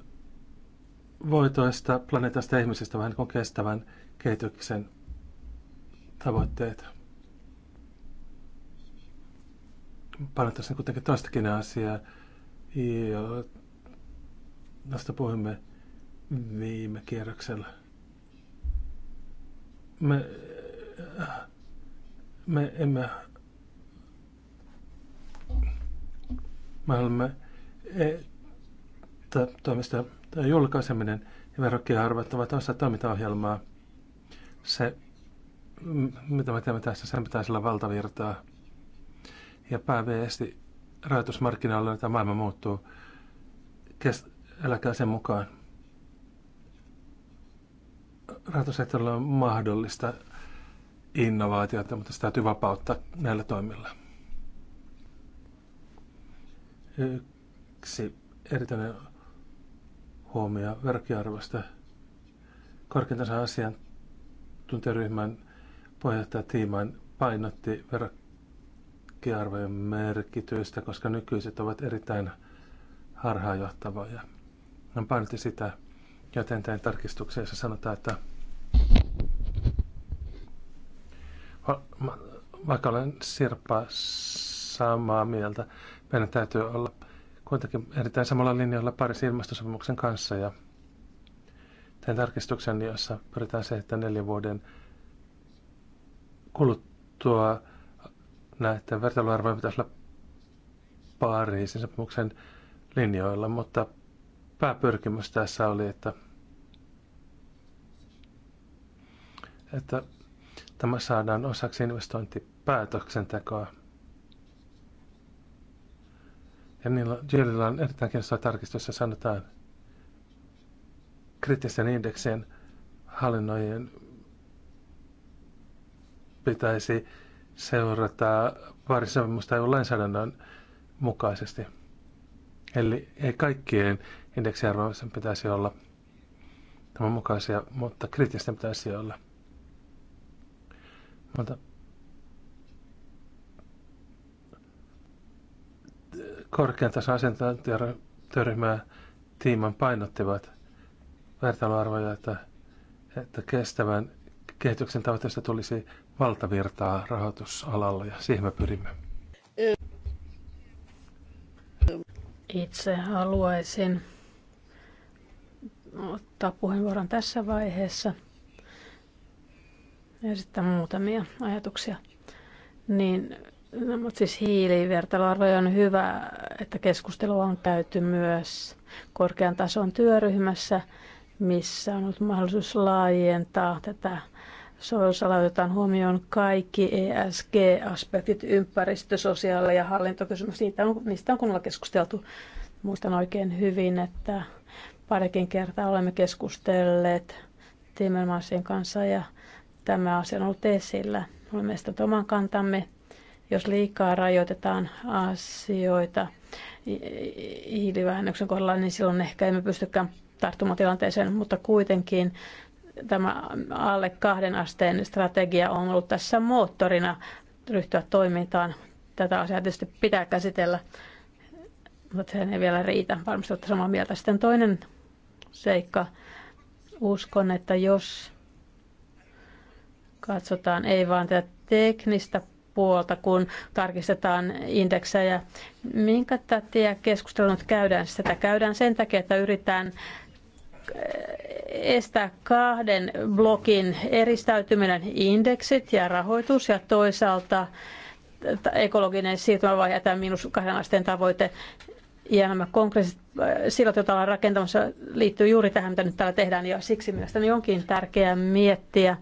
voitoista planeetasta ihmisestä vähän kuin kestävän kehityksen tavoitteet. Painottaisin kuitenkin toistakin asiaa, josta puhumme viime kierroksella. Me, me emme... Me olemme toimista julkaiseminen ja verokkiarvot arvottavat osa toimintaohjelmaa. Se, mitä me teemme tässä, sen pitäisi olla valtavirtaa. Ja pääviesti rahoitusmarkkinoilla, että maailma muuttuu, kes, eläkää sen mukaan. Rahoitusehtoilla on mahdollista innovaatiota, mutta sitä täytyy vapauttaa näillä toimilla. Yksi erityinen huomio verkkiarvosta. Korkeintansa asiantuntijaryhmän puheenjohtaja Tiimain painotti verkkiarvojen merkitystä, koska nykyiset ovat erittäin harhaanjohtavia. Hän painotti sitä, joten tein tarkistuksen, jossa sanotaan, että vaikka olen Sirpa samaa mieltä, meidän täytyy olla kuitenkin erittäin samalla linjalla Pariisin ilmastosopimuksen kanssa ja tämän tarkistuksen, jossa pyritään se, että neljän vuoden kuluttua näiden vertailuarvojen pitäisi olla Pariisin sopimuksen linjoilla, mutta pääpyrkimys tässä oli, että, että tämä saadaan osaksi investointipäätöksentekoa. Ja niillä Jellillä on erittäin kiinnostava tarkistus, jossa sanotaan kriittisten indeksien hallinnoijien pitäisi seurata varsinaisemmasta EU-lainsäädännön mukaisesti. Eli ei kaikkien indeksiarvoisen pitäisi olla tämän mukaisia, mutta kriittisten pitäisi olla. Mutta korkean tason asiantuntijaryhmää tiiman painottivat vertailuarvoja, että, että kestävän kehityksen tavoitteesta tulisi valtavirtaa rahoitusalalla ja siihen me pyrimme. Itse haluaisin ottaa puheenvuoron tässä vaiheessa ja sitten muutamia ajatuksia. Niin No, mutta siis hiilivertailuarvoja on hyvä, että keskustelua on käyty myös korkean tason työryhmässä, missä on ollut mahdollisuus laajentaa tätä sovellusalaa, otetaan huomioon kaikki ESG-aspektit, ympäristö, sosiaali- ja hallintokysymys. Niitä on, niistä on kunnolla keskusteltu. Muistan oikein hyvin, että parikin kertaa olemme keskustelleet Timmermansin kanssa ja tämä asia on ollut esillä. Olemme esittäneet oman kantamme jos liikaa rajoitetaan asioita hiilivähennyksen kohdalla, niin silloin ehkä emme pystykään tarttumatilanteeseen, mutta kuitenkin tämä alle kahden asteen strategia on ollut tässä moottorina ryhtyä toimintaan. Tätä asiaa tietysti pitää käsitellä, mutta sehän ei vielä riitä. Varmasti olette samaa mieltä. Sitten toinen seikka. Uskon, että jos katsotaan ei vaan tätä teknistä puolta, kun tarkistetaan indeksejä. Minkä takia keskustelut käydään? Sitä käydään sen takia, että yritetään eh, estää kahden blokin eristäytyminen indeksit ja rahoitus ja toisaalta ekologinen siirtymävaihe tämä miinus kahden asteen tavoite ja nämä konkreettiset eh, sillat, joita ollaan rakentamassa, liittyy juuri tähän, mitä nyt täällä tehdään ja siksi mielestäni onkin tärkeää miettiä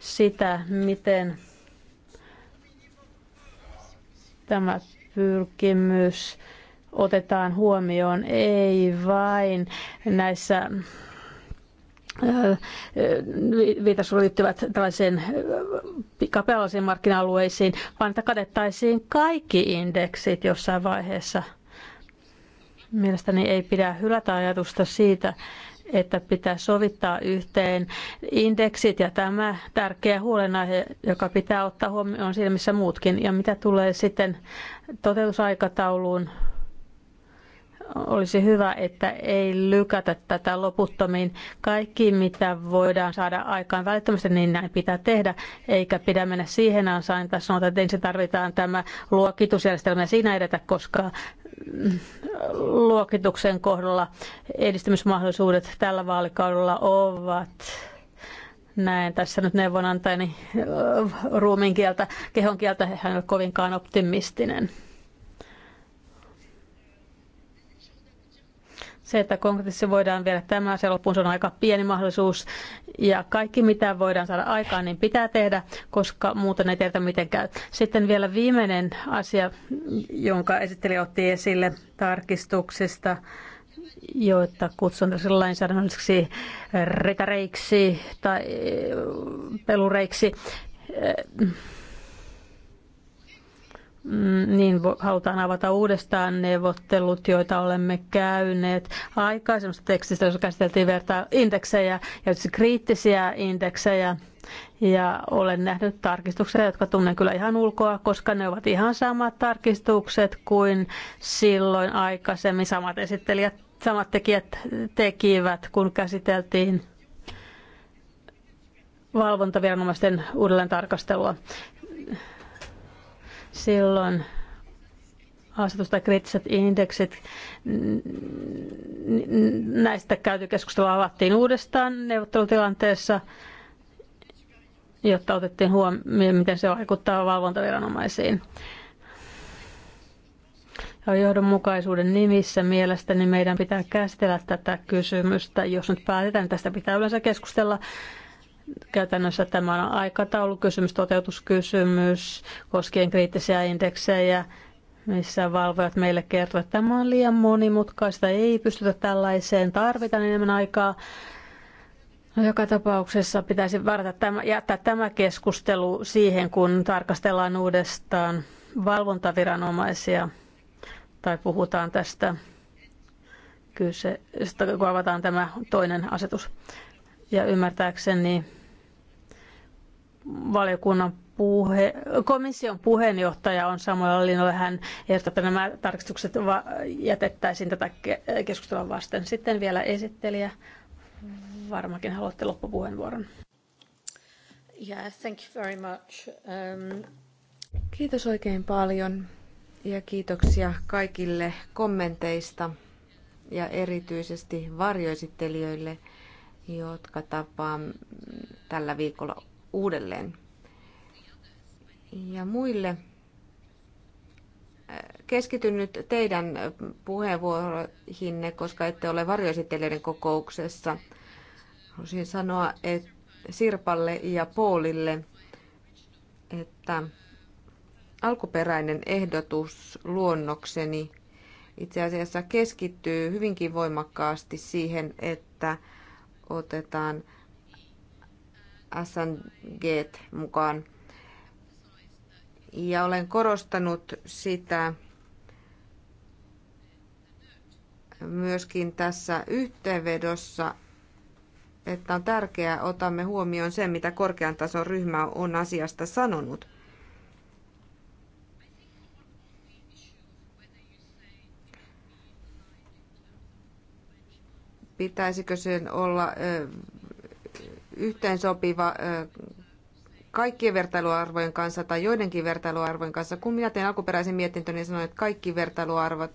sitä, miten tämä pyrkimys otetaan huomioon ei vain näissä viitasuun liittyvät tällaisiin kapealaisiin markkina-alueisiin, vaan että katettaisiin kaikki indeksit jossain vaiheessa. Mielestäni ei pidä hylätä ajatusta siitä, että pitää sovittaa yhteen indeksit ja tämä tärkeä huolenaihe, joka pitää ottaa huomioon silmissä muutkin. Ja mitä tulee sitten toteutusaikatauluun, olisi hyvä, että ei lykätä tätä loputtomiin. Kaikki, mitä voidaan saada aikaan välittömästi, niin näin pitää tehdä, eikä pidä mennä siihen ansaan. Tässä sanotaan, että ensin tarvitaan tämä luokitusjärjestelmä ja siinä edetä, koska luokituksen kohdalla edistymismahdollisuudet tällä vaalikaudella ovat näen tässä nyt neuvonantajani äh, ruumiin kieltä, kehon kieltä, hän on kovinkaan optimistinen. Se, että konkreettisesti voidaan viedä tämä asia loppuun, se on aika pieni mahdollisuus. Ja kaikki, mitä voidaan saada aikaan, niin pitää tehdä, koska muuten ei tiedä mitenkään. Sitten vielä viimeinen asia, jonka esittelijä otti esille tarkistuksista joita kutsun tässä lainsäädännölliseksi retareiksi tai pelureiksi Mm, niin halutaan avata uudestaan neuvottelut, joita olemme käyneet aikaisemmassa tekstissä, jossa käsiteltiin verta indeksejä ja siis kriittisiä indeksejä. Ja olen nähnyt tarkistuksia, jotka tunnen kyllä ihan ulkoa, koska ne ovat ihan samat tarkistukset kuin silloin aikaisemmin samat esittelijät, samat tekijät tekivät, kun käsiteltiin valvontaviranomaisten uudelleen tarkastelua silloin asetusta kriittiset indeksit, näistä käyty keskustelua avattiin uudestaan neuvottelutilanteessa, jotta otettiin huomioon, miten se vaikuttaa valvontaviranomaisiin. Ja johdonmukaisuuden nimissä mielestäni meidän pitää käsitellä tätä kysymystä. Jos nyt päätetään, niin tästä pitää yleensä keskustella Käytännössä tämä on aikataulukysymys, toteutuskysymys koskien kriittisiä indeksejä, missä valvojat meille kertovat, että tämä on liian monimutkaista, ei pystytä tällaiseen, tarvitaan enemmän aikaa. No, joka tapauksessa pitäisi varata tämä, jättää tämä keskustelu siihen, kun tarkastellaan uudestaan valvontaviranomaisia tai puhutaan tästä kyse, kun avataan tämä toinen asetus. Ja ymmärtääkseni valiokunnan puhe, komission puheenjohtaja on Samuel Linnolle. Hän ehdottaa, että nämä tarkistukset jätettäisiin tätä keskustelua vasten. Sitten vielä esittelijä. varmakin haluatte loppupuheenvuoron. Yeah, thank you very much. Um... Kiitos oikein paljon ja kiitoksia kaikille kommenteista ja erityisesti varjoesittelijöille – jotka tapaan tällä viikolla uudelleen. Ja muille äh, keskityn nyt teidän puheenvuoroihinne, koska ette ole varjoesittelijöiden kokouksessa. Haluaisin sanoa että Sirpalle ja Poolille, että alkuperäinen ehdotus luonnokseni itse asiassa keskittyy hyvinkin voimakkaasti siihen, että otetaan SNG mukaan. Ja olen korostanut sitä myöskin tässä yhteenvedossa, että on tärkeää otamme huomioon sen, mitä korkean tason ryhmä on asiasta sanonut. pitäisikö sen olla yhteensopiva kaikkien vertailuarvojen kanssa tai joidenkin vertailuarvojen kanssa. Kun minä tein alkuperäisen mietintöni niin sanoin, että kaikki vertailuarvot,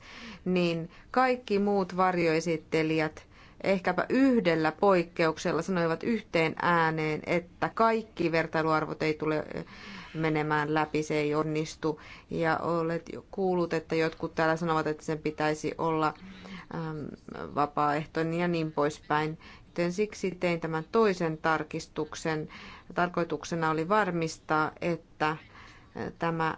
niin kaikki muut varjoesittelijät, ehkäpä yhdellä poikkeuksella, sanoivat yhteen ääneen, että kaikki vertailuarvot ei tule menemään läpi, se ei onnistu. Ja olet jo kuullut, että jotkut täällä sanovat, että sen pitäisi olla vapaaehtoinen ja niin poispäin. Joten siksi tein tämän toisen tarkistuksen. Tarkoituksena oli varmistaa, että tämä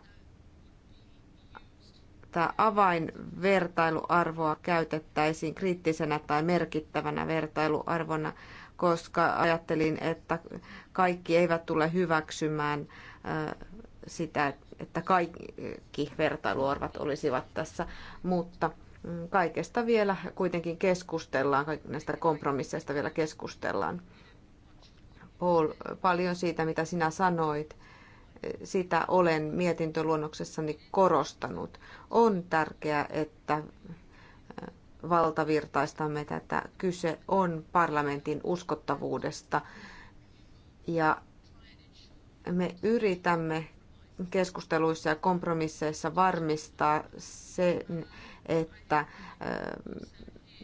tämä avainvertailuarvoa käytettäisiin kriittisenä tai merkittävänä vertailuarvona, koska ajattelin, että kaikki eivät tule hyväksymään sitä, että kaikki vertailuarvat olisivat tässä, mutta Mm, kaikesta vielä kuitenkin keskustellaan, näistä kompromisseista vielä keskustellaan. Paul, paljon siitä, mitä sinä sanoit, sitä olen mietintöluonnoksessani korostanut. On tärkeää, että äh, valtavirtaistamme tätä. Kyse on parlamentin uskottavuudesta ja me yritämme keskusteluissa ja kompromisseissa varmistaa sen, että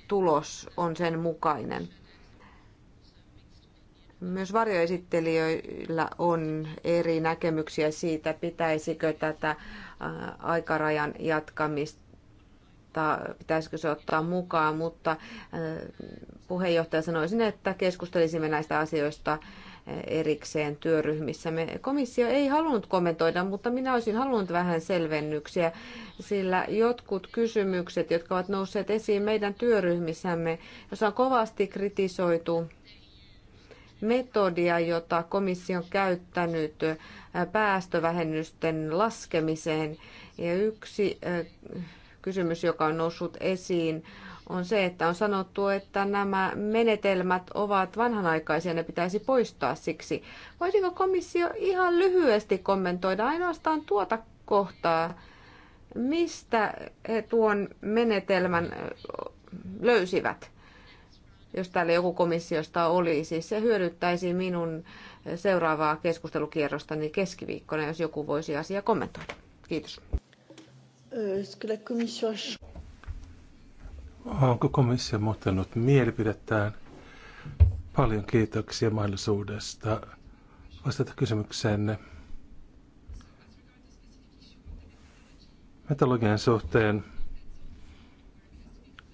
tulos on sen mukainen. Myös varjoesittelijöillä on eri näkemyksiä siitä, pitäisikö tätä aikarajan jatkamista pitäisikö se ottaa mukaan, mutta puheenjohtaja sanoisin, että keskustelisimme näistä asioista erikseen työryhmissä. Me, komissio ei halunnut kommentoida, mutta minä olisin halunnut vähän selvennyksiä, sillä jotkut kysymykset, jotka ovat nousseet esiin meidän työryhmissämme, jossa on kovasti kritisoitu metodia, jota komissio on käyttänyt äh, päästövähennysten laskemiseen. Ja yksi äh, kysymys, joka on noussut esiin, on se, että on sanottu, että nämä menetelmät ovat vanhanaikaisia ja ne pitäisi poistaa siksi. Voisiko komissio ihan lyhyesti kommentoida ainoastaan tuota kohtaa, mistä he tuon menetelmän löysivät? Jos täällä joku komissiosta olisi, siis se hyödyttäisi minun seuraavaa keskustelukierrostani keskiviikkona, jos joku voisi asiaa kommentoida. Kiitos. komissio. Onko komissio muuttanut mielipidettään? Paljon kiitoksia mahdollisuudesta vastata kysymykseenne. Metallogian suhteen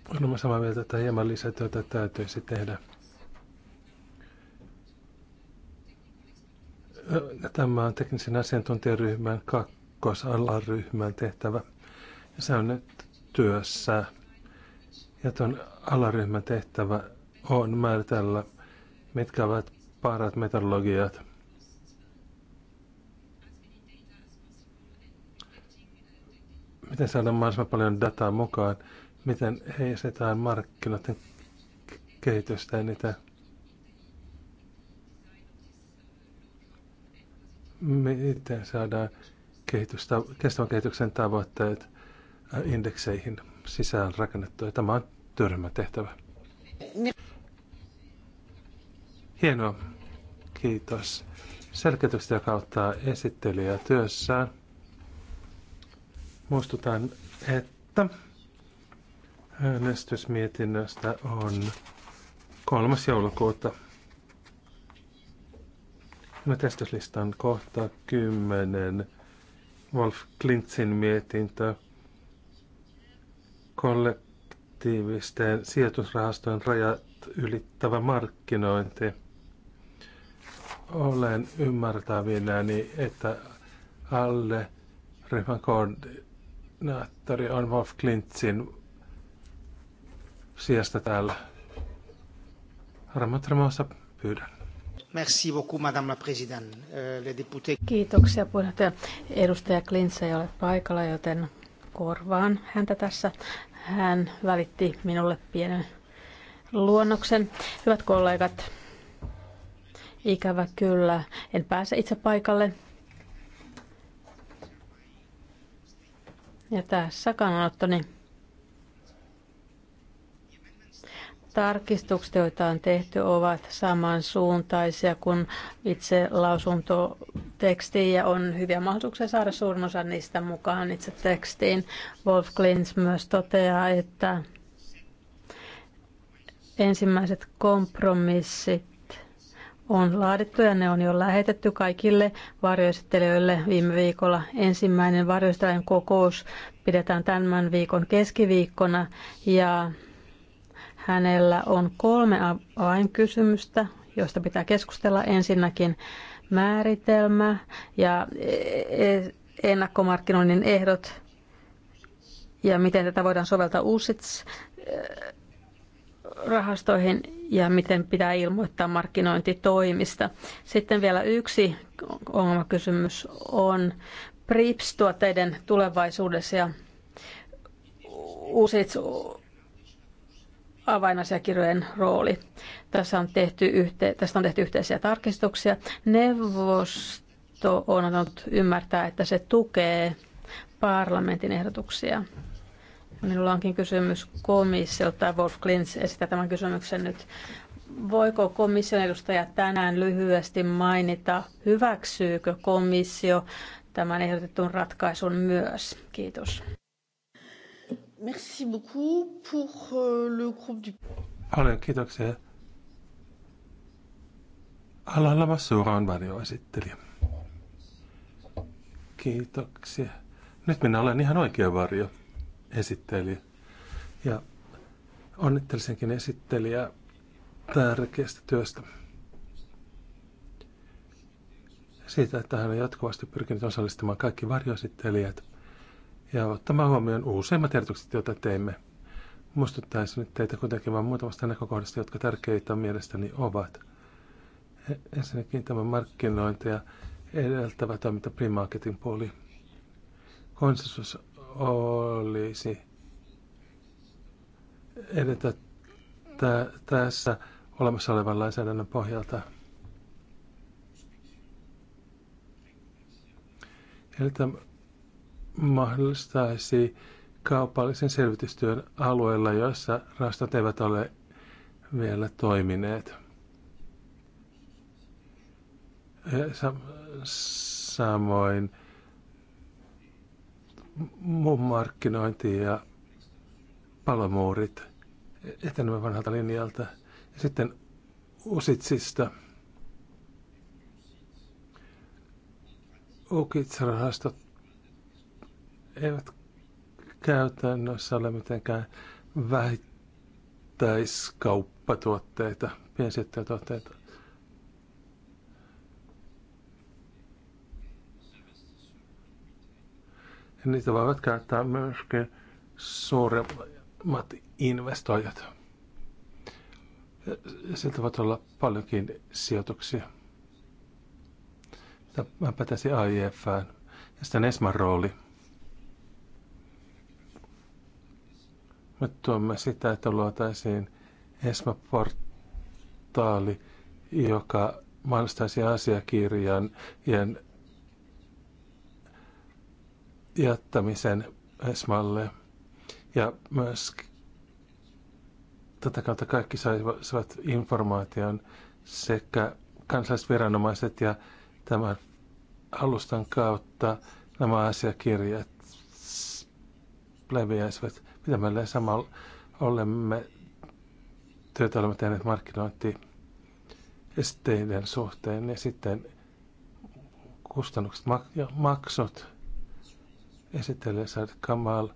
olemme samaa mieltä, että hieman lisätyötä täytyisi tehdä. Tämä on teknisen asiantuntijaryhmän kakkosalaryhmän tehtävä. Ja se on nyt työssä ja tuon alaryhmän tehtävä on määritellä, mitkä ovat parat metodologiat. Miten saada mahdollisimman paljon dataa mukaan? Miten heisetään markkinoiden kehitystä eniten? Miten saadaan kehitystä, kestävän kehityksen tavoitteet äh, indekseihin? sisään rakennettu. Ja tämä on työryhmän tehtävä. Hienoa. Kiitos Selkeytykset, joka auttaa esittelijää työssään. Muistutan, että äänestysmietinnöstä on 3. joulukuuta. No testyslistan kohta 10. Wolf Klintzin mietintö kollektiivisten sijoitusrahastojen rajat ylittävä markkinointi. Olen ymmärtävinäni, että alle ryhmän koordinaattori on Wolf Klintsin sijasta täällä. Ramatramassa pyydän. Merci beaucoup, Madame la Présidente. Euh, députés. Kiitoksia puheenjohtaja. Edustaja Klintz ei ole paikalla, joten korvaan häntä tässä. Hän välitti minulle pienen luonnoksen. Hyvät kollegat, ikävä kyllä, en pääse itse paikalle. Ja tässä kannanottoni. Tarkistukset, joita on tehty, ovat samansuuntaisia kuin itse lausuntoteksti ja on hyviä mahdollisuuksia saada suurin osa niistä mukaan itse tekstiin. Wolf Klins myös toteaa, että ensimmäiset kompromissit on laadittu ja ne on jo lähetetty kaikille varjoesittelijöille viime viikolla. Ensimmäinen varjoesittelijän kokous pidetään tämän viikon keskiviikkona ja Hänellä on kolme avainkysymystä, joista pitää keskustella. Ensinnäkin määritelmä ja e- e- ennakkomarkkinoinnin ehdot ja miten tätä voidaan soveltaa uusits e- rahastoihin ja miten pitää ilmoittaa markkinointitoimista. Sitten vielä yksi ongelmakysymys on PRIPS-tuotteiden tulevaisuudessa ja uusit avainasiakirjojen rooli. Tässä on tehty yhte, tästä on tehty yhteisiä tarkistuksia. Neuvosto on antanut ymmärtää, että se tukee parlamentin ehdotuksia. Minulla onkin kysymys komissiolta. Wolf Klintz esittää tämän kysymyksen nyt. Voiko komission edustaja tänään lyhyesti mainita, hyväksyykö komissio tämän ehdotetun ratkaisun myös? Kiitos. Merci beaucoup pour euh, le groupe du... Paljon kiitoksia. Alan Lamassuura varjoesittelijä. Kiitoksia. Nyt minä olen ihan oikea varjo esittelijä. Ja onnittelisinkin esittelijä tärkeästä työstä. Siitä, että hän on jatkuvasti pyrkinyt osallistumaan kaikki varjoesittelijät – ja ottamaan huomioon useimmat ehdotukset, joita teimme. Muistuttaisin nyt teitä kuitenkin vain muutamasta näkökohdasta, jotka tärkeitä mielestäni ovat. E- ensinnäkin tämä markkinointi ja edeltävä toiminta primarketin puoli. Konsensus olisi edetä tässä olemassa olevan lainsäädännön pohjalta. Eli tämä mahdollistaisi kaupallisen selvitystyön alueilla, joissa rastat eivät ole vielä toimineet. samoin muun markkinointi ja palomuurit etenemme vanhalta linjalta. Ja sitten Usitsista. Ukitsarahastot eivät käytännössä ole mitenkään vähittäiskauppatuotteita, piensijoittajatuotteita. Ja niitä voivat käyttää myöskin suuremmat investoijat. Siltä voi olla paljonkin sijoituksia. Mä pätäisin AIFään. Ja sitten Esman rooli – Me tuomme sitä, että luotaisiin ESMA-portaali, joka mahdollistaisi asiakirjan jättämisen ESMAlle. Ja myös tätä kautta kaikki saivat informaation sekä kansallisviranomaiset ja tämän alustan kautta nämä asiakirjat leviäisivät mitä meillä samalla olemme työtä olemme tehneet markkinointiesteiden suhteen ja sitten kustannukset ja maksut esittelee Saad Kamal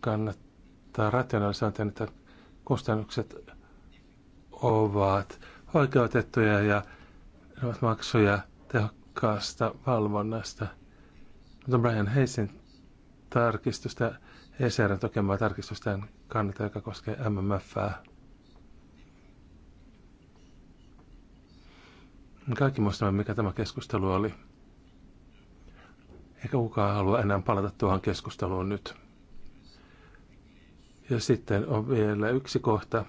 kannattaa rationalisointia, että kustannukset ovat oikeutettuja ja ne ovat maksuja tehokkaasta valvonnasta. Mutta Brian Heisin tarkistusta ECRn tukemaa tarkistusten kannalta, joka koskee MMFää. Kaikki muistamme, mikä tämä keskustelu oli. Eikä kukaan halua enää palata tuohon keskusteluun nyt. Ja sitten on vielä yksi kohta.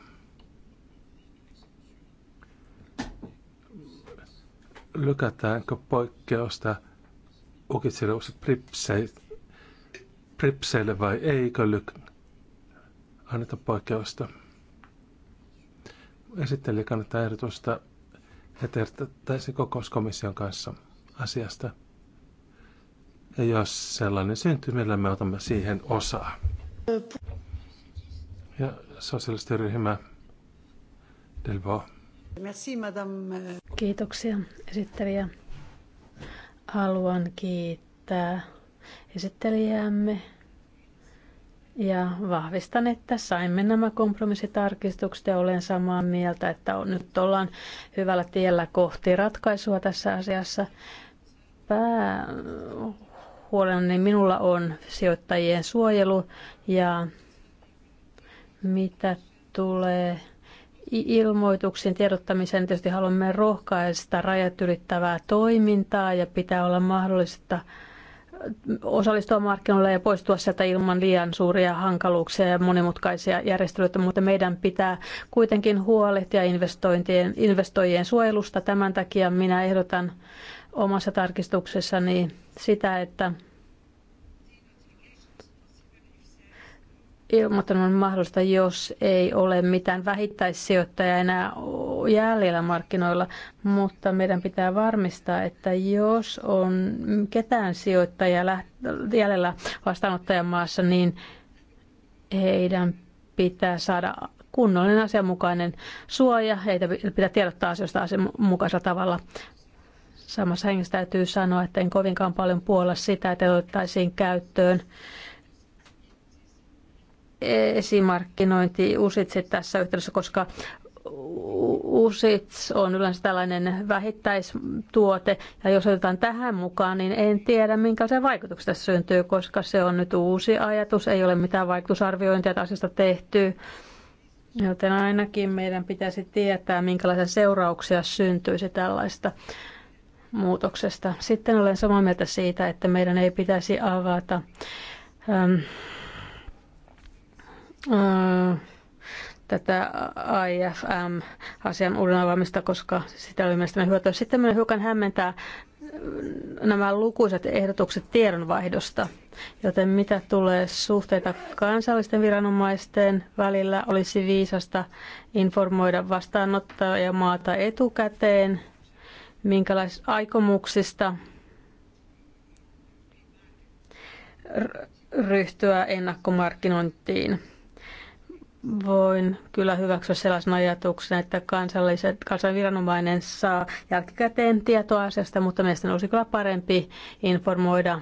Lykätäänkö poikkeusta ukitsille uusi Pripseille vai eikö lyk... anneta poikkeusta? Esittelijä kannattaa ehdotusta, että kokouskomission kanssa asiasta. Ja jos sellainen syntyy, millä me otamme siihen osaa. Ja sosiaalistyryhmä ryhmä Kiitoksia esittelijä. Haluan kiittää esittelijäämme. Ja vahvistan, että saimme nämä kompromissitarkistukset ja olen samaa mieltä, että on, nyt ollaan hyvällä tiellä kohti ratkaisua tässä asiassa. Päähuoleni minulla on sijoittajien suojelu ja mitä tulee ilmoituksiin tiedottamiseen, niin tietysti haluamme rohkaista rajat ylittävää toimintaa ja pitää olla mahdollista – osallistua markkinoille ja poistua sieltä ilman liian suuria hankaluuksia ja monimutkaisia järjestelyitä, mutta meidän pitää kuitenkin huolehtia investointien, investoijien suojelusta. Tämän takia minä ehdotan omassa tarkistuksessani sitä, että ilmoittanut mahdollista, jos ei ole mitään vähittäissijoittajia enää jäljellä markkinoilla, mutta meidän pitää varmistaa, että jos on ketään sijoittajia jäljellä vastaanottajan maassa, niin heidän pitää saada kunnollinen asianmukainen suoja, heitä pitää tiedottaa asioista asianmukaisella tavalla. Samassa hengessä täytyy sanoa, että en kovinkaan paljon puolla sitä, että otettaisiin käyttöön esimarkkinointi usitse tässä yhteydessä, koska usits on yleensä tällainen vähittäistuote, ja jos otetaan tähän mukaan, niin en tiedä, minkälaisia vaikutuksia tässä syntyy, koska se on nyt uusi ajatus, ei ole mitään vaikutusarviointia asiasta tehty, joten ainakin meidän pitäisi tietää, minkälaisia seurauksia syntyisi tällaista muutoksesta. Sitten olen samaa mieltä siitä, että meidän ei pitäisi avata ähm, tätä IFM-asian uuden avaamista, koska sitä oli mielestäni hyötyä. Sitten minä hiukan hämmentää nämä lukuiset ehdotukset tiedonvaihdosta, joten mitä tulee suhteita kansallisten viranomaisten välillä, olisi viisasta informoida vastaanottajamaata etukäteen, minkälaisista aikomuksista ryhtyä ennakkomarkkinointiin voin kyllä hyväksyä sellaisen ajatuksen, että kansalliset, kansallinen viranomainen saa jälkikäteen tietoa asiasta, mutta mielestäni olisi kyllä parempi informoida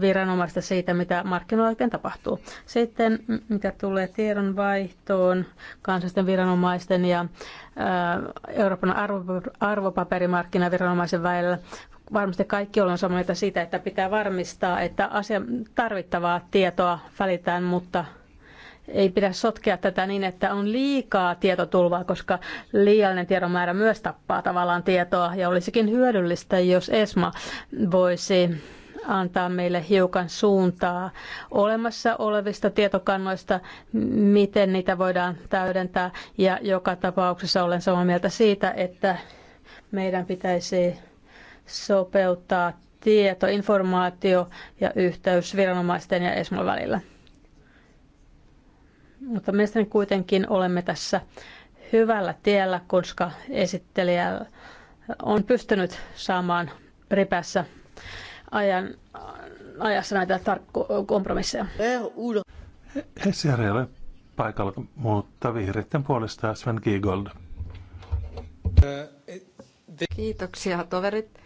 viranomaista siitä, mitä markkinoilla oikein tapahtuu. Sitten mitä tulee tiedonvaihtoon kansallisten viranomaisten ja ää, Euroopan arvo, arvopaperimarkkinaviranomaisen välillä, varmasti kaikki ollaan samaa mieltä siitä, että pitää varmistaa, että asia, tarvittavaa tietoa välitään, mutta ei pidä sotkea tätä niin, että on liikaa tietotulvaa, koska liiallinen tiedon määrä myös tappaa tavallaan tietoa. Ja olisikin hyödyllistä, jos ESMA voisi antaa meille hiukan suuntaa olemassa olevista tietokannoista, miten niitä voidaan täydentää. Ja joka tapauksessa olen samaa mieltä siitä, että meidän pitäisi sopeuttaa tieto, informaatio ja yhteys viranomaisten ja ESMA välillä. Mutta mielestäni kuitenkin olemme tässä hyvällä tiellä, koska esittelijä on pystynyt saamaan ripässä ajan, ajassa näitä tarkko- kompromisseja. Hessiar ei ole paikalla, mutta vihreiden puolesta Sven Giegold. Kiitoksia toverit.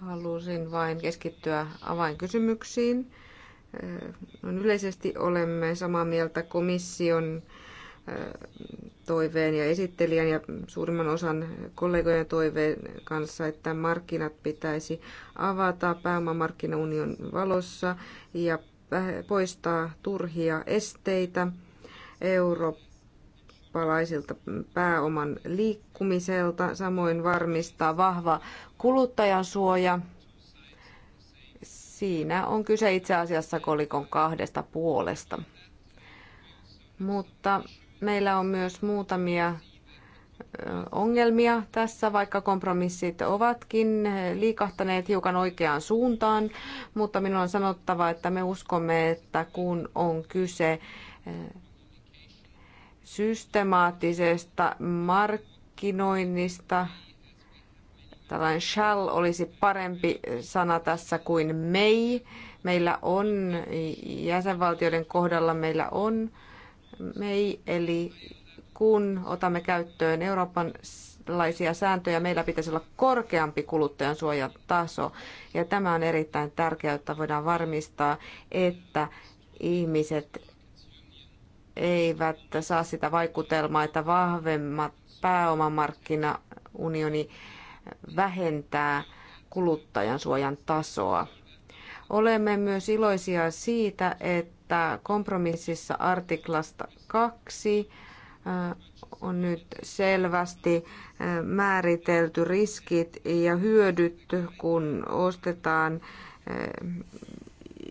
Halusin vain keskittyä avainkysymyksiin Noin yleisesti olemme samaa mieltä komission toiveen ja esittelijän ja suurimman osan kollegojen toiveen kanssa, että markkinat pitäisi avata pääomamarkkinaunion valossa ja poistaa turhia esteitä eurooppalaisilta pääoman liikkumiselta, samoin varmistaa vahva kuluttajansuoja Siinä on kyse itse asiassa kolikon kahdesta puolesta. Mutta meillä on myös muutamia ongelmia tässä, vaikka kompromissit ovatkin liikahtaneet hiukan oikeaan suuntaan, mutta minun on sanottava, että me uskomme, että kun on kyse systemaattisesta markkinoinnista, Tällainen shall olisi parempi sana tässä kuin may. Meillä on jäsenvaltioiden kohdalla meillä on may, eli kun otamme käyttöön Euroopan laisia sääntöjä, meillä pitäisi olla korkeampi kuluttajan suojataso. Ja tämä on erittäin tärkeää, että voidaan varmistaa, että ihmiset eivät saa sitä vaikutelmaa, että vahvemmat pääomamarkkinaunioni unioni vähentää kuluttajan suojan tasoa. Olemme myös iloisia siitä, että kompromississa artiklasta 2 äh, on nyt selvästi äh, määritelty riskit ja hyödyt, kun ostetaan äh,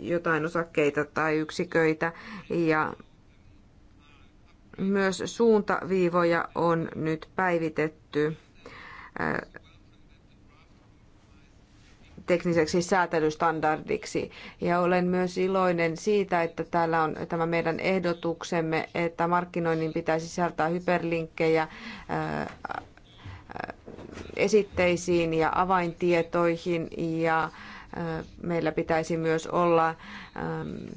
jotain osakkeita tai yksiköitä ja myös suuntaviivoja on nyt päivitetty tekniseksi säätelystandardiksi. Ja olen myös iloinen siitä, että täällä on tämä meidän ehdotuksemme, että markkinoinnin pitäisi sisältää hyperlinkkejä äh, äh, esitteisiin ja avaintietoihin ja äh, meillä pitäisi myös olla ähm,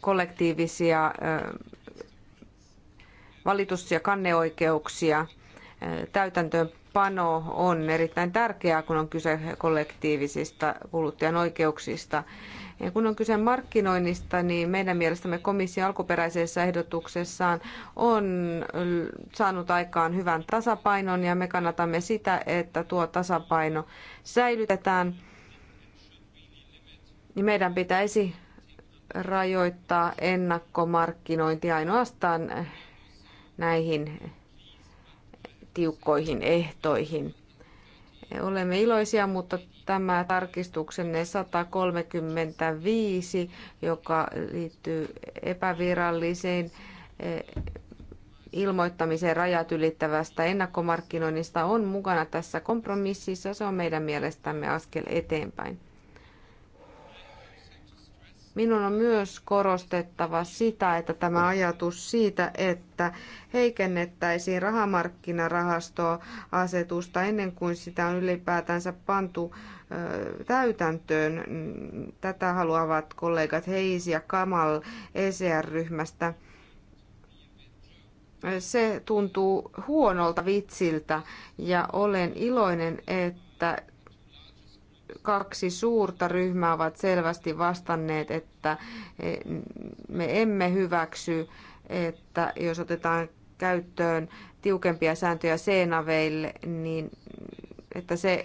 kollektiivisia valitus- ja kanneoikeuksia täytäntöön pano on erittäin tärkeää, kun on kyse kollektiivisista kuluttajan oikeuksista. Ja kun on kyse markkinoinnista, niin meidän mielestämme komissio alkuperäisessä ehdotuksessaan on saanut aikaan hyvän tasapainon ja me kannatamme sitä, että tuo tasapaino säilytetään. Niin meidän pitäisi rajoittaa ennakkomarkkinointi ainoastaan näihin tiukkoihin ehtoihin. Olemme iloisia, mutta tämä tarkistuksenne 135, joka liittyy epäviralliseen eh, ilmoittamiseen rajat ylittävästä ennakkomarkkinoinnista on mukana tässä kompromississa. Se on meidän mielestämme askel eteenpäin. Minun on myös korostettava sitä, että tämä ajatus siitä, että heikennettäisiin asetusta ennen kuin sitä on ylipäätänsä pantu täytäntöön. Mm, tätä haluavat kollegat Heisi ja Kamal ECR-ryhmästä se tuntuu huonolta vitsiltä ja olen iloinen, että kaksi suurta ryhmää ovat selvästi vastanneet, että e, me emme hyväksy, että jos otetaan käyttöön tiukempia sääntöjä seenaveille, niin että se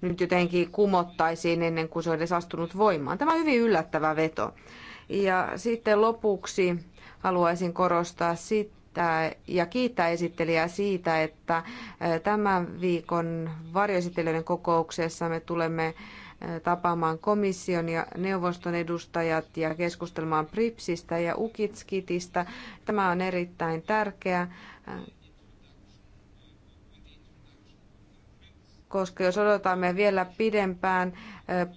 nyt jotenkin kumottaisiin ennen kuin se on edes astunut voimaan. Tämä on hyvin yllättävä veto. Ja sitten lopuksi haluaisin korostaa sitä, kiittää ja kiittää esittelijää siitä, että tämän viikon varjoesittelijöiden kokouksessa me tulemme tapaamaan komission ja neuvoston edustajat ja keskustelemaan PRIPSistä ja UKITSKITistä. Tämä on erittäin tärkeä, koska jos odotamme vielä pidempään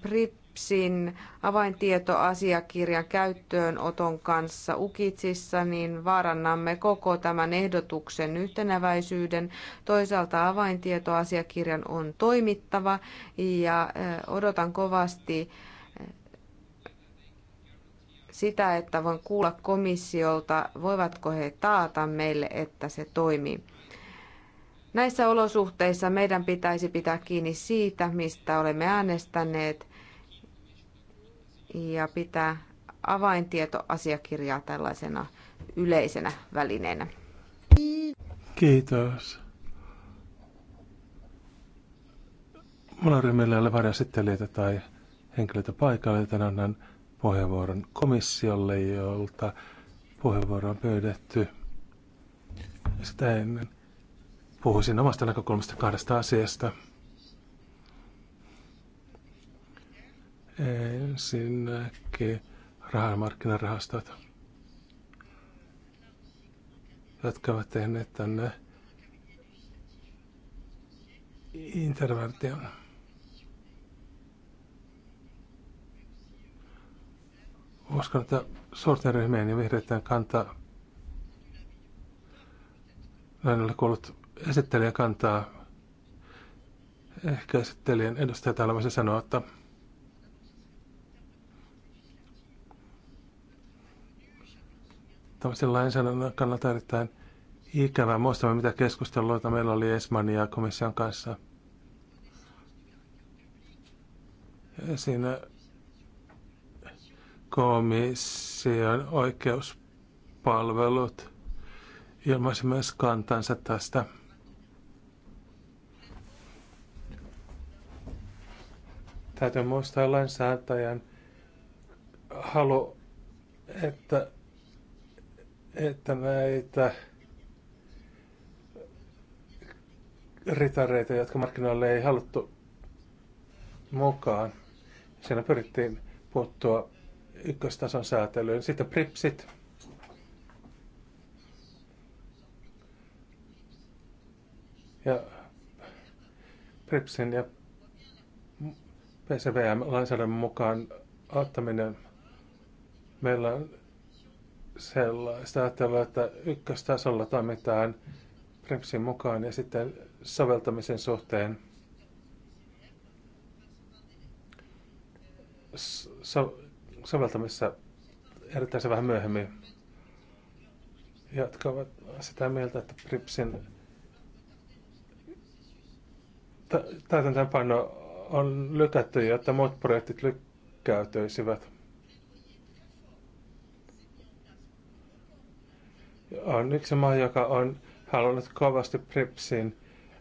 PRIP BEPSin avaintietoasiakirjan käyttöönoton kanssa Ukitsissa, niin vaarannamme koko tämän ehdotuksen yhtenäväisyyden. Toisaalta avaintietoasiakirjan on toimittava ja odotan kovasti sitä, että voin kuulla komissiolta, voivatko he taata meille, että se toimii. Näissä olosuhteissa meidän pitäisi pitää kiinni siitä, mistä olemme äänestäneet, ja pitää avaintietoasiakirjaa tällaisena yleisenä välineenä. Kiitos. Mulla ryhmillä ei ole tai henkilöitä paikalle, joten annan puheenvuoron komissiolle, jolta puheenvuoro on pyydetty. Sitä ennen puhuisin omasta näkökulmasta kahdesta asiasta. Ensinnäkin rahamarkkinarahastot, jotka ovat tehneet tänne intervention. Uskon, että suurten ryhmien ja vihreiden kanta näin olen kuullut esittelijä kantaa. Ehkä esittelijän edustaja täällä voisi sanoa, että tämmöisen lainsäädännön kannalta erittäin ikävää. Muistamme, mitä keskusteluita meillä oli Esmania ja komission kanssa. Ja siinä komission oikeuspalvelut ilmaisi myös kantansa tästä. Täytyy muistaa lainsäätäjän halu, että että näitä ritareita, jotka markkinoille ei haluttu mukaan. Siinä pyrittiin puuttua ykköstason säätelyyn. Sitten PRIPSit. Ja PRIPSin ja PCVM-lainsäädännön mukaan ottaminen meillä on sellaista ajattelua, että ykköstasolla toimitaan Prepsin mukaan ja sitten soveltamisen suhteen so- soveltamissa erittäin se vähän myöhemmin, jotka ovat sitä mieltä, että Pripsin täytäntöönpano on lykätty, jotta muut projektit lykkäytyisivät. on yksi maa, joka on halunnut kovasti PRIPSin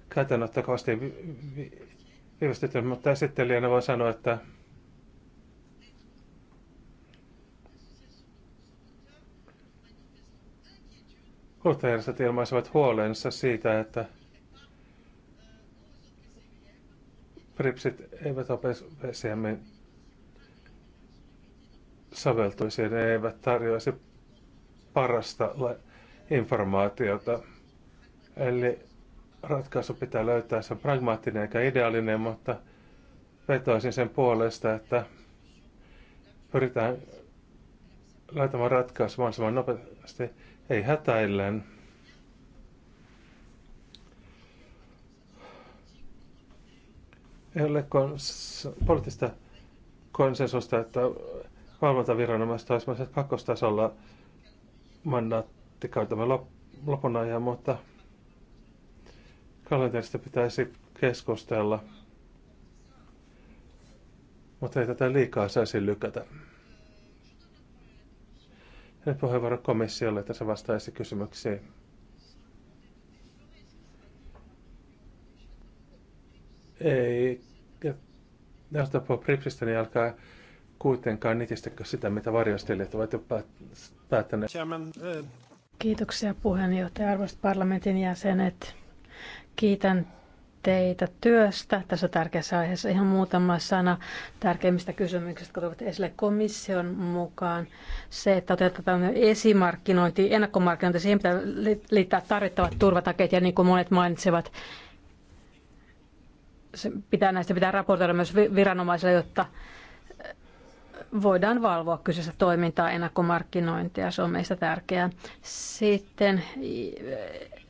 käytännöttä kovasti vi- vi- viivästytty, mutta esittelijänä voi sanoa, että kuluttajärjestöt ilmaisivat huolensa siitä, että PRIPSit eivät OPCMin soveltuisi, ne eivät tarjoaisi parasta la- informaatiota. Eli ratkaisu pitää löytää, se on pragmaattinen eikä ideaalinen, mutta vetoisin sen puolesta, että pyritään laitamaan ratkaisu mahdollisimman nopeasti, ei hätäillen. Ei ole kons- poliittista konsensusta, että valvontaviranomaiset olisivat kakkostasolla mandaatti kautemme lopun ajan, mutta kalenterista pitäisi keskustella. Mutta ei tätä liikaa saisi lykätä. Ja puheenvuoro komissiolle, että se vastaisi kysymyksiin. Ei, Näistä puhua Pripsistä, niin älkää kuitenkaan nitistäkö sitä, mitä varjostelijat ovat jo päättäneet. Chairman, uh... Kiitoksia puheenjohtaja, arvoisat parlamentin jäsenet. Kiitän teitä työstä tässä tärkeässä aiheessa. Ihan muutama sana tärkeimmistä kysymyksistä, jotka tulevat esille komission mukaan. Se, että otetaan tämmöinen esimarkkinointi, ennakkomarkkinointi, siihen pitää liittää tarvittavat turvatakeet ja niin kuin monet mainitsevat, se pitää, näistä pitää raportoida myös viranomaisille, jotta voidaan valvoa kyseistä toimintaa, ennakkomarkkinointia, se on meistä tärkeää. Sitten eh,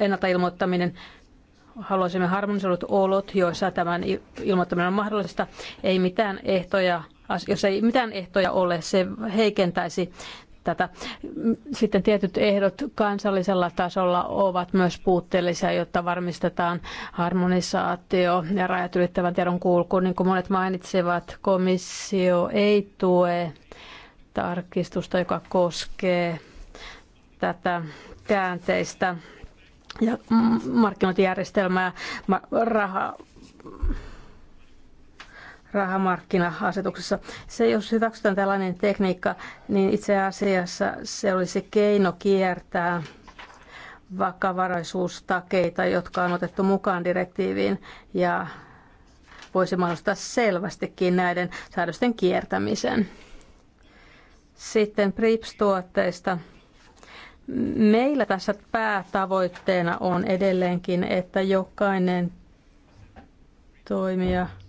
ennalta ilmoittaminen haluaisimme harmonisoidut olot, joissa tämän ilmoittaminen on mahdollista. Ei mitään ehtoja, jos ei mitään ehtoja ole, se heikentäisi tätä. Sitten tietyt ehdot kansallisella tasolla ovat myös puutteellisia, jotta varmistetaan harmonisaatio ja rajat ylittävän tiedon kulku. Niin kuin monet mainitsevat, komissio ei tue tarkistusta, joka koskee tätä käänteistä ja markkinointijärjestelmää, raha, rahamarkkina-asetuksessa. Se, jos hyväksytään tällainen tekniikka, niin itse asiassa se olisi keino kiertää vakavaraisuustakeita, jotka on otettu mukaan direktiiviin ja voisi mahdollistaa selvästikin näiden säädösten kiertämisen. Sitten PRIPS-tuotteista. Meillä tässä päätavoitteena on edelleenkin, että jokainen toimija –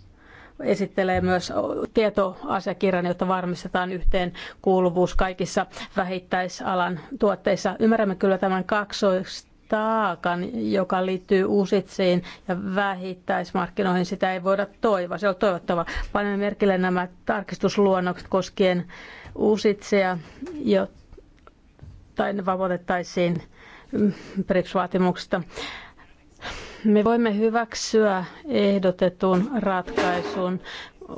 esittelee myös tietoasiakirjan, jotta varmistetaan yhteen kuuluvuus kaikissa vähittäisalan tuotteissa. Ymmärrämme kyllä tämän kaksoista taakan, joka liittyy uusitsiin ja vähittäismarkkinoihin, sitä ei voida toivoa. Se on toivottava. Panemme merkille nämä tarkistusluonnokset koskien uusitseja, jo, tai ne vapautettaisiin BRICS-vaatimuksista. Mm, me voimme hyväksyä ehdotetun ratkaisun,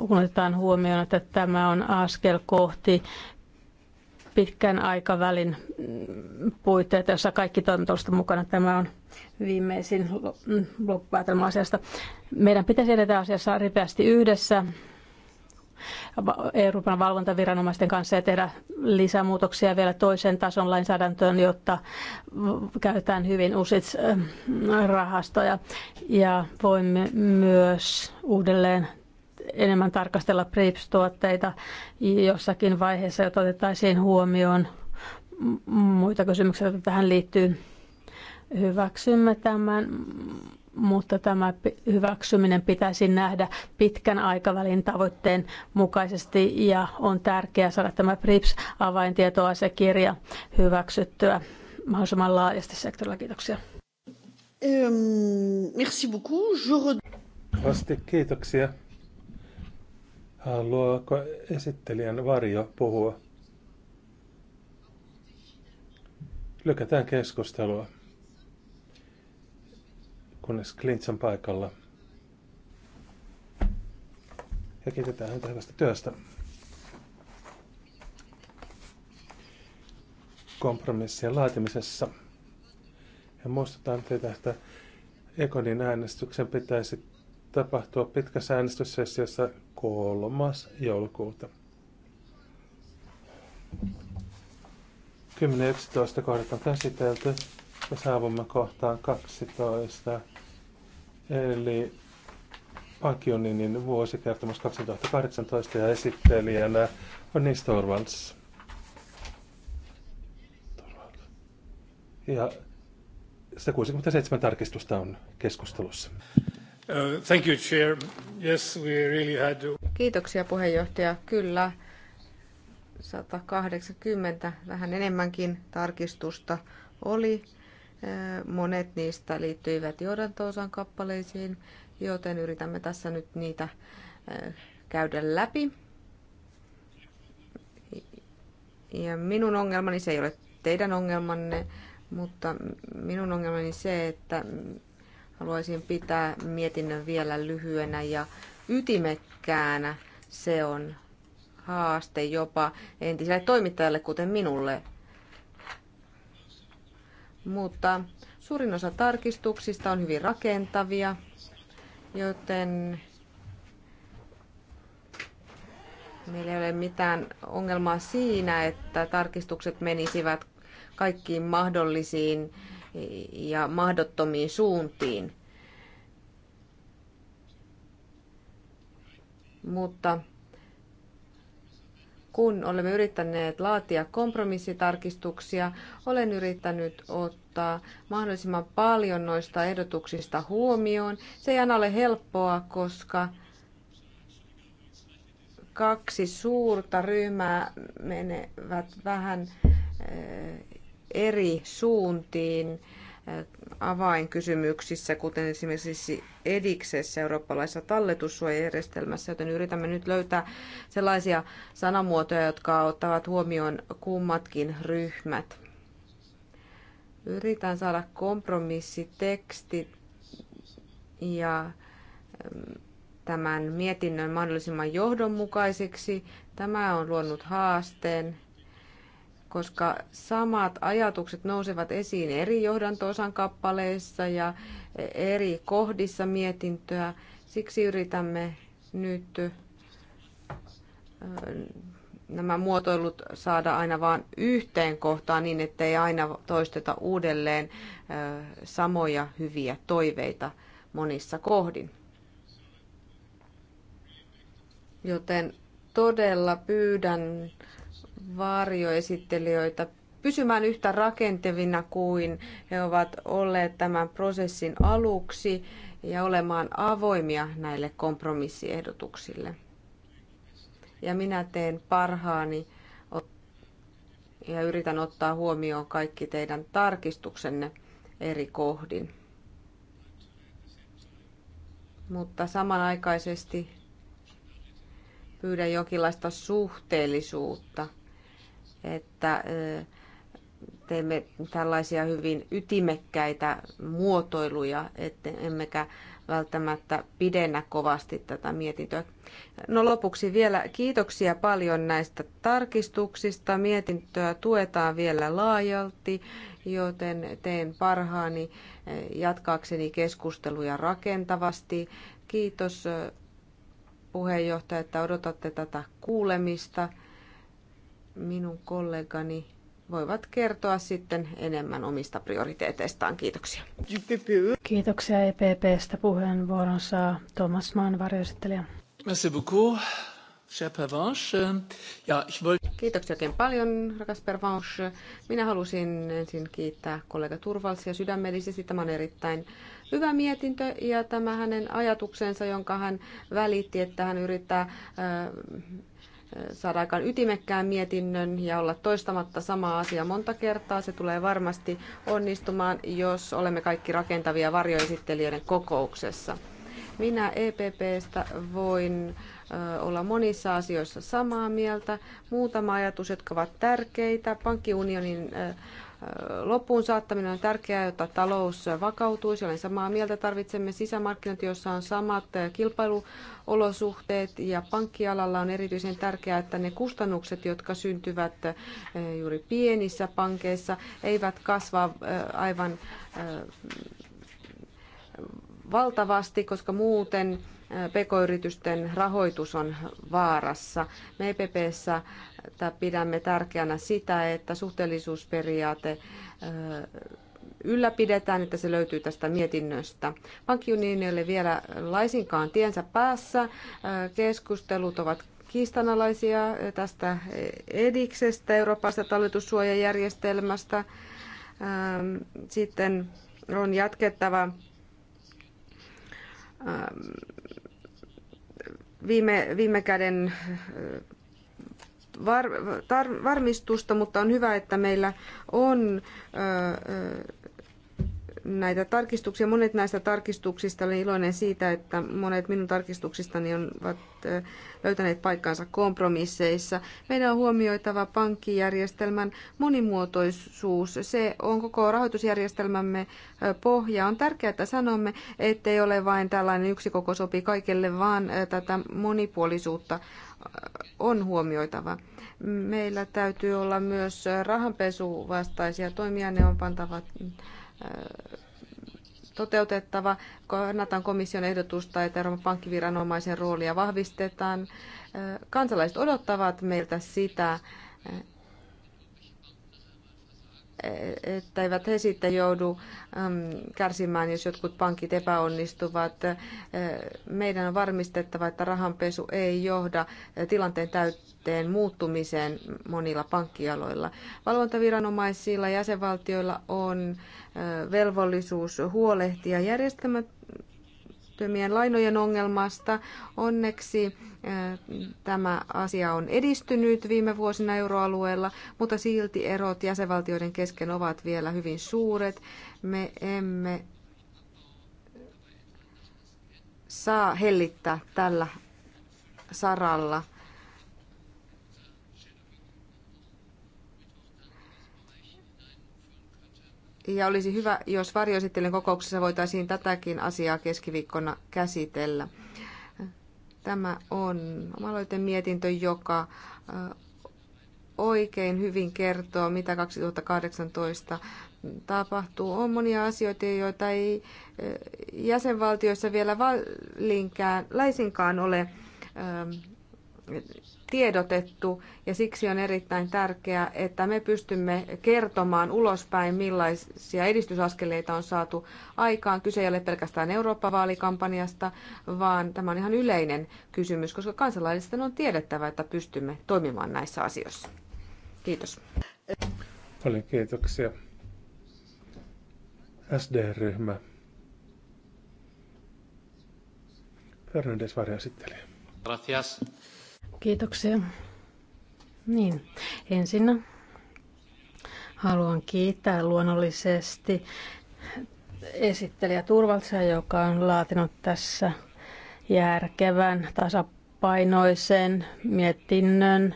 kun otetaan huomioon, että tämä on askel kohti pitkän aikavälin puitteita, jossa kaikki toimintoista mukana. Tämä on viimeisin mm, loppupäätelmä asiasta. Meidän pitäisi edetä asiassa ripeästi yhdessä Euroopan valvontaviranomaisten kanssa ja tehdä lisämuutoksia vielä toisen tason lainsäädäntöön, jotta käytetään hyvin uusit rahastoja ja voimme myös uudelleen enemmän tarkastella PRIPS-tuotteita jossakin vaiheessa, jotta otettaisiin huomioon muita kysymyksiä, joita tähän liittyy. Hyväksymme tämän mutta tämä hyväksyminen pitäisi nähdä pitkän aikavälin tavoitteen mukaisesti ja on tärkeää saada tämä PRIPS-avaintietoasekirja hyväksyttyä mahdollisimman laajasti sektorilla. Kiitoksia. Merci beaucoup. Je... kiitoksia. Haluaako esittelijän Varjo puhua? Lykätään keskustelua kunnes Klintz on paikalla. Ja kiitetään häntä hyvästä työstä. kompromissien laatimisessa. Ja muistutan teitä, että Ekonin äänestyksen pitäisi tapahtua pitkässä äänestyssessiossa 3. joulukuuta. 10.11. kohdat on käsitelty ja saavumme kohtaan 12. Eli Pakioninin vuosikertomus 2018 ja esittelijänä on Nils Torvalds. Ja 167 tarkistusta on keskustelussa. Uh, thank you, Chair. Yes, we really had to... Kiitoksia puheenjohtaja. Kyllä, 180, vähän enemmänkin tarkistusta oli. Monet niistä liittyivät johdanto-osan kappaleisiin, joten yritämme tässä nyt niitä käydä läpi. Ja minun ongelmani, se ei ole teidän ongelmanne, mutta minun ongelmani se, että haluaisin pitää mietinnön vielä lyhyenä ja ytimekkäänä. Se on haaste jopa entiselle toimittajalle, kuten minulle mutta suurin osa tarkistuksista on hyvin rakentavia, joten meillä ei ole mitään ongelmaa siinä, että tarkistukset menisivät kaikkiin mahdollisiin ja mahdottomiin suuntiin. Mutta kun olemme yrittäneet laatia kompromissitarkistuksia, olen yrittänyt ottaa mahdollisimman paljon noista ehdotuksista huomioon. Se ei aina ole helppoa, koska kaksi suurta ryhmää menevät vähän eh, eri suuntiin avainkysymyksissä, kuten esimerkiksi ediksessä eurooppalaisessa talletussuojajärjestelmässä, joten yritämme nyt löytää sellaisia sanamuotoja, jotka ottavat huomioon kummatkin ryhmät. Yritän saada kompromissiteksti ja tämän mietinnön mahdollisimman johdonmukaiseksi. Tämä on luonut haasteen koska samat ajatukset nousevat esiin eri johdantoosan kappaleissa ja eri kohdissa mietintöä. Siksi yritämme nyt nämä muotoilut saada aina vain yhteen kohtaan niin, ettei aina toisteta uudelleen samoja hyviä toiveita monissa kohdin. Joten todella pyydän varjoesittelijöitä pysymään yhtä rakentevina kuin he ovat olleet tämän prosessin aluksi ja olemaan avoimia näille kompromissiehdotuksille. Ja minä teen parhaani ja yritän ottaa huomioon kaikki teidän tarkistuksenne eri kohdin. Mutta samanaikaisesti pyydän jonkinlaista suhteellisuutta – että teemme tällaisia hyvin ytimekkäitä muotoiluja, että emmekä välttämättä pidennä kovasti tätä mietintöä. No lopuksi vielä kiitoksia paljon näistä tarkistuksista. Mietintöä tuetaan vielä laajalti, joten teen parhaani jatkaakseni keskusteluja rakentavasti. Kiitos puheenjohtaja, että odotatte tätä kuulemista minun kollegani voivat kertoa sitten enemmän omista prioriteeteistaan. Kiitoksia. Kiitoksia EPPstä. Puheenvuoron saa Thomas Mann, varjoesittelijä. Merci beaucoup. Kiitoksia oikein paljon, rakas Pervanche. Minä halusin ensin kiittää kollega Turvalsia sydämellisesti. Tämä on erittäin hyvä mietintö ja tämä hänen ajatuksensa, jonka hän välitti, että hän yrittää äh, saada aikaan ytimekkään mietinnön ja olla toistamatta samaa asiaa monta kertaa. Se tulee varmasti onnistumaan, jos olemme kaikki rakentavia varjoesittelijöiden kokouksessa. Minä EPPstä voin olla monissa asioissa samaa mieltä. Muutama ajatus, jotka ovat tärkeitä. Pankkiunionin loppuun saattaminen on tärkeää, jotta talous vakautuisi. Olen samaa mieltä, tarvitsemme sisämarkkinat, joissa on samat kilpailuolosuhteet ja pankkialalla on erityisen tärkeää, että ne kustannukset, jotka syntyvät eh, juuri pienissä pankeissa, eivät kasva eh, aivan eh, valtavasti, koska muuten PK-yritysten rahoitus on vaarassa. Me EPPssä pidämme tärkeänä sitä, että suhteellisuusperiaate ylläpidetään, että se löytyy tästä mietinnöstä. Pankkiunioni ei ole vielä laisinkaan tiensä päässä. Keskustelut ovat kiistanalaisia tästä ediksestä, Euroopasta talletussuojajärjestelmästä. Sitten on jatkettava viime, viime käden äh, var, tar, varmistusta, mutta on hyvä, että meillä on ö, äh, ö, äh, näitä tarkistuksia. Monet näistä tarkistuksista, olen iloinen siitä, että monet minun tarkistuksistani ovat löytäneet paikkaansa kompromisseissa. Meidän on huomioitava pankkijärjestelmän monimuotoisuus. Se on koko rahoitusjärjestelmämme pohja. On tärkeää, että sanomme, ettei ole vain tällainen yksi koko sopii kaikille, vaan tätä monipuolisuutta on huomioitava. Meillä täytyy olla myös rahanpesuvastaisia toimia, ne on pantava toteutettava. Kannatan komission ehdotusta, että Euroopan pankkiviranomaisen roolia vahvistetaan. Kansalaiset odottavat meiltä sitä, että eivät he sitten joudu kärsimään, jos jotkut pankit epäonnistuvat. Äh, meidän on varmistettava, että rahanpesu ei johda äh, tilanteen täyteen muuttumiseen monilla pankkialoilla. Valvontaviranomaisilla jäsenvaltioilla on äh, velvollisuus huolehtia järjestelmät työttömien lainojen ongelmasta. Onneksi äh, tämä asia on edistynyt viime vuosina euroalueella, mutta silti erot jäsenvaltioiden kesken ovat vielä hyvin suuret. Me emme saa hellittää tällä saralla – Ja olisi hyvä, jos varjoesittelyn kokouksessa voitaisiin tätäkin asiaa keskiviikkona käsitellä. Tämä on omaloiten mietintö, joka oikein hyvin kertoo, mitä 2018 tapahtuu. On monia asioita, joita ei jäsenvaltioissa vielä valinkään, laisinkaan ole tiedotettu ja siksi on erittäin tärkeää, että me pystymme kertomaan ulospäin, millaisia edistysaskeleita on saatu aikaan. Kyse ei ole pelkästään Eurooppa-vaalikampanjasta, vaan tämä on ihan yleinen kysymys, koska kansalaisten on tiedettävä, että pystymme toimimaan näissä asioissa. Kiitos. Paljon kiitoksia. SD-ryhmä. Fernandes varjaesittelijä. Gracias. Kiitoksia. Niin, ensinnä haluan kiittää luonnollisesti esittelijä Turvaltsa, joka on laatinut tässä järkevän, tasapainoisen mietinnön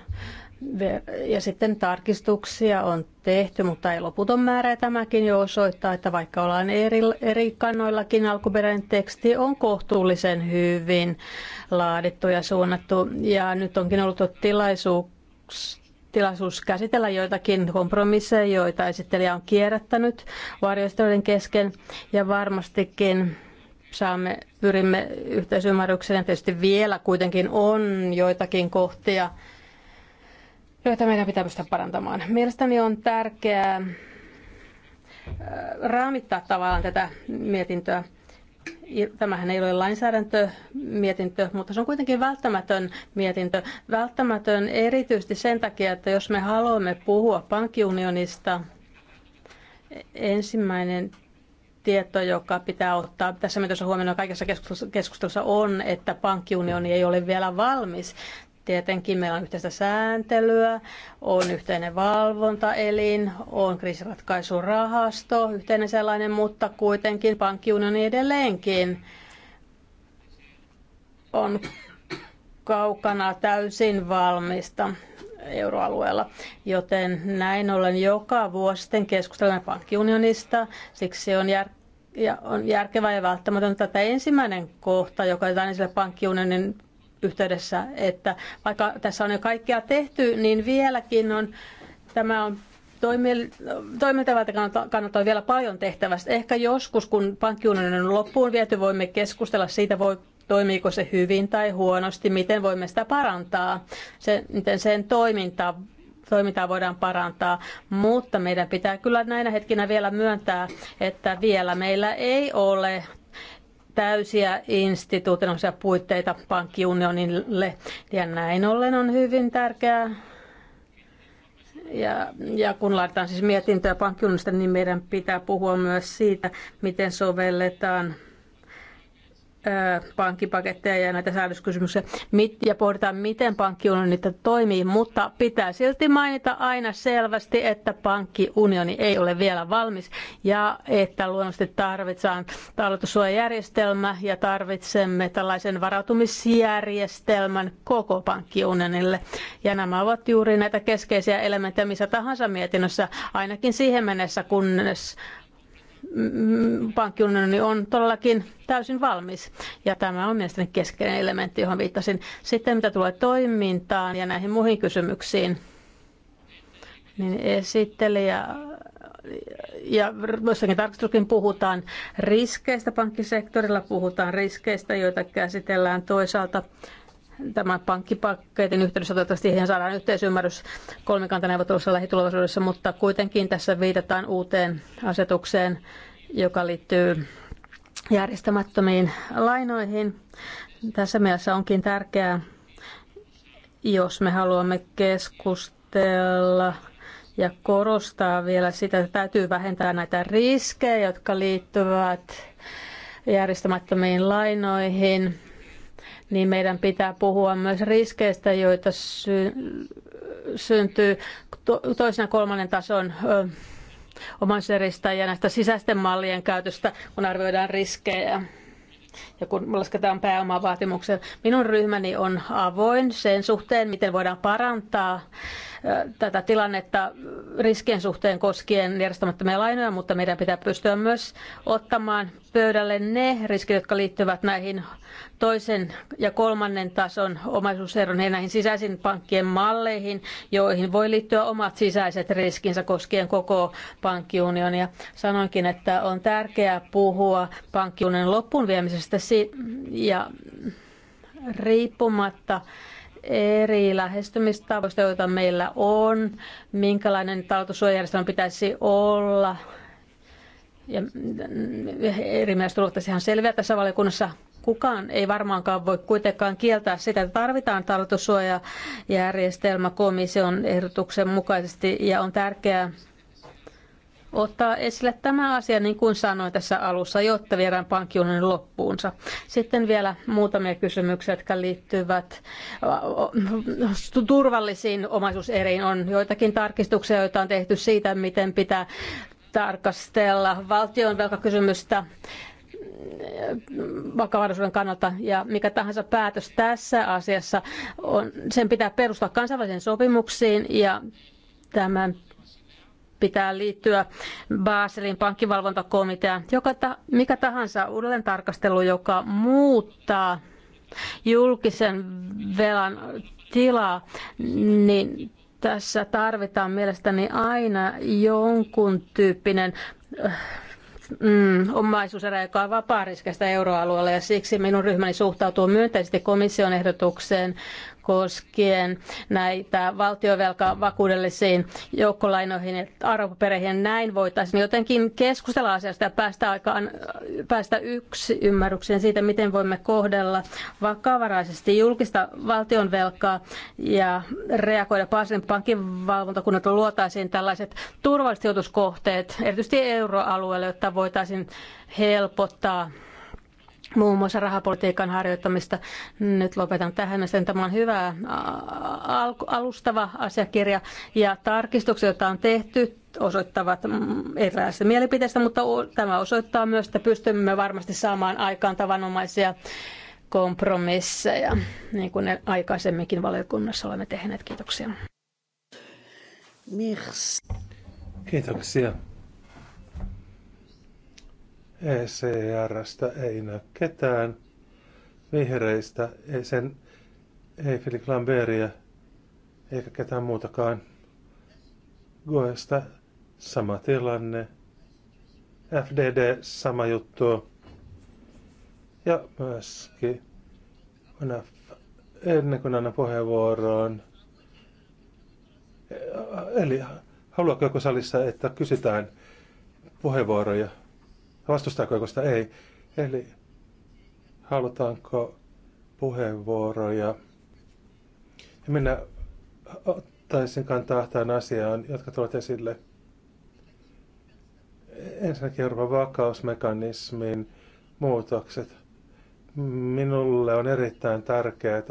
ja sitten tarkistuksia on tehty, mutta ei loputon määrä. Tämäkin jo osoittaa, että vaikka ollaan eri, eri kannoillakin, alkuperäinen teksti on kohtuullisen hyvin laadittu ja suunnattu. Ja nyt onkin ollut tilaisuus, tilaisuus käsitellä joitakin kompromisseja, joita esittelijä on kierrättänyt varjoistelujen kesken. Ja varmastikin saamme, pyrimme yhteisymmärrykseen. Tietysti vielä kuitenkin on joitakin kohtia, joita meidän pitää pystyä parantamaan. Mielestäni on tärkeää äh, raamittaa tavallaan tätä mietintöä. Tämähän ei ole lainsäädäntömietintö, mutta se on kuitenkin välttämätön mietintö. Välttämätön erityisesti sen takia, että jos me haluamme puhua pankkiunionista, ensimmäinen tieto, joka pitää ottaa tässä mietossa huomioon kaikessa keskustelussa on, että pankkiunioni ei ole vielä valmis. Tietenkin meillä on yhteistä sääntelyä, on yhteinen valvontaelin, on kriisiratkaisurahasto, yhteinen sellainen, mutta kuitenkin pankkiunioni edelleenkin on kaukana täysin valmista euroalueella. Joten näin ollen joka vuosi sitten keskustelemme pankkiunionista, siksi on jär- ja on järkevää ja välttämätöntä, että ensimmäinen kohta, joka on esille pankkiunionin yhteydessä, että vaikka tässä on jo kaikkea tehty, niin vieläkin on, tämä on toimintavalta kannattaa vielä paljon tehtävästä. Ehkä joskus, kun pankkiunionin on loppuun viety, voimme keskustella siitä, voi, toimiiko se hyvin tai huonosti, miten voimme sitä parantaa, se, miten sen toimintaa toimintaa voidaan parantaa, mutta meidän pitää kyllä näinä hetkinä vielä myöntää, että vielä meillä ei ole täysiä instituutionisia puitteita pankkiunionille. Ja näin ollen on hyvin tärkeää ja, ja kun laitetaan siis mietintöä pankkiunionista, niin meidän pitää puhua myös siitä, miten sovelletaan pankkipaketteja ja näitä säädöskysymyksiä ja pohditaan, miten pankkiunioni toimii, mutta pitää silti mainita aina selvästi, että pankkiunioni ei ole vielä valmis ja että luonnollisesti tarvitaan talletussuojajärjestelmä ja tarvitsemme tällaisen varautumisjärjestelmän koko pankkiunionille. Ja nämä ovat juuri näitä keskeisiä elementtejä missä tahansa mietinnössä, ainakin siihen mennessä, kunnes pankkiunioni on todellakin täysin valmis. Ja tämä on mielestäni keskeinen elementti, johon viittasin. Sitten mitä tulee toimintaan ja näihin muihin kysymyksiin, niin esittelijä ja myöskin tarkastuskin puhutaan riskeistä pankkisektorilla, puhutaan riskeistä, joita käsitellään toisaalta tämän pankkipaketin yhteydessä toivottavasti siihen saadaan yhteisymmärrys kolmikantaneuvottelussa lähitulevaisuudessa, mutta kuitenkin tässä viitataan uuteen asetukseen, joka liittyy järjestämättömiin lainoihin. Tässä mielessä onkin tärkeää, jos me haluamme keskustella ja korostaa vielä sitä, että täytyy vähentää näitä riskejä, jotka liittyvät järjestämättömiin lainoihin niin meidän pitää puhua myös riskeistä, joita sy- syntyy to- toisena kolmannen tason ö, omaisjärjestä ja näistä sisäisten mallien käytöstä, kun arvioidaan riskejä ja kun lasketaan pääomavaatimuksen, Minun ryhmäni on avoin sen suhteen, miten voidaan parantaa tätä tilannetta riskien suhteen koskien järjestämättömiä lainoja, mutta meidän pitää pystyä myös ottamaan pöydälle ne riskit, jotka liittyvät näihin toisen ja kolmannen tason omaisuuseron ja näihin sisäisiin pankkien malleihin, joihin voi liittyä omat sisäiset riskinsä koskien koko pankkiunionia. Sanoinkin, että on tärkeää puhua pankkiunionin loppuun viemisestä ja riippumatta eri lähestymistavoista, joita meillä on, minkälainen talletussuojajärjestelmä pitäisi olla. Ja eri mielestä ihan selviä tässä valiokunnassa. Kukaan ei varmaankaan voi kuitenkaan kieltää sitä, että tarvitaan talletussuojajärjestelmä komission ehdotuksen mukaisesti ja on tärkeää, ottaa esille tämä asia, niin kuin sanoin tässä alussa, jotta viedään pankkiunionin loppuunsa. Sitten vielä muutamia kysymyksiä, jotka liittyvät äh, turvallisiin omaisuuseriin. On joitakin tarkistuksia, joita on tehty siitä, miten pitää tarkastella valtion velkakysymystä äh, vakavaraisuuden kannalta ja mikä tahansa päätös tässä asiassa, on, sen pitää perustua kansainvälisiin sopimuksiin ja tämän pitää liittyä Baselin pankkivalvontakomiteaan, Joka ta, mikä tahansa uudelleen tarkastelu, joka muuttaa julkisen velan tilaa, niin tässä tarvitaan mielestäni aina jonkun tyyppinen äh, mm, omaisuuserä, joka on vapaa euroalueella ja siksi minun ryhmäni suhtautuu myönteisesti komission ehdotukseen koskien näitä valtiovelkavakuudellisiin joukkolainoihin ja arvopereihin. Näin voitaisiin jotenkin keskustella asiasta ja päästä, aikaan, päästä yksi ymmärrykseen siitä, miten voimme kohdella vakavaraisesti julkista valtionvelkaa ja reagoida Baselin pankin valvontakunnalta luotaisiin tällaiset turvalliset sijoituskohteet, erityisesti euroalueelle, jotta voitaisiin helpottaa muun muassa rahapolitiikan harjoittamista. Nyt lopetan tähän. sen tämä on hyvä alustava asiakirja ja tarkistukset, joita on tehty, osoittavat mm, erilaisista mielipiteistä, mutta tämä osoittaa myös, että pystymme varmasti saamaan aikaan tavanomaisia kompromisseja, niin kuin ne aikaisemminkin valiokunnassa olemme tehneet. Kiitoksia. Mirs. Kiitoksia. ECRstä ei näy ketään. Vihreistä ei sen, ei Philip Lamberia, eikä ketään muutakaan. Goesta sama tilanne. FDD sama juttu. Ja myöskin on ennen kuin annan puheenvuoroon. Eli haluaako joku salissa, että kysytään puheenvuoroja? vastustaako joku sitä? Ei. Eli halutaanko puheenvuoroja? Ja minä ottaisin kantaa tähän asiaan, jotka tulevat esille. Ensinnäkin Euroopan vakausmekanismin muutokset. Minulle on erittäin tärkeää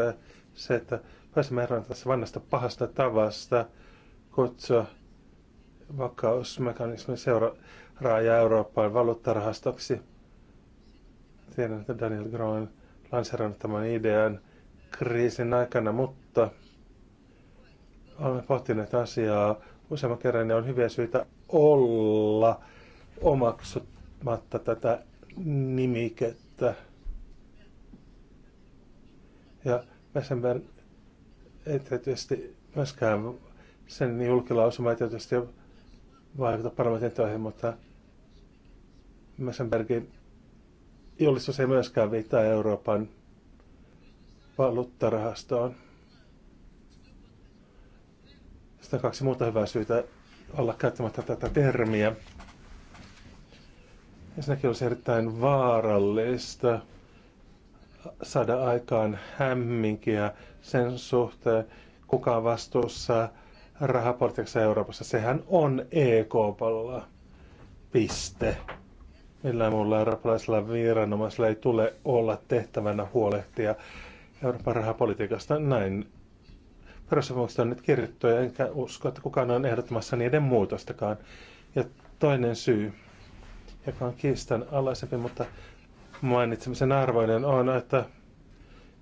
se, että pääsemme eroon tässä vanhasta pahasta tavasta kutsua vakausmekanismin seura- raaja Eurooppaan valuuttarahastoksi. Tiedän, että Daniel Groen lanseerannut tämän idean kriisin aikana, mutta olemme pohtineet asiaa useamman kerran ja on hyviä syitä olla omaksumatta tätä nimikettä. Ja Messenberg ei tietysti myöskään sen julkilausuma ei tietysti vaikuta parlamentin töihin, mutta Messenbergin julistus ei myöskään viittaa Euroopan valuuttarahastoon. Sitä kaksi muuta hyvää syytä olla käyttämättä tätä termiä. Ensinnäkin olisi erittäin vaarallista saada aikaan hämminkiä sen suhteen, kuka on vastuussa rahapolitiikassa Euroopassa. Sehän on EKPlla. Piste. Millään muulla eurooppalaisella viranomaisella ei tule olla tehtävänä huolehtia Euroopan rahapolitiikasta. Näin perussopimukset on nyt kirjoittu, enkä usko, että kukaan on ehdottamassa niiden muutostakaan. Ja toinen syy, joka on kiistan alaisempi, mutta mainitsemisen arvoinen on, että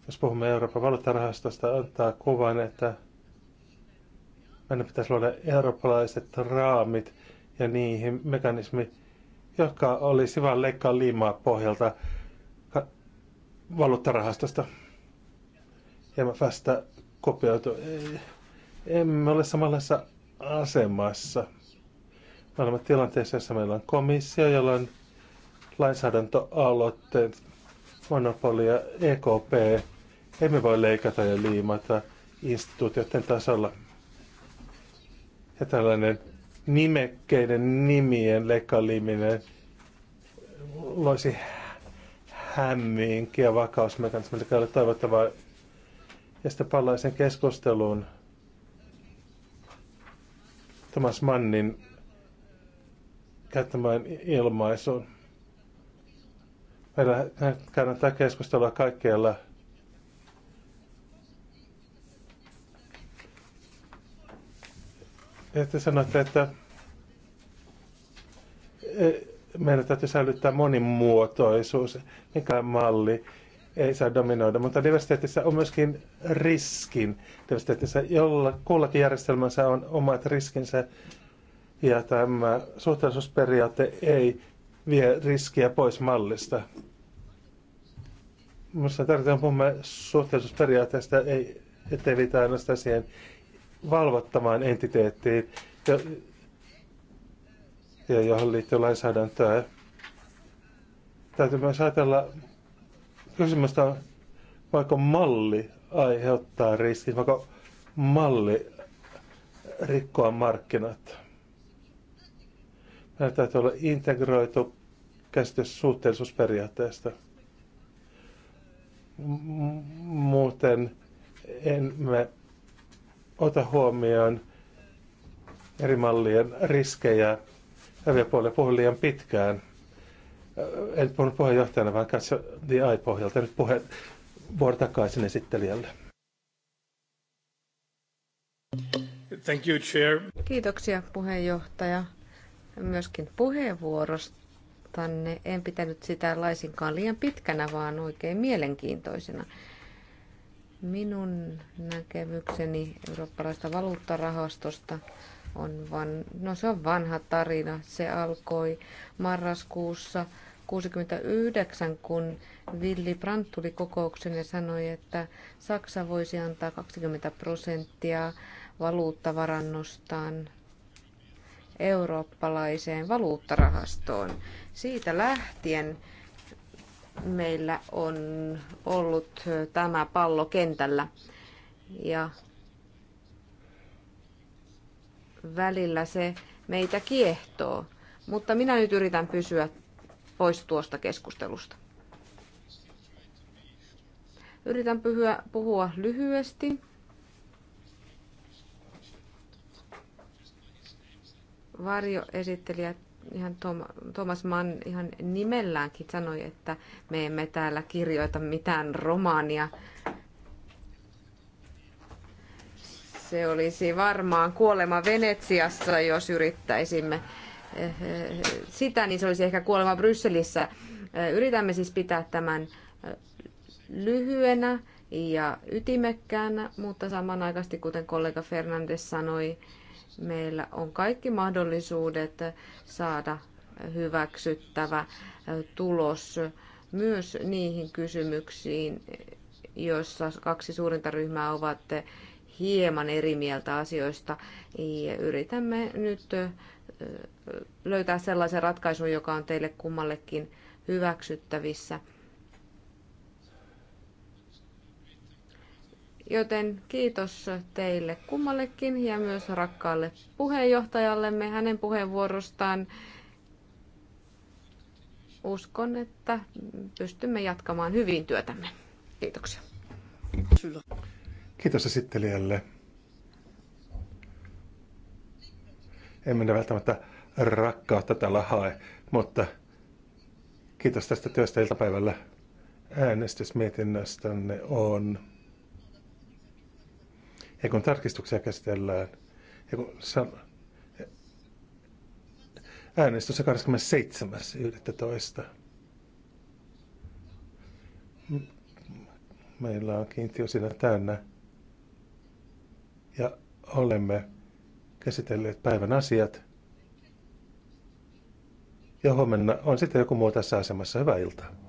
jos puhumme Euroopan valuuttarahastosta, antaa kuvan, että meidän pitäisi luoda eurooppalaiset raamit ja niihin mekanismi, joka olisi vain leikkaa liimaa pohjalta valuuttarahastosta. MFstä kopioitu. Emme ole samanlaisessa asemassa. Me olemme tilanteessa, jossa meillä on komissio, jolla on lainsäädäntöaloitteet, monopoli ja EKP. Emme voi leikata ja liimata instituutioiden tasolla. Ja tällainen nimekkeiden nimien lekaliminen loisi hämminkiä vakausmekanismille, joka oli toivottavaa. Ja sitten palaisen keskusteluun Thomas Mannin käyttämään ilmaisuun. Meillä kannattaa keskustella kaikkialla Ja te sanoitte, että eh, meidän täytyy säilyttää monimuotoisuus, mikä malli ei saa dominoida, mutta diversiteetissä on myöskin riskin. Diversiteetissä jolla kullakin järjestelmänsä on omat riskinsä ja tämä suhteellisuusperiaate ei vie riskiä pois mallista. Minusta tärkeää on suhteellisuusperiaatteesta, ei, ettei viitaa ainoastaan siihen valvottamaan entiteettiin, ja johon liittyy lainsäädäntöä. Täytyy myös ajatella kysymystä, vaikka malli aiheuttaa riskin, vaikka malli rikkoa markkinat. Meillä täytyy olla integroitu käsitys suhteellisuusperiaatteesta. Muuten me ota huomioon eri mallien riskejä. Häviöpuolella puhu liian pitkään. Äh, en puhunut puheenjohtajana, vaan katso DI-pohjalta. Nyt puhe vuoro takaisin esittelijälle. Thank you, Chair. Kiitoksia puheenjohtaja myöskin puheenvuorostanne. En pitänyt sitä laisinkaan liian pitkänä, vaan oikein mielenkiintoisena. Minun näkemykseni eurooppalaista valuuttarahastosta on, van, no se on vanha tarina. Se alkoi marraskuussa 1969, kun Willy Brandt tuli kokouksen ja sanoi, että Saksa voisi antaa 20 prosenttia valuuttavarannostaan eurooppalaiseen valuuttarahastoon. Siitä lähtien meillä on ollut tämä pallo kentällä. Ja välillä se meitä kiehtoo. Mutta minä nyt yritän pysyä pois tuosta keskustelusta. Yritän pyhyä, puhua lyhyesti. Varjoesittelijät ihan Thomas Mann ihan nimelläänkin sanoi, että me emme täällä kirjoita mitään romaania. Se olisi varmaan kuolema Venetsiassa, jos yrittäisimme eh, eh, sitä, niin se olisi ehkä kuolema Brysselissä. Eh, yritämme siis pitää tämän lyhyenä ja ytimekkäänä, mutta samanaikaisesti, kuten kollega Fernandes sanoi, meillä on kaikki mahdollisuudet saada hyväksyttävä tulos myös niihin kysymyksiin, joissa kaksi suurinta ryhmää ovat hieman eri mieltä asioista. Ja yritämme nyt löytää sellaisen ratkaisun, joka on teille kummallekin hyväksyttävissä. Joten kiitos teille kummallekin ja myös rakkaalle puheenjohtajallemme hänen puheenvuorostaan. Uskon, että pystymme jatkamaan hyvin työtämme. Kiitoksia. Kiitos esittelijälle. En minä välttämättä rakkautta tällä hae, mutta kiitos tästä työstä iltapäivällä. Äänestysmietinnöstänne on ja kun tarkistuksia käsitellään, ja kun san... äänestys on 27.11. Meillä on kiintiö siinä täynnä. Ja olemme käsitelleet päivän asiat. Ja huomenna on sitten joku muu tässä asemassa. Hyvää iltaa.